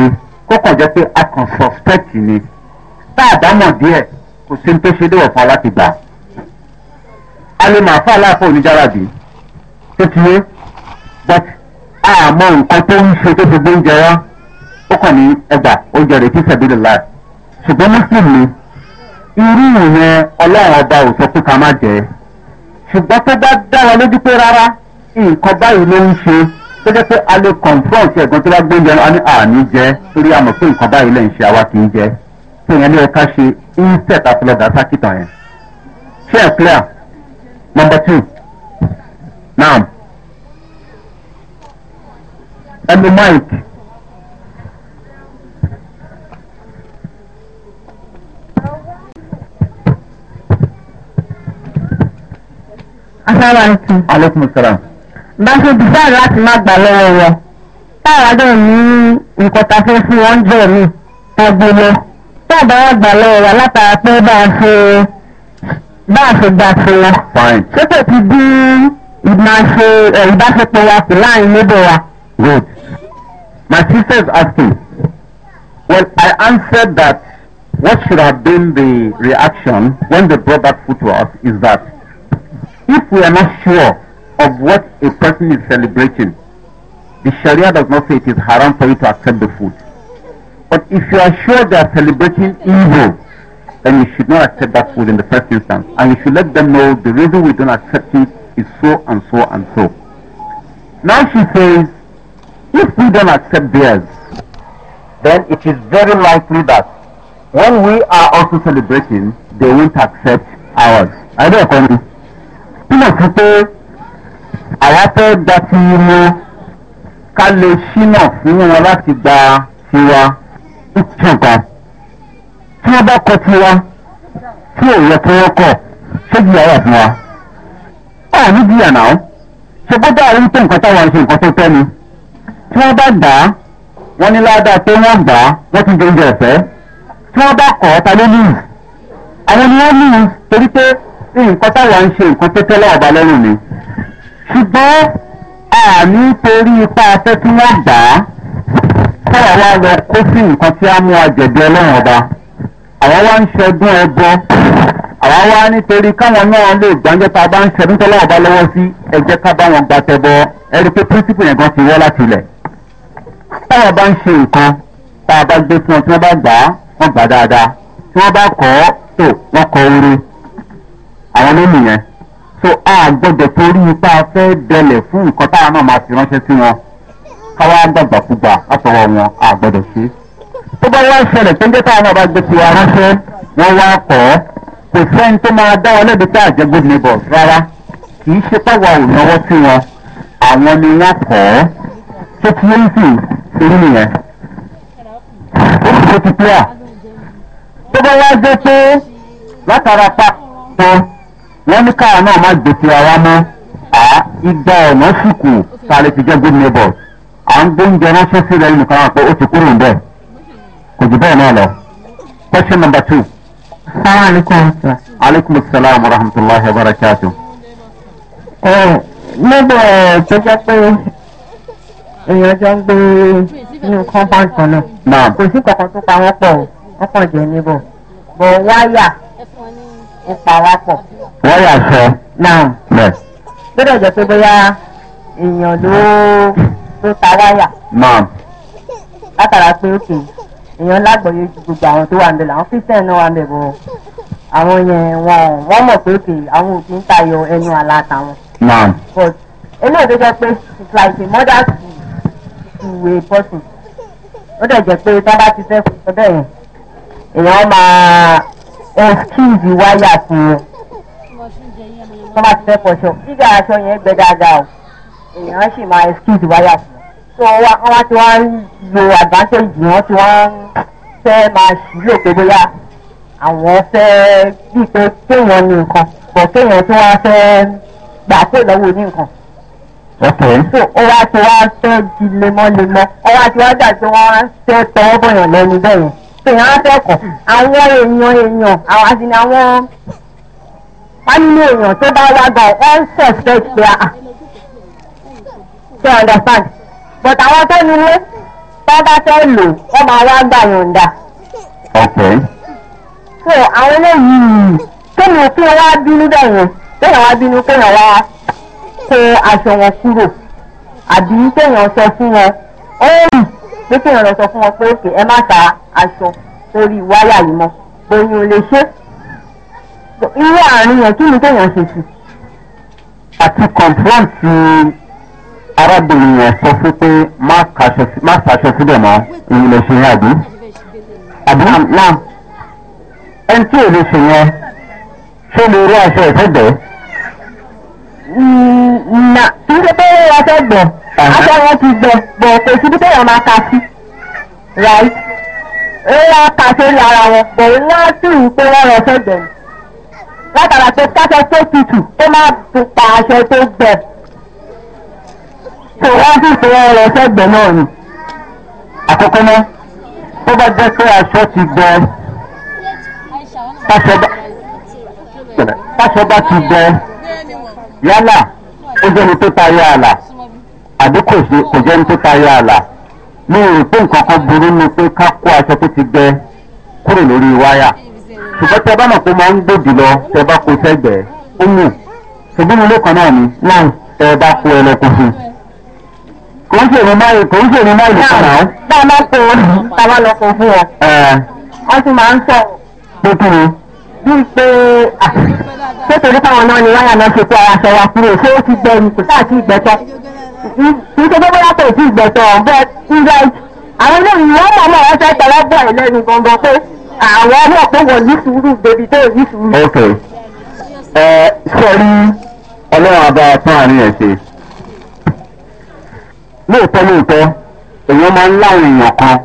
kó kàn jẹ́ pé a kàn suspect ni tá àdámọ̀ díẹ̀ kò sí ní tó ṣe déwọ̀ fún alátìgbà a lè mà fún aláàfọ̀ oníjàràbí tó ti yé but àmọ́ nǹkan tó ń ṣe tó fi gbóúnjẹ wá ó kàn ní ẹgbà ó jẹrè tí sẹbílì láì ṣùgbọ́n mùsùlùmí irú ìyẹn ọlọ́run ọba ò sọ pé ká má jẹ ẹ́ ṣùgbọ́n tó bá dá wa lójú pé rárá nǹkan báyìí ló ń ṣe tó jẹ́ pé a lè confront ẹ̀gbọ́n tó bá gbóúnjẹ a ní àní jẹ́ torí a mọ̀ pé nǹkan báyìí lè ń ṣe àwa kì í jẹ́ tó yẹn ní ẹ ṣe inset àfọlọ́dà sákìtàn yẹn. ṣé ẹ clear number two now ẹnu mike. asalaamaleykum. aleykum salaam. báṣọ bíṣà láti má gbà lọ́wọ́ wọn táwa dẹ̀ ní nǹkan ta fẹ́ fún wọn jẹ́ mi tagbo lọ táàbà wà gbà lọ́wọ́ wa látara pé bá a ṣe bá a ṣe gbà fún wọn. sókè ti bí ìmáṣe ìbáṣepọ̀ wa kù láàrin níbẹ̀ wa. good my sister is asking well i answered that what should have been the reaction when they brought that food to us is that if we are not sure of what a person is celebrating, the Sharia does not say it is haram for you to accept the food. But if you are sure they are celebrating evil, then you should not accept that food in the first instance. And you should let them know the reason we don't accept it is so and so and so. Now she says, if we don't accept theirs, then it is very likely that when we are also celebrating, they won't accept ours. I Are you túmọ̀ sí pé àwa fẹ́ da ti wọn ká lè ṣínà fún wọn láti gba tiwa ó ṣàǹkà tí wọ́n bá kọ tiwa tí ò yẹ kí wọ́n kọ̀ ṣé jìyà wà fún wa ọ̀ ní jìyà náà ṣe gbọ́dọ̀ àrí tó nǹkan táwọn ṣe nǹkan tó tẹ́ ni tí wọ́n bá dà á wọ́n ní ládàá pé wọ́n gbà á wọ́n ti jẹ oúnjẹ ọ̀fẹ́ tí wọ́n bá kọ̀ ọ́ ta ló lù àwọn ni wọ́n lù torí pé nǹkan táwa ń ṣe nǹkan tó tẹ́lẹ̀ ọ̀bá lọ́rùn ni ṣùgbọ́n àmì torí ipa afẹ́ tí wọ́n gbà á táwa wá lọ kó sí nǹkan tí a mú àjẹ̀dẹ̀ ọlọ́run ọba àwa wá ń ṣẹdún ẹbọ àwa wá nítorí káwọn náà lè gbàǹjẹ́ tá a bá ń ṣẹdún tọ́lọ́ ọba lọ́wọ́ sí ẹjẹ́ ká bá wọn gba tẹbọ ẹni pé píríncípù yẹn gan ti wọ́ láti ilẹ̀ táwa bá ń ṣe nǹkan tá a bá gbé fún ọ tí wọ́n bá gbà á wọ́n gbà dáadáa tí wọ́n bá kọ́ ọ́ tó wọ́n kọ oore àwọn ló nìyẹn so a gbọdọ̀ torí ipa fẹ́ dẹlẹ̀ fún nǹkan táwa náà máa fi ránṣẹ́ sí wọn káwá gbàgbàkúgbà látọwọ́ wọn a gbọdọ̀ ṣe. tó bá wá ṣẹlẹ̀ tó ń jẹ́ táwa náà bá gbé tiwa ránṣẹ́ wọ́n wá kọ́ kò sẹ́ni tó máa dá wọn lẹ́bi tá àjẹ́ good neighbors rárá kì í ṣe pàwọ́ ònáwó sí wọn àwọn ni wọ́n kọ́ tó kí ń sì ṣerú nìyẹn. ó sì ṣe ti pé à tó bá wá dé pé látara pa tó wọ́n ní káà náà má gbèsè ara mọ́ à igba ọ̀nà sùkù sáré ti jẹ́ good neighbor à ń gbóúnjẹ ránṣẹ́ sí rẹ̀ nìkan àpò ó ti kúrò ń kò jù bẹ́ẹ̀ náà lọ. question number two. salaam aleykum. aleykum salaam wa rahmatulahi wa barakatu. ẹ níbẹ̀ tó jẹ́ pé èèyàn jọ ń gbé ní compound kan náà kò sí kankan tó pa wọ́n pọ̀ wọ́n pọ̀ jẹ́ níbọ̀ wáyà ń para pọ̀. wọ́n yà sọ. náà bẹ́ẹ̀. gbọ́dọ̀ jẹ́ pé bóyá èèyàn ló ló ta wáyà. náà. látara pé òkè èèyàn lágbọ̀ọ́yé ju gbogbo àwọn tó wà ń bẹ̀ làwọn kristian náà wà ń bẹ̀ bọ̀ àwọn yẹn wọn wọ́n mọ̀ pé òkè àwọn òkè ń tayọ ẹnu àlá àtàwọn. náà. but eléyìí tó jẹ́ pé it's like a murder to to a person ó dẹ̀ jẹ́ pé tábà ti fẹ́ fún ọ bẹ́ẹ̀ yẹn èèyàn máa excuse wáyà fún un wọ́n bá ti fẹ́ fọṣọ gíga aṣọ yẹn gbẹ dáadáa o èèyàn sì máa excuse wáyà fún so wọ́n ti wá ń lo advantage wọ́n ti wá ń fẹ́ máa ṣì lò pé bóyá àwọn fẹ́ bíi pé kéèyàn ní nǹkan bọ̀ kéèyàn tí wọ́n fẹ́ gbà pé lọ́wọ́ ní nǹkan so ó wá ti wá fẹ́ di lemọ́lemọ́ ó wá ti wá gbà pé wọ́n fẹ́ tọwọ́ bọ̀yàn lẹ́nu bẹ́ẹ̀ pèyàn látẹ̀kọ̀ àwọn èèyàn èèyàn àwọn àwọn fámìlì tó bá wá gan ẹ̀ ń suspect pé à ah, ṣe understand but àwọn tó nílé tó bá fẹ́ lò wọ́n máa wá gbà yọ̀ǹda. okay. so àwọn eléyìí kéèyàn kí wọ́n wá bínú bẹ́ẹ̀ yẹn kéèyàn wá bínú kéèyàn wá kó aṣọ wọn kúrò àbí kéèyàn sọ fún wọn ó rìn pé kéèyàn lọ sọ fún wọn pé ẹ má ta aṣọ torí wáyà yìí mọ́ oyin ò lè ṣe irú àárín yẹn kí ni kéèyàn ṣe sí. àti kọ̀ǹfọ̀ǹtì arábìnrin yẹn sọ fún pé má ṣàṣọ síbẹ̀ mọ́ èyí lè ṣe yẹn àbí. àbí náà ẹni tí èlé ṣe yẹn ṣé lè rí aṣọ ìfẹ́gbẹ́. Mm, nà kí n ṣe pé aṣọ gbọ̀ aṣọ wọn ti gbọ̀ gbọ̀ kò síbi téèyàn máa ka sí. right ńlá kàṣe ní ara wọn bọ̀wé ńlá sì rí pé wọ́n rọ sẹ́gbẹ̀ẹ́ látara pé káṣẹ tó tutù tó má pa aṣọ tó gbẹ tó wọ́n sì pé wọ́n rọ sẹ́gbẹ̀ẹ́ náà ni. àkọ́kọ́ náà tó bá jẹ́ pé aṣọ ti gbẹ táṣọ bá ti gbẹ yálà ó jẹ́ ní tó tayé àlà àbí kò jẹ́ ní tó tayé àlà. mi ò rò pé nǹkan kan burú pé aṣọ tó ti gbẹ kúrò lórí wáyà ṣùgbọ́n tẹ bá mọ̀ pé máa ń gbòdì lọ tẹ bá kó sẹ́gbẹ̀ẹ́ ó kò ń máìlì kò ń máìlì kan náà. bá a máa kó ní táwa lọ kó fún wọn. wọ́n ti máa ń sọ. pé kí ni. bíi pé ṣé torí kì í ṣe gbogbo yàtọ̀ sí ìgbẹ̀tọ̀ but israel àwọn ilé ìwọ́n mọ̀ mọ́ ẹ fẹ́ tẹ̀lé bọ̀ ẹ̀ lẹ́nu gbọ̀ngàn pé àwọn ọmọ pé wọ́n ní sùúrù bèbí tó ní sùúrù. ok ẹ sẹ́rí ọlọ́run abá tán àárín ẹ̀ ṣe lóòótọ́ lóòótọ́ èèyàn máa ń láwọn èèyàn kan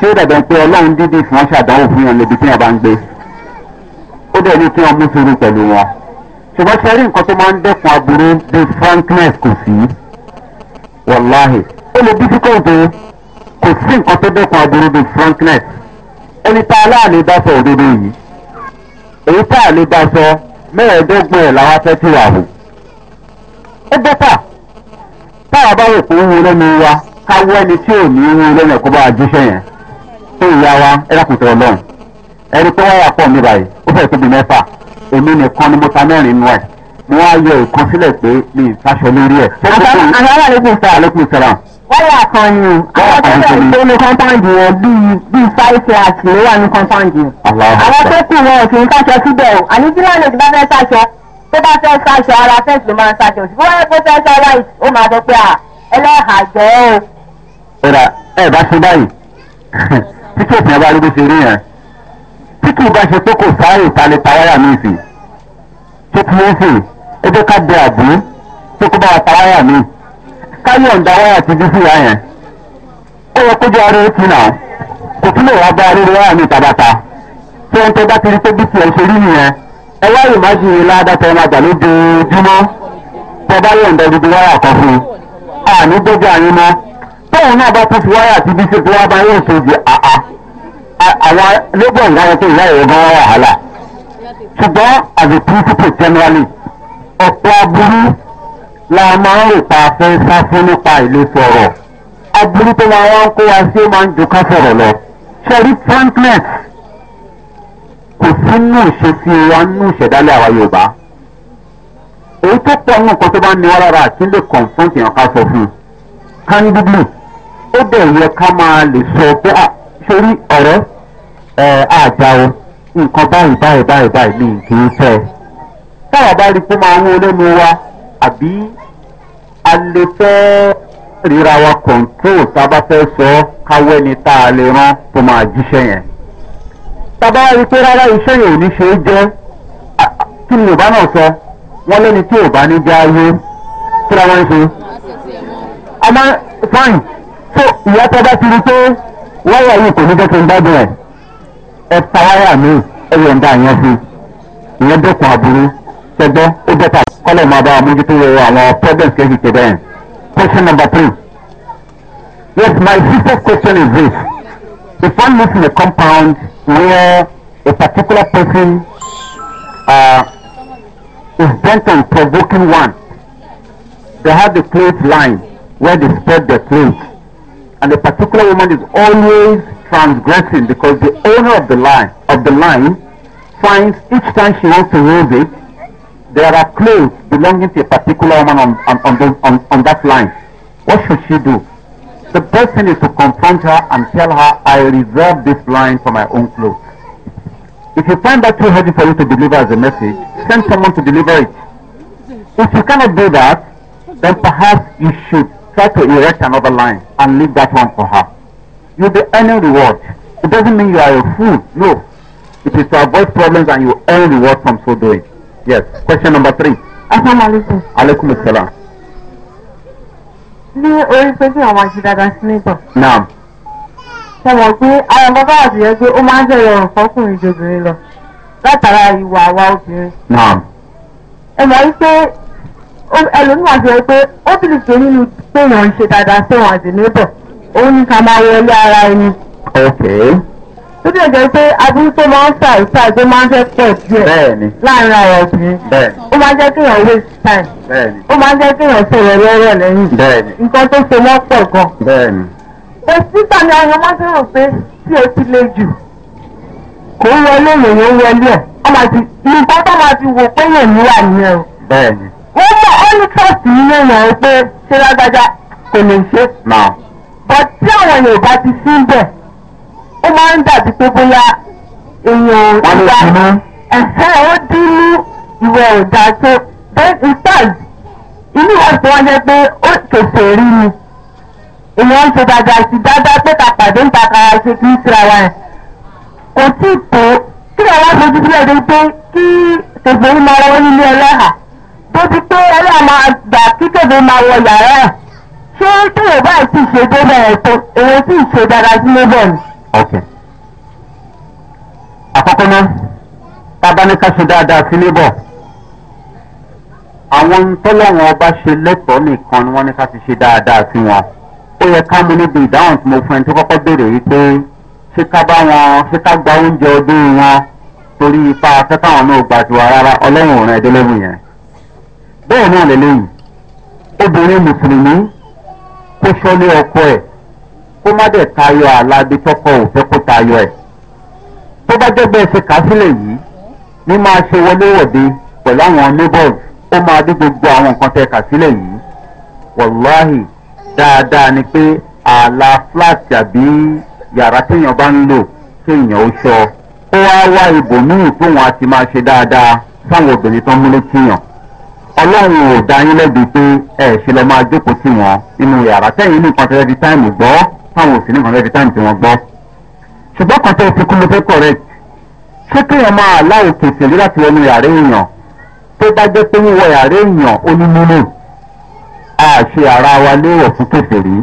ṣé ó dàgbà pé ọlọ́run dídì fún wọn fún yàn níbi tí wọn bá ń gbé ó dẹ̀ ní kí wọn mú sùúrù pẹ̀lú wọn ṣùgbọ́n sẹ́rí nǹkan tó máa ń dẹ́kun aburú bíi frankness kò sí wàláhì ó lè difficult o kò sí nǹkan tó dẹ́kun aburú bíi frankness ẹni tá a láàánú bá sọ òdodo yìí èyí tá a lè bá sọ mẹ́ẹ̀ẹ́dọ́gbọ̀n ẹ̀ làwọn afẹ́ tí wà wò ó bẹ́tà táwa bá rò pé ó wúlò ní wa ká wọ ẹni tí ò ní wú lẹ́nu ẹ̀kọ́ bá jíṣẹ́ yẹn tó ìyá wa ẹlẹ́kùnrin ọlọ́run ẹni tó wáyà pọ̀ mi báyìí ó fẹ́ẹ́ tóbi mẹ́fà èmi nìkan ni mo ta mẹ́rin nú ẹ̀ ni wọ́n á yọ ìkan sílẹ̀ pé mi ì fàṣọ lórí ẹ̀. àwọn aláàlékún sara alékún sara. wáyà kan ni àwọn tó bẹ̀rẹ̀ tó ní kọ́ńpáǹdì yẹn bíi bíi fáìsì àti ló wà ní kọ́ńpáǹdì yẹn. àwọn tó kù wọn ò fi ń fàṣọ síbẹ̀ o àní bí wọ́n lè bá fẹ́ fàṣọ tó bá fẹ́ fàṣọ ara fẹ́ǹsì ló máa ń fàṣọ ṣùgbọ́n wọ́n fẹ́ fẹ́ sọ́ra ó máa sọ pé à ẹlẹ́hàjẹ́ o. ẹ̀rà ẹ̀ bá ṣe báyìí títí òfin ọba arúgbó ṣe rí kò sáré ìtàlẹ̀ tàwáyà mi sí títí ó sì ẹ jẹ́ ká dé àdé pé kó bá wa ta wáyà mi káyọ̀ ń da wáyà ti dúdú yá yẹn ó yẹ kó jẹ́ aré ti nà kò tún lè wá bá aré wáyà mi tabata tí wọ́n tẹ́ bá ti rí pé bí tiẹ̀ ṣe rí nìyẹn ẹ wá ìmájì ládàtọ̀ ọmọ àgbà lójoojúmọ́ tí ẹ bá yọ̀ ń da dúdú wáyà kan fún un àní gbẹ́jọ́ àyín mọ́ tóun náà bá tún fi wáyà ti bí ṣe fi wá bá yóò ṣèjì àá àwọn lébọ̀ ìgbà yẹn tó ìyá ọ̀pọ̀ aburú la máa ń rò pa fẹ́ sá fún nípa ìlú sọ̀rọ̀ aburú tó máa wá ń kó wa sí máa ń ju ká sọ̀rọ̀ lọ. sẹ́rí frankness kò sínú ìṣesí wa nínú ìṣẹ̀dálẹ̀ àwa yorùbá èyí tó pọ̀ nù kan tó bá ní wá rárá àti lè confront èèyàn ká sọ fún un candidly ó dẹ̀ yẹ ká máa lè sọ pé sórí ọ̀rẹ́ ẹ̀ àjà o nǹkan báyìí báyìí báyìí báyìí ní ìgbìyànjú ẹ̀ táyà bá rí fún máa ń lẹ́nu wa àbí a lè fẹ́ ríra wa kọ̀ǹtrol tá a bá fẹ́ sọ káwẹ́ ni tá a lè rán tó máa jíṣẹ́ yẹn. tábà rí pé rárá iṣẹ́ yẹn ò ní ṣe é jẹ́ kí ni yorùbá náà sọ wọ́n lẹ́ni tí yorùbá ní jẹ́ ayé kí ni wọ́n ń ṣe. ọmọ fine so ìyá tó ti rí pé wáyà yìí kò ní jẹ́ kí n gbádùn ẹ̀ ẹ̀ wáyà mi ẹ̀ yẹ̀ dá ìyẹn sí ìyẹn dẹ́kun àbúrú gbẹgbẹ ó bẹ́tà kọ́lẹ̀ máa bá àmójútó àwọn problems kéékèèké bẹ́ẹ̀. question number three yes my sister's question is this if one lives in a compound where a particular person uh, is bent on provoking one they have the clothes line where they spread their clothes and the particular woman is always transgressing because the owner of the line of the line finds each time she wants to use it there are claims belonging to a particular woman on, on, on, the, on, on that line. What should she do? The best thing is to confront her and tell her, I reserve this line for my own clothes. If you find that too heavy for you to deliver as a message, send someone to deliver it. If you cannot do that, then perhaps you should try to erect another line and leave that one for her. You'll be earning reward. It doesn't mean you are a fool. No. It is to avoid problems and you earn reward from so doing. Yes. Question number three. Asalaamualeykum. Aleykum salaam. Ní orí pé kí àwọn àṣẹ dáadáa sí nìkan. Naam. Ṣé mọ̀ pé àwọn bàbá àtìyẹ́ pé ó máa ń jẹ́ ìrọ̀rùn fọ́kùnrin ju obìnrin lọ látara ìwà àwa obìnrin. Naam. Ẹ mọ̀ wípé ẹlòmíràn àti ẹ pé ó bìlì pé nínú pé èèyàn ń ṣe dáadáa sóhun àti níbọ̀ òun ni ká máa wọlé ara ẹni. Okay tó dẹ̀ jẹ́ pé aburú tó máa ń fà ìfà tó máa ń fẹ́ pọ̀ díẹ̀ láàrin ara ọ̀sìn ó máa ń jẹ́ kí èèyàn waste time ó máa ń jẹ́ kí èèyàn sọ̀rọ̀ lọ́rọ̀ lẹ́yìn nǹkan tó so mọ́ pọ̀ gan. kò síta ni àwọn ọmọ sọ̀rọ̀ pé tí o ti le jù kò ń wọlé èèyàn ń wọlé ẹ̀ ọmọ àti nǹkan tó máa fi wò pé èèyàn ní wà nìyẹn o. wọ́n mọ̀ ọ́ ní trust nínú èèyàn pé ṣé lágbájá kò lè ṣe. bọ́t ó máa ń dàbí pé bóyá èèyàn ìgbà ẹ̀hẹ́ ó dín ìwẹ̀ ọ̀dà tó then in fact inú ọ̀sẹ̀ wọn jẹ́ pé ó kèsè rí ni èèyàn ń ṣe dáadáa sí dáadáa pé ká pàdé ń takara ṣe kí ń síra wa yẹn kò tí ì tó kí ni àwọn aṣojú sílẹ̀ dé pé kí kèsè rí máa lọ́wọ́ nílé ẹlẹ́hà tó ti pé ẹlẹ́hà máa gbà kí kèsè máa wọ yàrá ẹ̀ ṣé tí yorùbá ẹ̀ ṣe débẹ̀ ẹ̀ tó èèyàn sì ṣe dáadáa sí lébọ̀ ni ok àkọ́kọ́ náà tábánikà ṣe dáadáa sí níbọ̀ àwọn tọ́lọ́wọ́n ọba ṣe lẹ́tọ̀ọ́ nìkan ni wọ́n ní ká ti ṣe dáadáa sí wọn. ó yẹ ká mú níbi ìdáhùn tí mo fún ẹni tó kọ́kọ́ béèrè yìí pé ṣé ká bá wọn ṣé ká gba oúnjẹ ọdún wọn torí ipa afẹ́ káwọn náà gbà tiwa rárá ọlọ́run ò rán ẹdẹ́lẹ́wù yẹn. bẹ́ẹ̀ náà lélẹ́yìn obìnrin mùsùlùmí kó ṣọ́lé ọkọ ẹ̀ kó má dẹ̀ tayọ àlàbí tọkọ ò fẹ́ kó tayọ ẹ̀. tó bá jẹ́ bẹ́ẹ̀ ṣe kà á sílẹ̀ yìí ní máa ṣe wọléwọ̀de pẹ̀lú àwọn neighbors ó máa dé gbogbo àwọn nǹkan tẹ kà sílẹ̀ yìí. wàláhì dáadáa ni pé ààlà fúláàtì àbí yàrá téèyàn bá ń lò kéèyàn ó ṣọ ó wá wá ibòmíì tó wọn á ti máa ṣe dáadáa sáwọn obìnrin tó ń múlé kíyàn ọlọ́run ò dá yín lẹ́bi pé ẹ ṣe lọ máa jókòó sí wọn nínú yàrá tẹ́yìn nìkan tẹ́lẹ̀ di táìmù gbọ́ táwọn òsínú kan fẹ́ fi táǹtì wọn gbọ́ ṣùgbọ́n kan tó fi kún mi pé correct ṣé kéèyàn máa láwò kèsì rí láti wọnú yàrá èèyàn tó bá jẹ́ pé wíwọ yàrá èèyàn ó ní mímú àṣe ara wa léèwọ̀ fún kèsì rí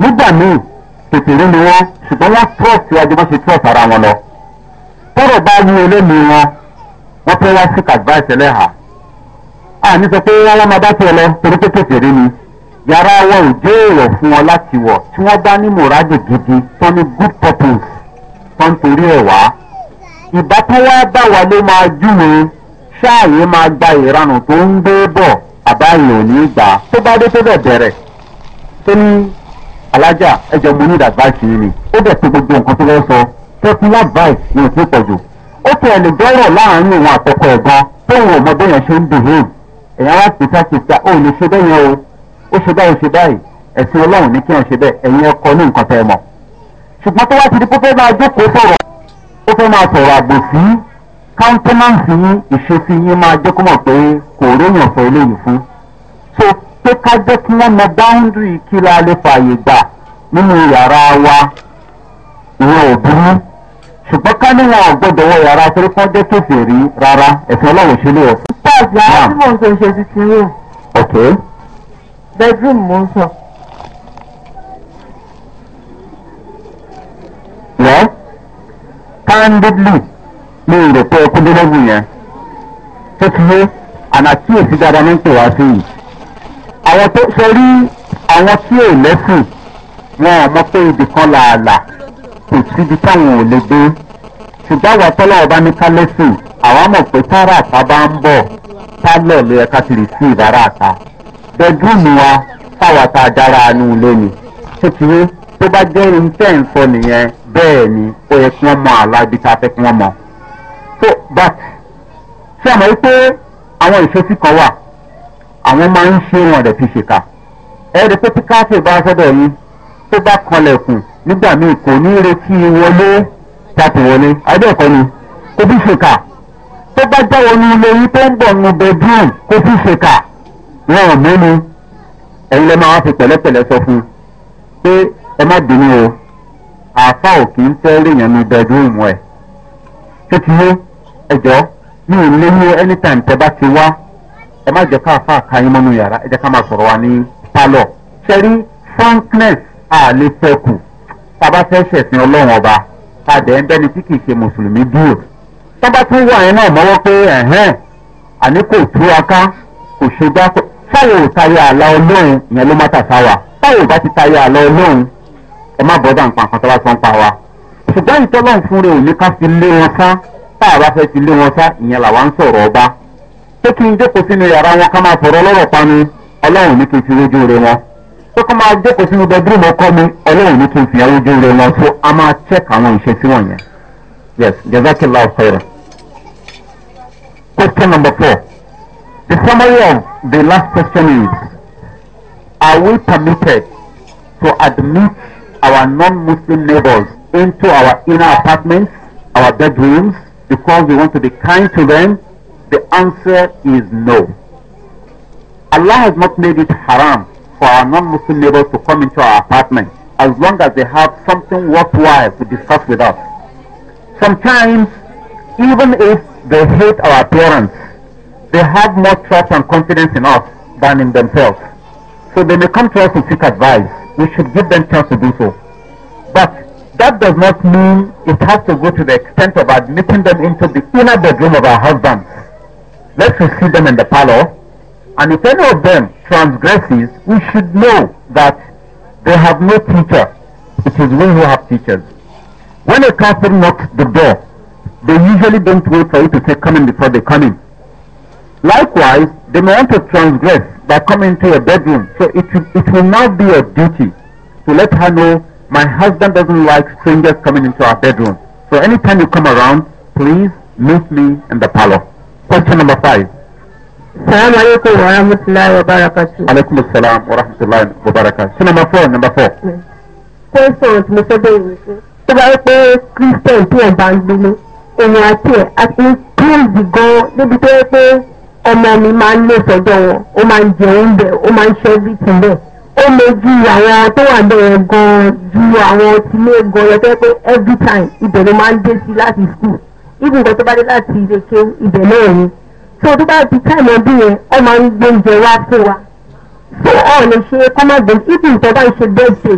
nígbà míì kèsì rí ni wọ́n ṣùgbọ́n wọ́n trust iwájú bó ṣe trust ara wọn lọ tọ́rọ̀ bá wí elémi wọn wọ́n fẹ́ wá sí advice ẹlẹ́hà àní sọ pé wọ́n wá máa bá tiẹ̀ lọ torí pé kèsì ni. yàrá awa ò jẹ́ èrò fún ọ láti wọ tí wọ́n bá ní mọ̀rádù gidi tó ní good purpose tó ń torí ẹ̀ wá. ìbátan wá bá wa ló máa júwe ṣáàyè máa gba ìranù tó ń gbé bọ̀ àbáyé ò ní gbà tó bá dé tó bẹ̀ bẹ̀rẹ̀ tó ní alájà ẹjọ mo ní advice yìí ni ó tó gbogbo nǹkan tó fẹ́ sọ personal advice ni ò tí ì pọ̀ jù ó ti ẹ̀ lè dọ́rọ̀ láàrin òun àtọkọ ẹ̀gbọ́n tóun ò mọ ṣe ń o ó ṣe báyìí ṣe báyìí ẹ̀sìn ọlọ́run ní kí wọ́n ṣe bẹ́ẹ̀ ẹ̀yin ẹ̀kọ́ ní nǹkan tẹ́ ẹ mọ̀ ṣùgbọ́n tó wá ti di pé ó fẹ́ máa jókòó sọ̀rọ̀ ó fẹ́ máa sọ̀rọ̀ àgbòsí countenance yín ìṣesí yín máa jẹ́ kó mọ̀ pé kò réyàn fẹ́ eléyìí fún so pé ká jẹ́ kí wọ́n mọ boundary kí la lè fààyè gbà nínú yàrá wa ìwé òbúrú ṣùgbọ́n ká ní wọn ò gbọ́dọ̀ wọ yàrá torí kán jẹ́ kéfèé rí rárá ẹ̀sìn ọlọ́run ṣe lé ọ̀fun. pàṣẹ àwọn tí mò ń sọ ìṣe ti ti rò. okay bedroom mo ń sọ. wọ́n candidly mi ò rò pé ẹkú délẹ́gùn yẹn tó ti yé ànàkíyèsí dáadáa ní pè wá sí yìí. àwọn tó ṣe rí àwọn tí ò lẹ́sìn wọn ò mọ pé ibì kan làálàá kò síbi táwọn ò lè dé ṣùgbọ́n àwọn tọ́lọ́wọ́ bá ní ká lẹ́sìn àwọn mọ̀ pé tára bá ń bọ̀ tálọ̀ ló ká ti rì àta bẹ́dúùmù wa táwa tá a dára anú ilé ni kékeré tó bá jẹ́ ohun tẹ́ ń sọ nìyẹn bẹ́ẹ̀ ni ó yẹ kí wọ́n mọ àlá tá a fẹ́ kí wọ́n mọ. so but ṣé àmọ́ wípé àwọn ìṣesí kan wà àwọn máa ń ṣe wọn rẹ̀ fi ṣèkà ẹ̀rí pé píkáàtì bá sọ́dọ̀ yín tó bá kanlẹ̀kùn nígbà míì kò ní retí wọlé tàbí wọlé adéẹ̀kọ́ ni kò fi ṣèkà tó bá jáwọ́ ní ilé yín tó ń bọ̀ nù bẹ́dúùmù kò fi ṣèkà. wọn ò mímu ẹ̀yin lẹ́ máa fi pẹ̀lẹ́pẹ̀lẹ́ sọ fún un pé ẹ má dùnú o àáfà ò kì í fẹ́ léèyàn ní bẹ́ẹ̀dúrúmù ẹ̀ tó ti yé ẹjọ́ mi ò lé anytime tẹ bá ti wá ẹ má jẹ́ mọ́nú yàrá ẹ jẹ́ ká máa sọ̀rọ̀ wa ní pálọ̀ ṣẹ́rí frankness àlè fẹ́kù tá a bá fẹ́ ṣẹ̀sìn ọlọ́run ọba tàbí ẹ̀ ń bẹ́ni tí kì í ṣe mùsùlùmí táwọn ò tayọ àlà ọlọ́run yẹn ló má tà sáwà táwọn ò bá ti tayọ àlà ọlọ́run ẹ má bọ́ dà nǹkan kan tó bá tó ń pa wa. ṣùgbọ́n ìtọ́lọ́run fún rẹ̀ ò ní ká fi lé wọn sá tá a bá fẹ́ ti lé wọn sá ìyẹn làwa ń sọ̀rọ̀ ọba. pé kí n jókòó sínú yàrá wọn ká máa fọ̀rọ̀ ọlọ́rọ̀ pa mi ọlọ́run ní kí n fi rójú rẹ wọn. pé kó máa jókòó sínú bẹ́dúrúmù ọkọ mi ọlọ́run ní kí n fi rójú rẹ wọn so a máa check àwọn question number four. The summary of the last question is Are we permitted to admit our non Muslim neighbors into our inner apartments, our bedrooms, because we want to be kind to them? The answer is no. Allah has not made it haram for our non Muslim neighbors to come into our apartment as long as they have something worthwhile to discuss with us. Sometimes, even if they hate our appearance, they have more trust and confidence in us than in themselves. So they may come to us to seek advice. We should give them chance to do so. But that does not mean it has to go to the extent of admitting them into the inner bedroom of our husbands. Let's receive them in the parlor. And if any of them transgresses, we should know that they have no teacher. It is we who have teachers. When a couple knocks the door, they usually don't wait for you to say, come in before they come in. Likewise, they may want to transgress by coming to your bedroom. So it, it will now be your duty to let her know my husband doesn't like strangers coming into our bedroom. So anytime you come around, please meet me in the parlor. Question number five. Assalamu alaikum wa rahmatullahi wa barakatuh. Alaikum assalam wa rahmatullahi wa barakatuh. So number four, number four. Questions, Mr. Davis. Tó bá yẹ pé Christian tí ẹ̀ bá ń gbélé, ọmọ mi máa ń lè tọ́jọ́ wọn ó máa ń jẹ oúnjẹ ó máa ń ṣe everything bẹ́ẹ̀ ó méjì àwọn tó wà bẹ́ẹ̀ gan-an ju àwọn tilé gan-an yọ pé every time ibẹ̀ ló máa ń dé sí láti school ibi nǹkan tó bá dé láti ilé ké ibẹ̀ náà ni so tó bá di time ọdún yẹn ọ máa ń gbé oúnjẹ wá fún wa fún ọ̀ lè ṣe kọ́mọ̀gbẹ́ ibi nǹkan bá ń ṣe bẹ́ẹ̀ dé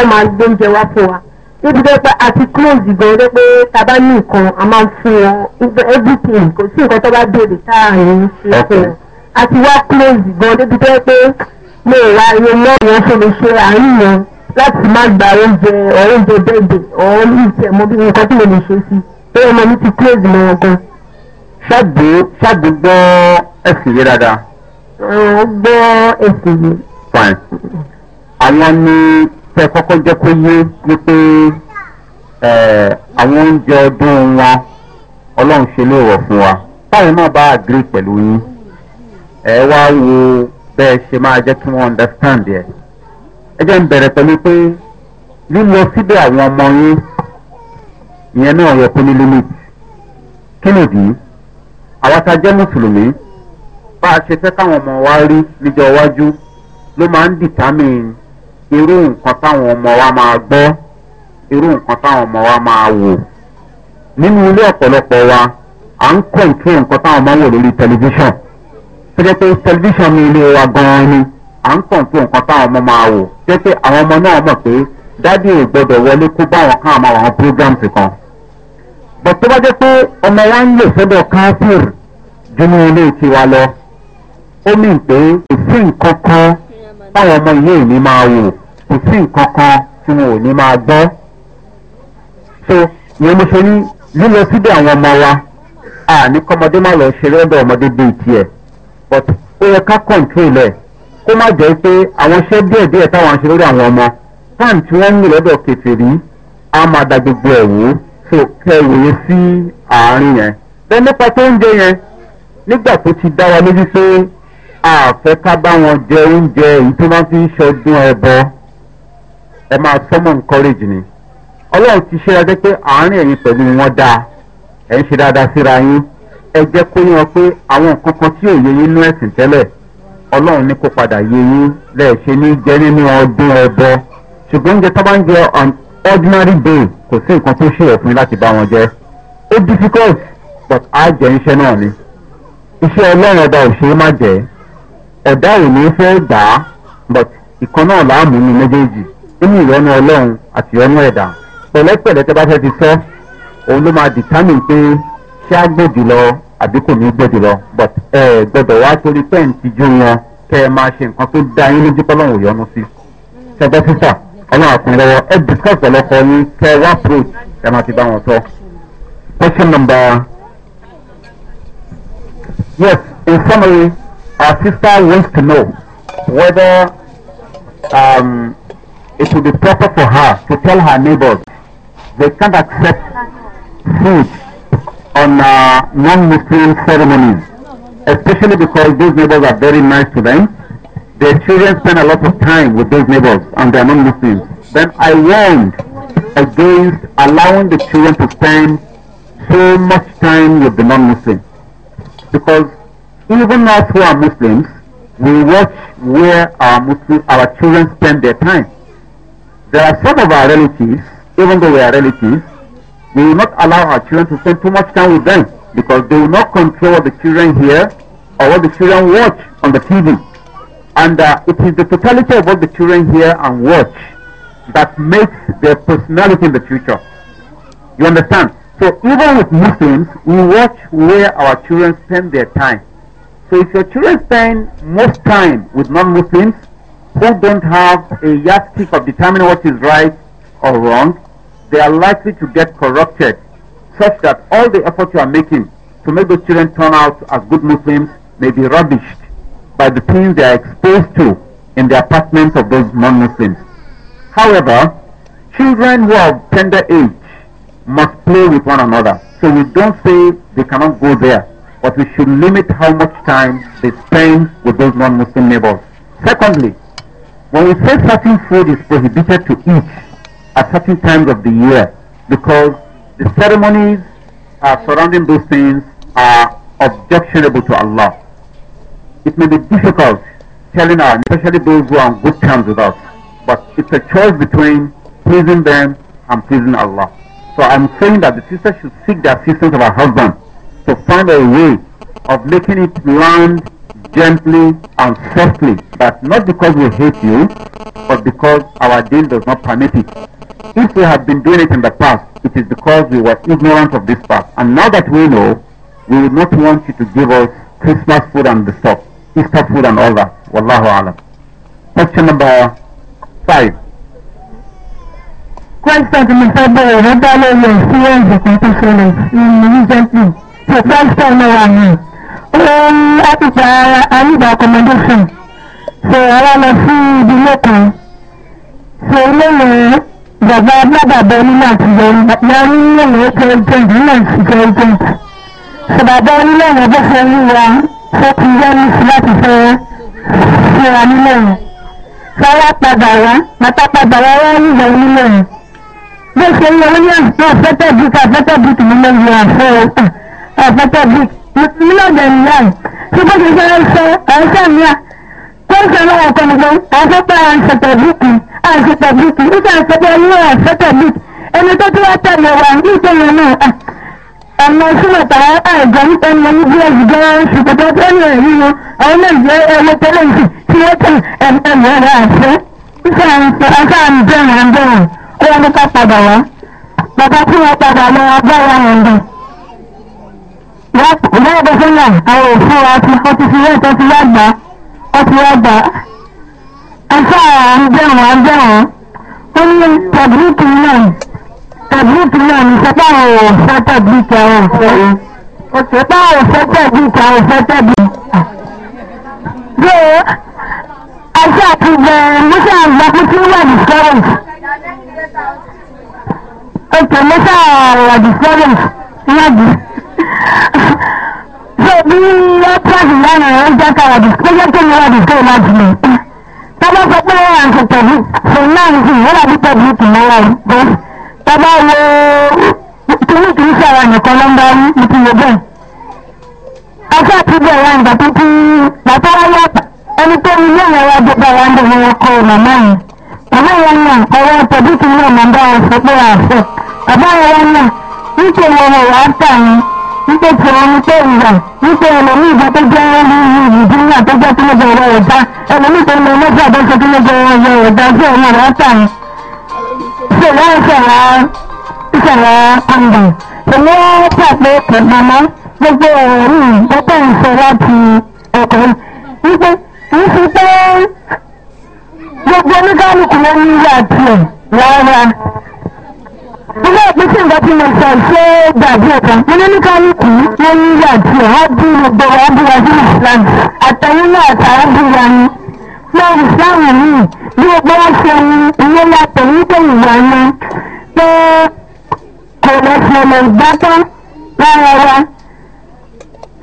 ọ máa ń gbé oúnjẹ wá fún wa níbi tó pé àti close gan ló pé tá a bá ní nǹkan a máa ń fún wọn everything kò sí nǹkan tó bá béèrè káàrin ṣe fún wọn àti wá close gan níbi tó pé mo wá iye lọ́wọ́ fún mi ṣe àárín yẹn láti má gba oúnjẹ oúnjẹ bẹ́ẹ̀dẹ̀ ọ̀hún ní ìtẹ̀mọ́ bí nǹkan tí mo lè ṣe sí bẹ́ẹ̀ ọmọ mi ti close mọ́ wọn gan. ṣáàbù ṣáàbù gbọ́ ẹ̀sìn yé dáadáa. ó gbọ́ ẹ̀sìn yé. fine àwọn ní. tẹ kọ́kọ́ jẹ́ kó yé ni pé àwọn oúnjẹ ọdún wọn ọlọ́run ṣe lè wọ̀ fún wa báyìí náà bá agree pẹ̀lú yín ẹ wá wo bẹ́ẹ̀ ṣe máa jẹ́ kí wọ́n understand ẹ̀ ẹ jẹ́ ń bẹ̀rẹ̀ pẹ̀lú pé lílọ síbẹ̀ àwọn ọmọ yín ìyẹn náà yẹ kó ní limit kí nìdí àwọn tá a jẹ́ mùsùlùmí bá a ṣe fẹ́ káwọn ọmọ wa rí níjọ iwájú ló máa ń determine irú nǹkan táwọn ọmọ wa máa gbọ́ irú nǹkan táwọn ọmọ wa máa wò nínú ilé ọ̀pọ̀lọpọ̀ wa à ń nǹkan táwọn ọmọ wò lórí tẹlifíṣàn pé tẹlifíṣàn ilé wa gan ni à ń nǹkan táwọn ọmọ máa wò jẹ́ pé àwọn ọmọ náà mọ̀ pé ò gbọ́dọ̀ wọlé kó bá káàmọ́ àwọn kan bọ̀ tó bá jẹ́ pé ọmọ wa ń lè sọ́dọ̀ káfíìr jùlọ ilé tiwa lọ ó mì pé èsì nǹkan táwọn ọmọ ilé ìní kò sí nǹkan kan tí wọn ò ní máa gbọ́. so ìyẹn mo ṣe ní lílọ síbẹ̀ àwọn ọmọ wa a ní kọ́mọdé má lọ ṣeré ọ̀dọ̀ ọmọdé bíi tiẹ̀ but ó yẹ ká control ẹ̀ kó má jẹ́ pé àwọn iṣẹ́ díẹ̀ díẹ̀ táwọn ṣe lórí àwọn ọmọ time tí wọ́n ń rìn lọ́dọ̀ kẹfìrí á máa da gbogbo ẹ̀ wò so kẹwòye sí àárín yẹn bẹ́ẹ̀ nípa tó ń jẹ yẹn nígbà tó ti dá wa lójú pé àfẹ́ ká bá wọn jẹ oúnjẹ èyí tó máa fi ń ṣọdún ẹbọ ẹ máa sọ́mọ̀ encourage ni ọlọ́run ti ṣe dáadáa pé àárín ẹ̀yin pẹ̀lú wọn dáa ẹ̀ ń ṣe dáadáa síra yín ẹ jẹ́ kó yín wọn pé àwọn nǹkan kan tí ò yẹ yín nú ẹ̀sìn tẹ́lẹ̀ ọlọ́run ní kó padà yẹ yín lẹ́ẹ̀ṣẹ́ ní jẹ́ nínú ọdún ẹbọ ṣùgbọ́n oúnjẹ tó bá ń jẹ on ordinary day kò sí nǹkan tó ṣe ẹ̀fún láti bá wọn jẹ ó difficult but á jẹ iṣẹ́ náà ni iṣẹ́ ọlọ́run ọba ò ṣe é má jẹ́ ẹ̀dá ò ní fẹ́ gbà á but ìkan náà làá mú méjèèjì nínú ìyọnu ọlọ́run àti ìyọnu ẹ̀dá pẹ̀lẹ́pẹ̀lẹ́ tẹ́ bá fẹ́ fi fẹ́ òun ló máa determine pé ṣé á gbé jùlọ àbí kò ní gbé jùlọ but ẹ gbọdọ̀ wá torí pẹ́ ń tijú wọn kẹ́ ẹ máa ṣe nǹkan tó da yín lójú kọ́lọ́run òyọnu sí ṣẹgbẹ́ sísà ọlọ́run àkùnrin lọ́wọ́ ẹ discuss ọlọ́kọ ní kẹ́ ẹ wá approach ẹ máa ti bá wọn sọ. question number yes in summary our sister wants to know whether um, it would be proper for her to tell her neighbors they can't accept food on uh, non-Muslim ceremonies, especially because those neighbors are very nice to them. Their children spend a lot of time with those neighbors and they are non-Muslims. Then I warned against allowing the children to spend so much time with the non-Muslims. Because even us who are Muslims, we watch where our Muslim, our children spend their time. There are some of our relatives, even though we are relatives, we will not allow our children to spend too much time with them because they will not control what the children hear or what the children watch on the TV. And uh, it is the totality of what the children hear and watch that makes their personality in the future. You understand? So even with Muslims, we watch where our children spend their time. So if your children spend most time with non-Muslims, who don't have a yardstick of determining what is right or wrong, they are likely to get corrupted such that all the effort you are making to make those children turn out as good Muslims may be rubbished by the things they are exposed to in the apartments of those non-Muslims. However, children who are of tender age must play with one another. So we don't say they cannot go there, but we should limit how much time they spend with those non-Muslim neighbors. Secondly, When we say certain food is prohibited to eat at certain times of the year, because the ceremonies uh, surrounding those things are objectionable to Allah. It may be difficult telling our, especially those who are on good terms with us, but it's a choice between pleasing them and pleasing Allah. So I'm saying that the sister should seek the assistance of her husband to find a way of making it land gently and softly, but not because we hate you, but because our deal does not permit it. If we have been doing it in the past, it is because we were ignorant of this fact. And now that we know, we would not want you to give us Christmas food and the stuff, Easter food and all that. Wallahu alam. Question number five. Question number five. Regarding your experience in the recently, so first time around um, Aisha Ayuba accommodation ṣe ara lọ sí ìdílé kan ṣe iléèwé bàbá bàbàbà onílé àtijọ́ yarí iléèwé president nílẹ̀ ìṣiṣẹ́ agent ṣe bàbá onílé ìwé bó ṣe ń wa ṣe ti yẹnu sí láti fẹ́ ṣera nílẹ̀ yẹn sára padà wá màtá mùsùlùmí náà dẹ̀ nìyá rẹ̀ tí bó ṣe fẹ́ ṣe ẹ̀ṣẹ̀ mìíràn tó ń ṣe lọ́wọ́ kan ní pé àṣẹ pé à ń ṣe tẹ̀bíkì à ń ṣe tẹ̀bíkì nígbà àṣẹ pé ẹni náà ṣe tẹ̀bíkì ẹni tó ti wá tẹ̀lé wa nítorí náà ọmọ sílẹ̀ tá àìjọ nípa ẹni ọmọ bí ẹ̀jù gan ṣùgbọ́n tó tẹ́lẹ̀ rẹ̀ yíyan àwọn náà jẹ́ ẹwọ́ tẹ́lẹ̀ ìsìn tí wọ́n tẹ̀ ẹ̀mí ọ̀rọ̀ àṣẹ nígbà àṣẹ à ń bẹ̀rẹ̀ à ń bẹ̀rẹ̀ kó wọn ní ká padà wá bàbá tí wọ́n padà lọ abọ́ wa hàn dùn lẹ́yìn sílẹ̀ àwọn òfin wa ti ó ti fi ilé ìtọ́ ti yàgbá ó ti yàgbá ẹ̀fọ́ àwọn àjẹwọ̀n àjẹwọ̀n ó ní tẹ̀blíkì náà tẹ̀blíkì náà ní sẹ́pà àwọn òfẹ́ tẹ̀blíkì àwọn òfẹ́ sẹ́pà àwọn òfẹ́ tẹ̀blíkì àwọn òfẹ́ so bí ó tẹ̀sí lẹ́nu ó jẹ́ káwọn bí ó jẹ́ kéwìn wá dìgbò láti lè pẹ́ tọ́lá sọ pé wọ́n àti pẹ̀lú fún náà ń sìn wọ́n àti pẹ̀lú kì í wá yìí tọ́lá wo kìíní kìí ṣe àwọn nìkan ló ń ní ti yẹ bẹ́ẹ̀. ọjọ́ àti bẹ̀rẹ̀ àǹgbà tó ti bàtà wáyé ẹni tó ní ilé ìyàwó àgbẹ̀bẹ̀ wa ń bọ̀ kọ́ màmá yẹn màmá wípé tìrọ ni pé ìyà wípé ẹlòmí ìgbà tó jẹ́ ẹlòmí nàìjíríà tó jẹ́ tó lọ́jọ́ ọ̀rọ̀ ẹ̀dá ẹlòmí tó lọ lọ́jọ́ àdókò tó lọ́jọ́ gbogbo ọ̀rọ̀ yìí ọ̀tà ń sọ láti ọkọ̀ gbogbo oníkálukú ló ní ìyá tiẹ̀ rárá ilé ìpínsí nǹkan tí mo sọ ṣé dàbí ọ̀kan mo ní oníkálukú wọn ń yà tí ọ wọn bí gbogbo wọn bí wọn sí Islam àtẹ̀yìn náà àtàwọn bí wọn ni lọ́wọ́ Islam yìí bí gbogbo wọn ṣe ń ilé yàtọ̀ nígbà ìwà ni pé kò lọ sí ọmọ ìgbàkan lára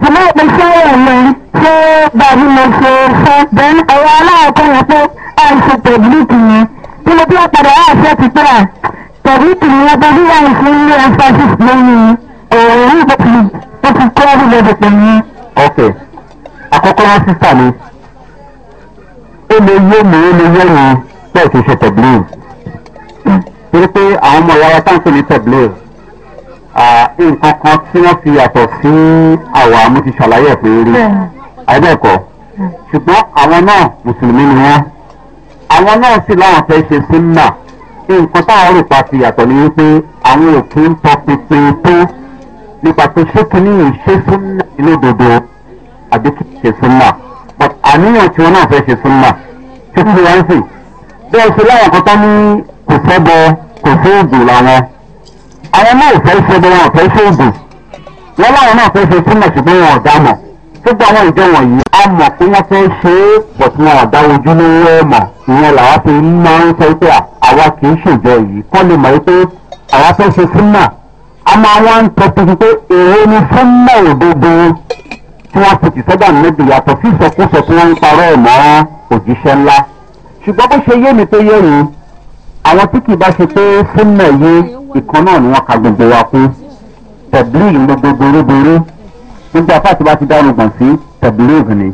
wa ìlú ìpínsí ọ̀rọ̀ mi ṣé dàbí mo ṣe fẹ́ bẹ́ẹ̀ ọ̀rọ̀ aláwọ̀ kan yẹn pé àìsè tẹ̀blíìkì yẹn kí ló bí ọ̀padà àìsè ti pẹ́ra tàbí tìrìyàn bóbí wà ní fún ilé emphasis lórí ọ̀rọ̀ yìí bó ti bó ti kọ́ ọ́rù lọ́dọ̀ pẹ̀lú. ok àkọ́kọ́ wọn sísà ni ó lè yé mi ó lè yé mi bẹ́ẹ̀ ti ṣe tẹ̀blé torí pé àwọn ọmọ ìyára táǹkì ní tẹ̀blé nǹkan kan tí wọ́n fi yàtọ̀ sí àwọn àmú ti ṣàlàyé ẹ̀fẹ́ rí àìbẹ́ẹ̀kọ́ ṣùgbọ́n àwọn náà mùsùlùmí ni wọ́n àwọn náà sì láwọn fẹ́ ṣe sí náà nǹkan táwọn rò pa ti yàtọ̀ ni wípé àwọn òkè ń tọ pinpin tó nípa pé ṣé kìíní yìí ṣe súnmọ́ ìlódodo àbí kìí ṣe súnmọ́ but àníyàn tí wọn náà fẹ́ ṣe súnmọ́ ṣé kí wọ́n ń sìn bẹ́ẹ̀ ṣe láwọn kan tán ní kò sẹ́bọ kò sóògùn làwọn àwọn náà fẹ́ ṣẹbọ wọn fẹ́ sóògùn wọn láwọn náà fẹ́ ṣe súnmọ́ ṣùgbọ́n wọn ò dá mọ̀ gbogbo àwọn ìjọ wọ̀nyí a mọ̀ pé wọ́n fẹ́ ṣe é pọ̀ tí wọn ọ̀dá ojú lówó ẹ̀ mọ̀ ìyẹn làwa fi máa ń sọ pé àwa kì í ṣèjọ yìí kọ́ lè mọ̀ pé àwa fẹ́ ṣe súnmọ̀ a máa wá ń tọ́tí pé èrè ni súnmọ̀ òdodo tí wọ́n ti tìsọ́dà níbi yàtọ̀ sí ìsọkúsọ tí wọ́n ń parọ́ ẹ̀ mọ́ òjíṣẹ́ ńlá ṣùgbọ́n bó ṣe yé mi tó yé mi àwọn tí kì í bá ṣe pé súnmọ̀ yé ìkan náà ni wọ́n ka gbogbo wa kú tẹ̀blí ìlú gbogbo gbogbo àpáàtì bá ti dánu gàn sí tẹ̀bílẹ́ẹ̀gì ni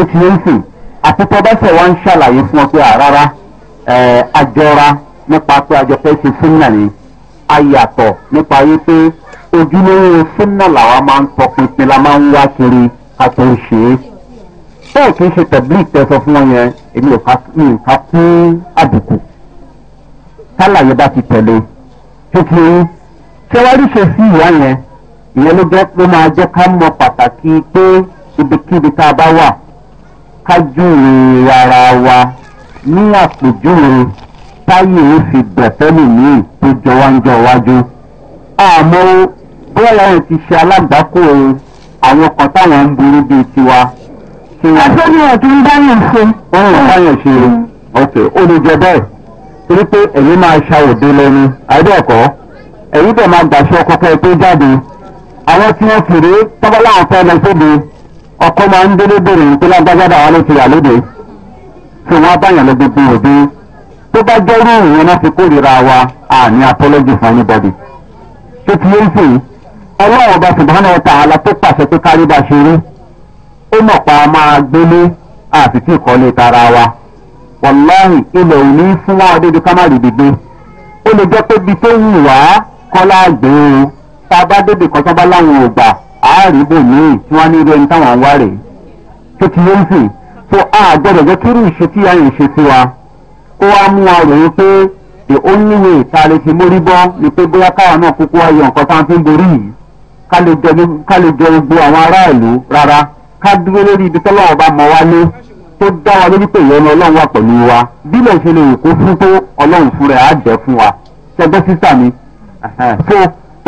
ó ti ń sìn àti tó bá ṣẹ̀ wá ń ṣàlàyé fún ọ pé àrárá àjọra nípa pé àjọ fẹ́ ṣe súnà ni ayàtọ̀ nípa yí pé ojúlówó súnà làwa máa ń tọpinpin la máa ń wá kiri ká tó ń ṣe é bẹ́ẹ̀ kì í ṣe tẹ̀bílì tẹ́sọ fún wọn yẹn èmi ò ká kún àbùkù tálàyé bá ti tẹ̀lé tuntun ṣé wàá rí ṣe sí ìwá yẹn ìyẹn ló jẹ́ ló máa jẹ́ ká mọ pàtàkì pé ibikíbi tá a bá wà ká júwe ara wa ní àpèjúwe táyé ń fi gbẹ̀fẹ́lì míì tó jọ wá ń jọ wájú. àmọ́ bóyá lẹ́yìn ti ṣe alágbàákò àwọn kan táwọn ń burú bíi tiwa. àtọ́jú ẹ̀ tó ń báyàn ṣe. wọ́n ń báyàn ṣe mm. ok ó lè jẹ bẹ́ẹ̀ torí pé ẹ̀yin máa ṣàwòdé lẹ́nu àìdẹ́ẹ̀kọ́ ẹ̀yin dẹ̀ máa gbàṣọ kọ́kọ́ tó jáde. àwọn tí wọ́n kéré tọ́gbọ́lá àwọn fẹ́ lọ sóde ọkọ máa ń délé bèrè ní pé lágbájáda àwọn ti yà lóde tí lọ gbogbo òde tó bá náà fi kórìíra wa àní apology for anybody tó ti yé sí ọlọ́run ọba ṣùgbọ́n ọ̀tá ala tó pàṣẹ pé kárí bá ṣe rí ó mọ̀ pa máa gbélé àti tí ìkọ́lé tara wa ilẹ̀ òní fún wa ọdẹ́dẹ́ gbígbé ó lè jẹ́ pé tó tá a bá débi kan tó bá láwọn ògbà àárí bò míì tí wọ́n ní irú ẹni táwọn ń wá rèé tó ti ń sìn tó a gbọ́dọ̀ jẹ́ kí irú ìṣe tí a yàn ṣe sí wa kó wá mú wa rò wípé the only way tá a lè fi mórí bọ́ ni pé bóyá káwọn náà kúkú ayọ̀ nǹkan tá a fi ń borí yìí ká lè jẹ gbogbo àwọn aráàlú rárá ká dúró lórí ibi tọ́lọ́wọ́ bá mọ wá lé tó dá wa lórí pé ìyọnu ọlọ́run wà pẹ̀lú wa bí lè ṣe lè kó fún tó ọlọ́run fún rẹ̀ á jẹ́ fún wa ṣẹgbẹ́ sísà mi.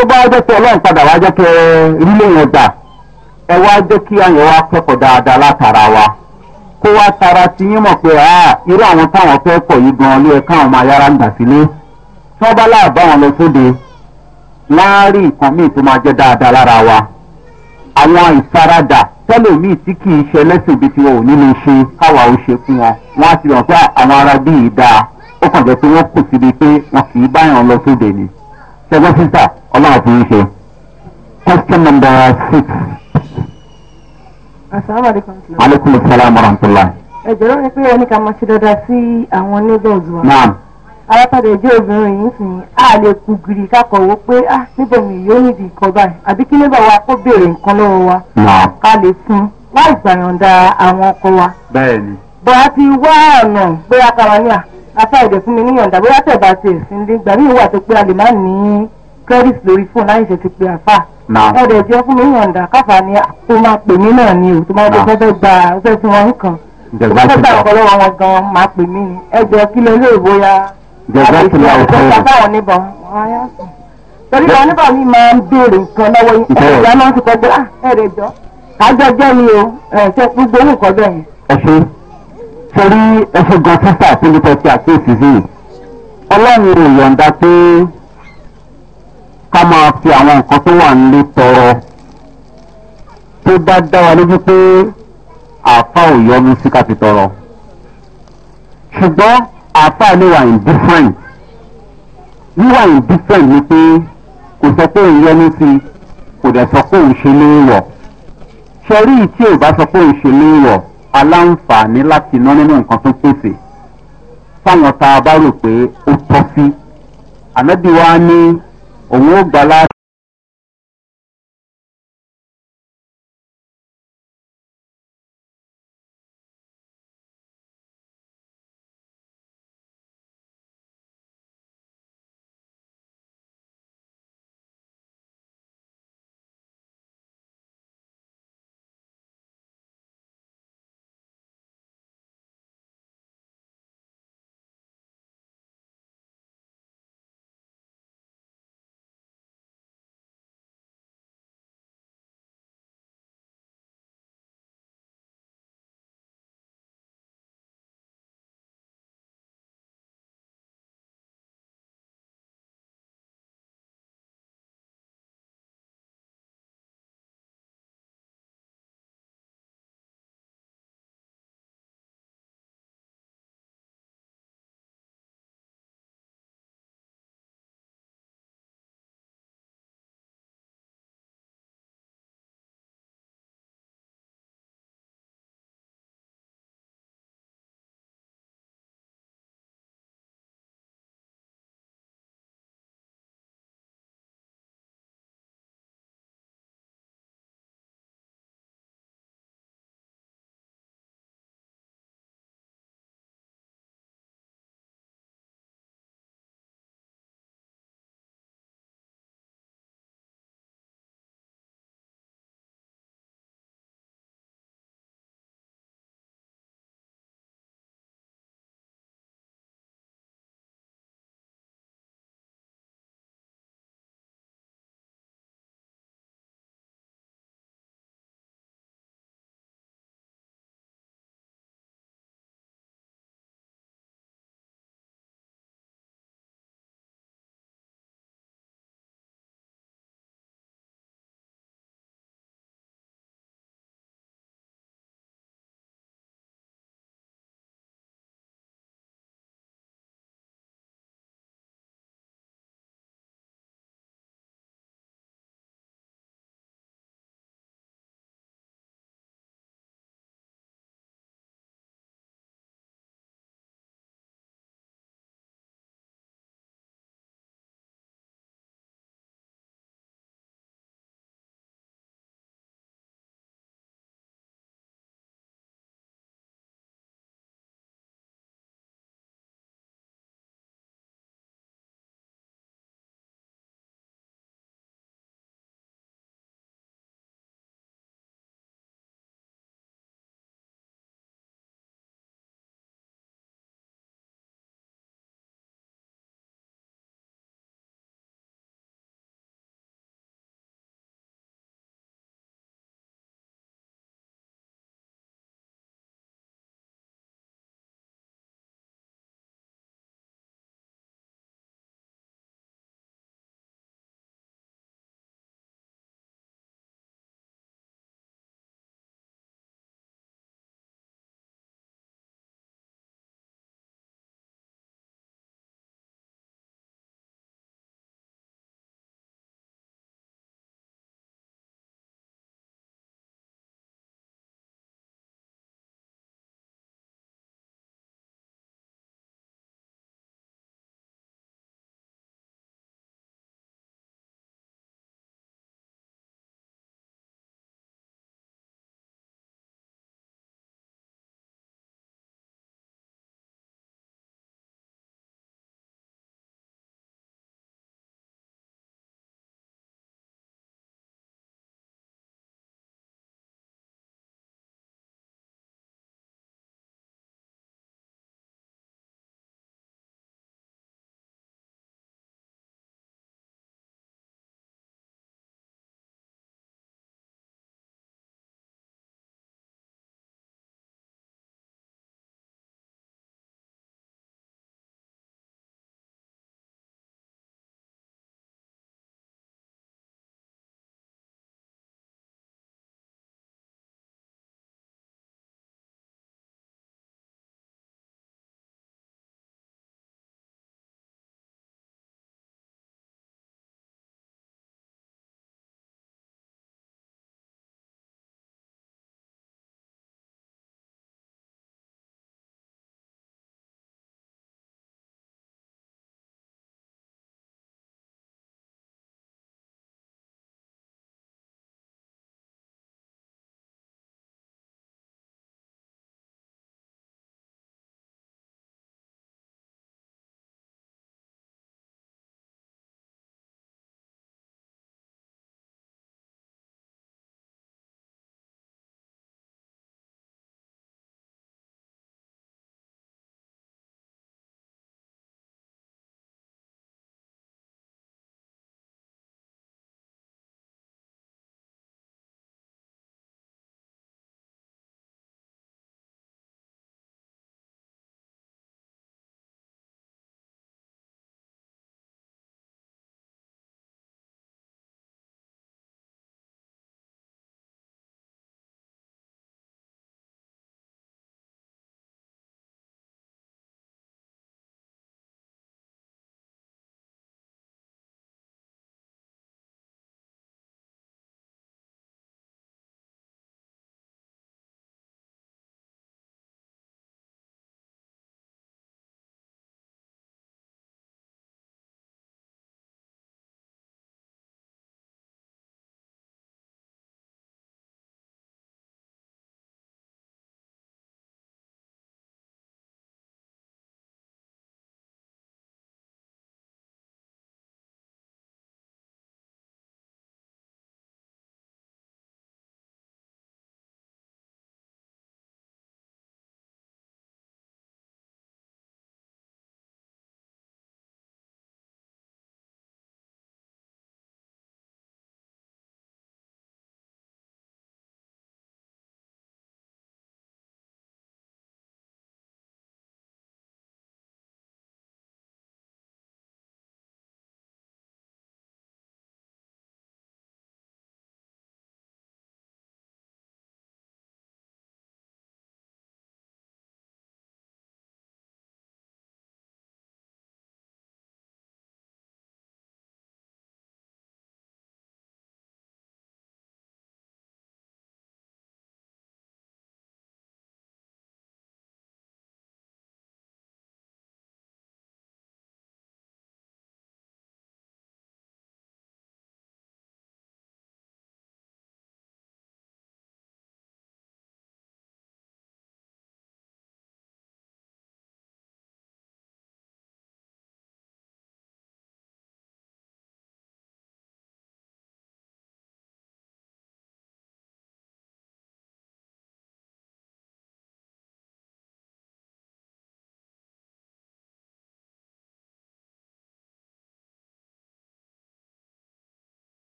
tó bá jẹ́ pé ọlọ́run padà wá jẹ́ pé rílé yẹn ẹ wá jẹ́ kí wá kẹ́kọ̀ọ́ dáadáa látara wa kó wá tara ti yín mọ̀ pé irú àwọn táwọn fẹ́ pọ̀ yìí gan-an ló yẹ káwọn ń dà sílé tí wọ́n bá láàbá wọn lọ sóde nǹkan míì tó máa wa àwọn ìfaradà tí kì í ṣe lẹ́sìn ibi tí wọn ò nílé ṣe káwa ṣe fún wọn wọn á ti pé àwọn ará bíi dáa ó wọn kì í báyàn lọ ni. ṣẹgbẹ́ sísà Allah fi ń ṣe. question number six. Assalamualaikum. aleykum salaam wa rahmatulah. ẹ̀jẹ̀ ló ní pé ẹni ká máa ṣe dáadáa sí àwọn neighbors wa. naam. arápàdé ẹjọ́ obìnrin yìí sìn á lè kú gírí kákọ̀wé pé ah níbẹ̀ mi yóò ní ìdí nǹkan báyìí àbí kí níbẹ̀ wa kó béèrè nǹkan lọ́wọ́ wa. naam. ká lè fún láì gbàyànjá àwọn ọkọ wa. bẹ́ẹ̀ ni. ti wá ọ̀nà gbé afa ẹ̀dẹ̀ fún mi níyànjú bóyá tẹ̀ bá ṣe ìsìn lé gbàmí ìwà tó pé a lè má ní credit lórí fóònù láyé ṣe ti pé afa ọ̀dẹ̀ jẹ́ fún mi níyànjú káfà ni tó máa pè mí náà ni o tó máa fẹ́ fẹ́ gba fẹ́ fún wọn nǹkan tó fẹ́ gba ọ̀pọ̀lọpọ̀ wọn gan máa pè mí ẹ̀jẹ̀ kí ló lè bóyá torí wọn nígbà mi máa ń béèrè nǹkan lọ́wọ́ yín ẹ̀rọ ìyá máa ń fi kọjá ah, ẹ̀rẹ̀ jọ kájọ jẹ́ mi o ẹ̀ ṣe gbogbo orúkọ bẹ́ẹ̀ yẹn torí ẹ̀fọ́ gan sísá àtúntò tí a ṣe ìfìfì ọlọ́run ò yọ̀ǹda pé ká máa fi àwọn nǹkan tó wà nílé tọrọ tó bá dá wa lójú pé àáfà ò yọnu sí ká fi tọrọ ṣùgbọ́n àáfà lè wà indifferent wíwà indifferent ni pé kò sọ pé òun yọnu sí kò dẹ̀ sọ pé òun ṣe léèwọ̀ ṣẹ́rí tí ò bá sọ pé òun ṣe léèwọ̀ aláǹfààní láti ná nínú nǹkan tó pèsè fáwọn tá a bá rò pé ó tọ́ sí ànábì wa òun ó gbà lá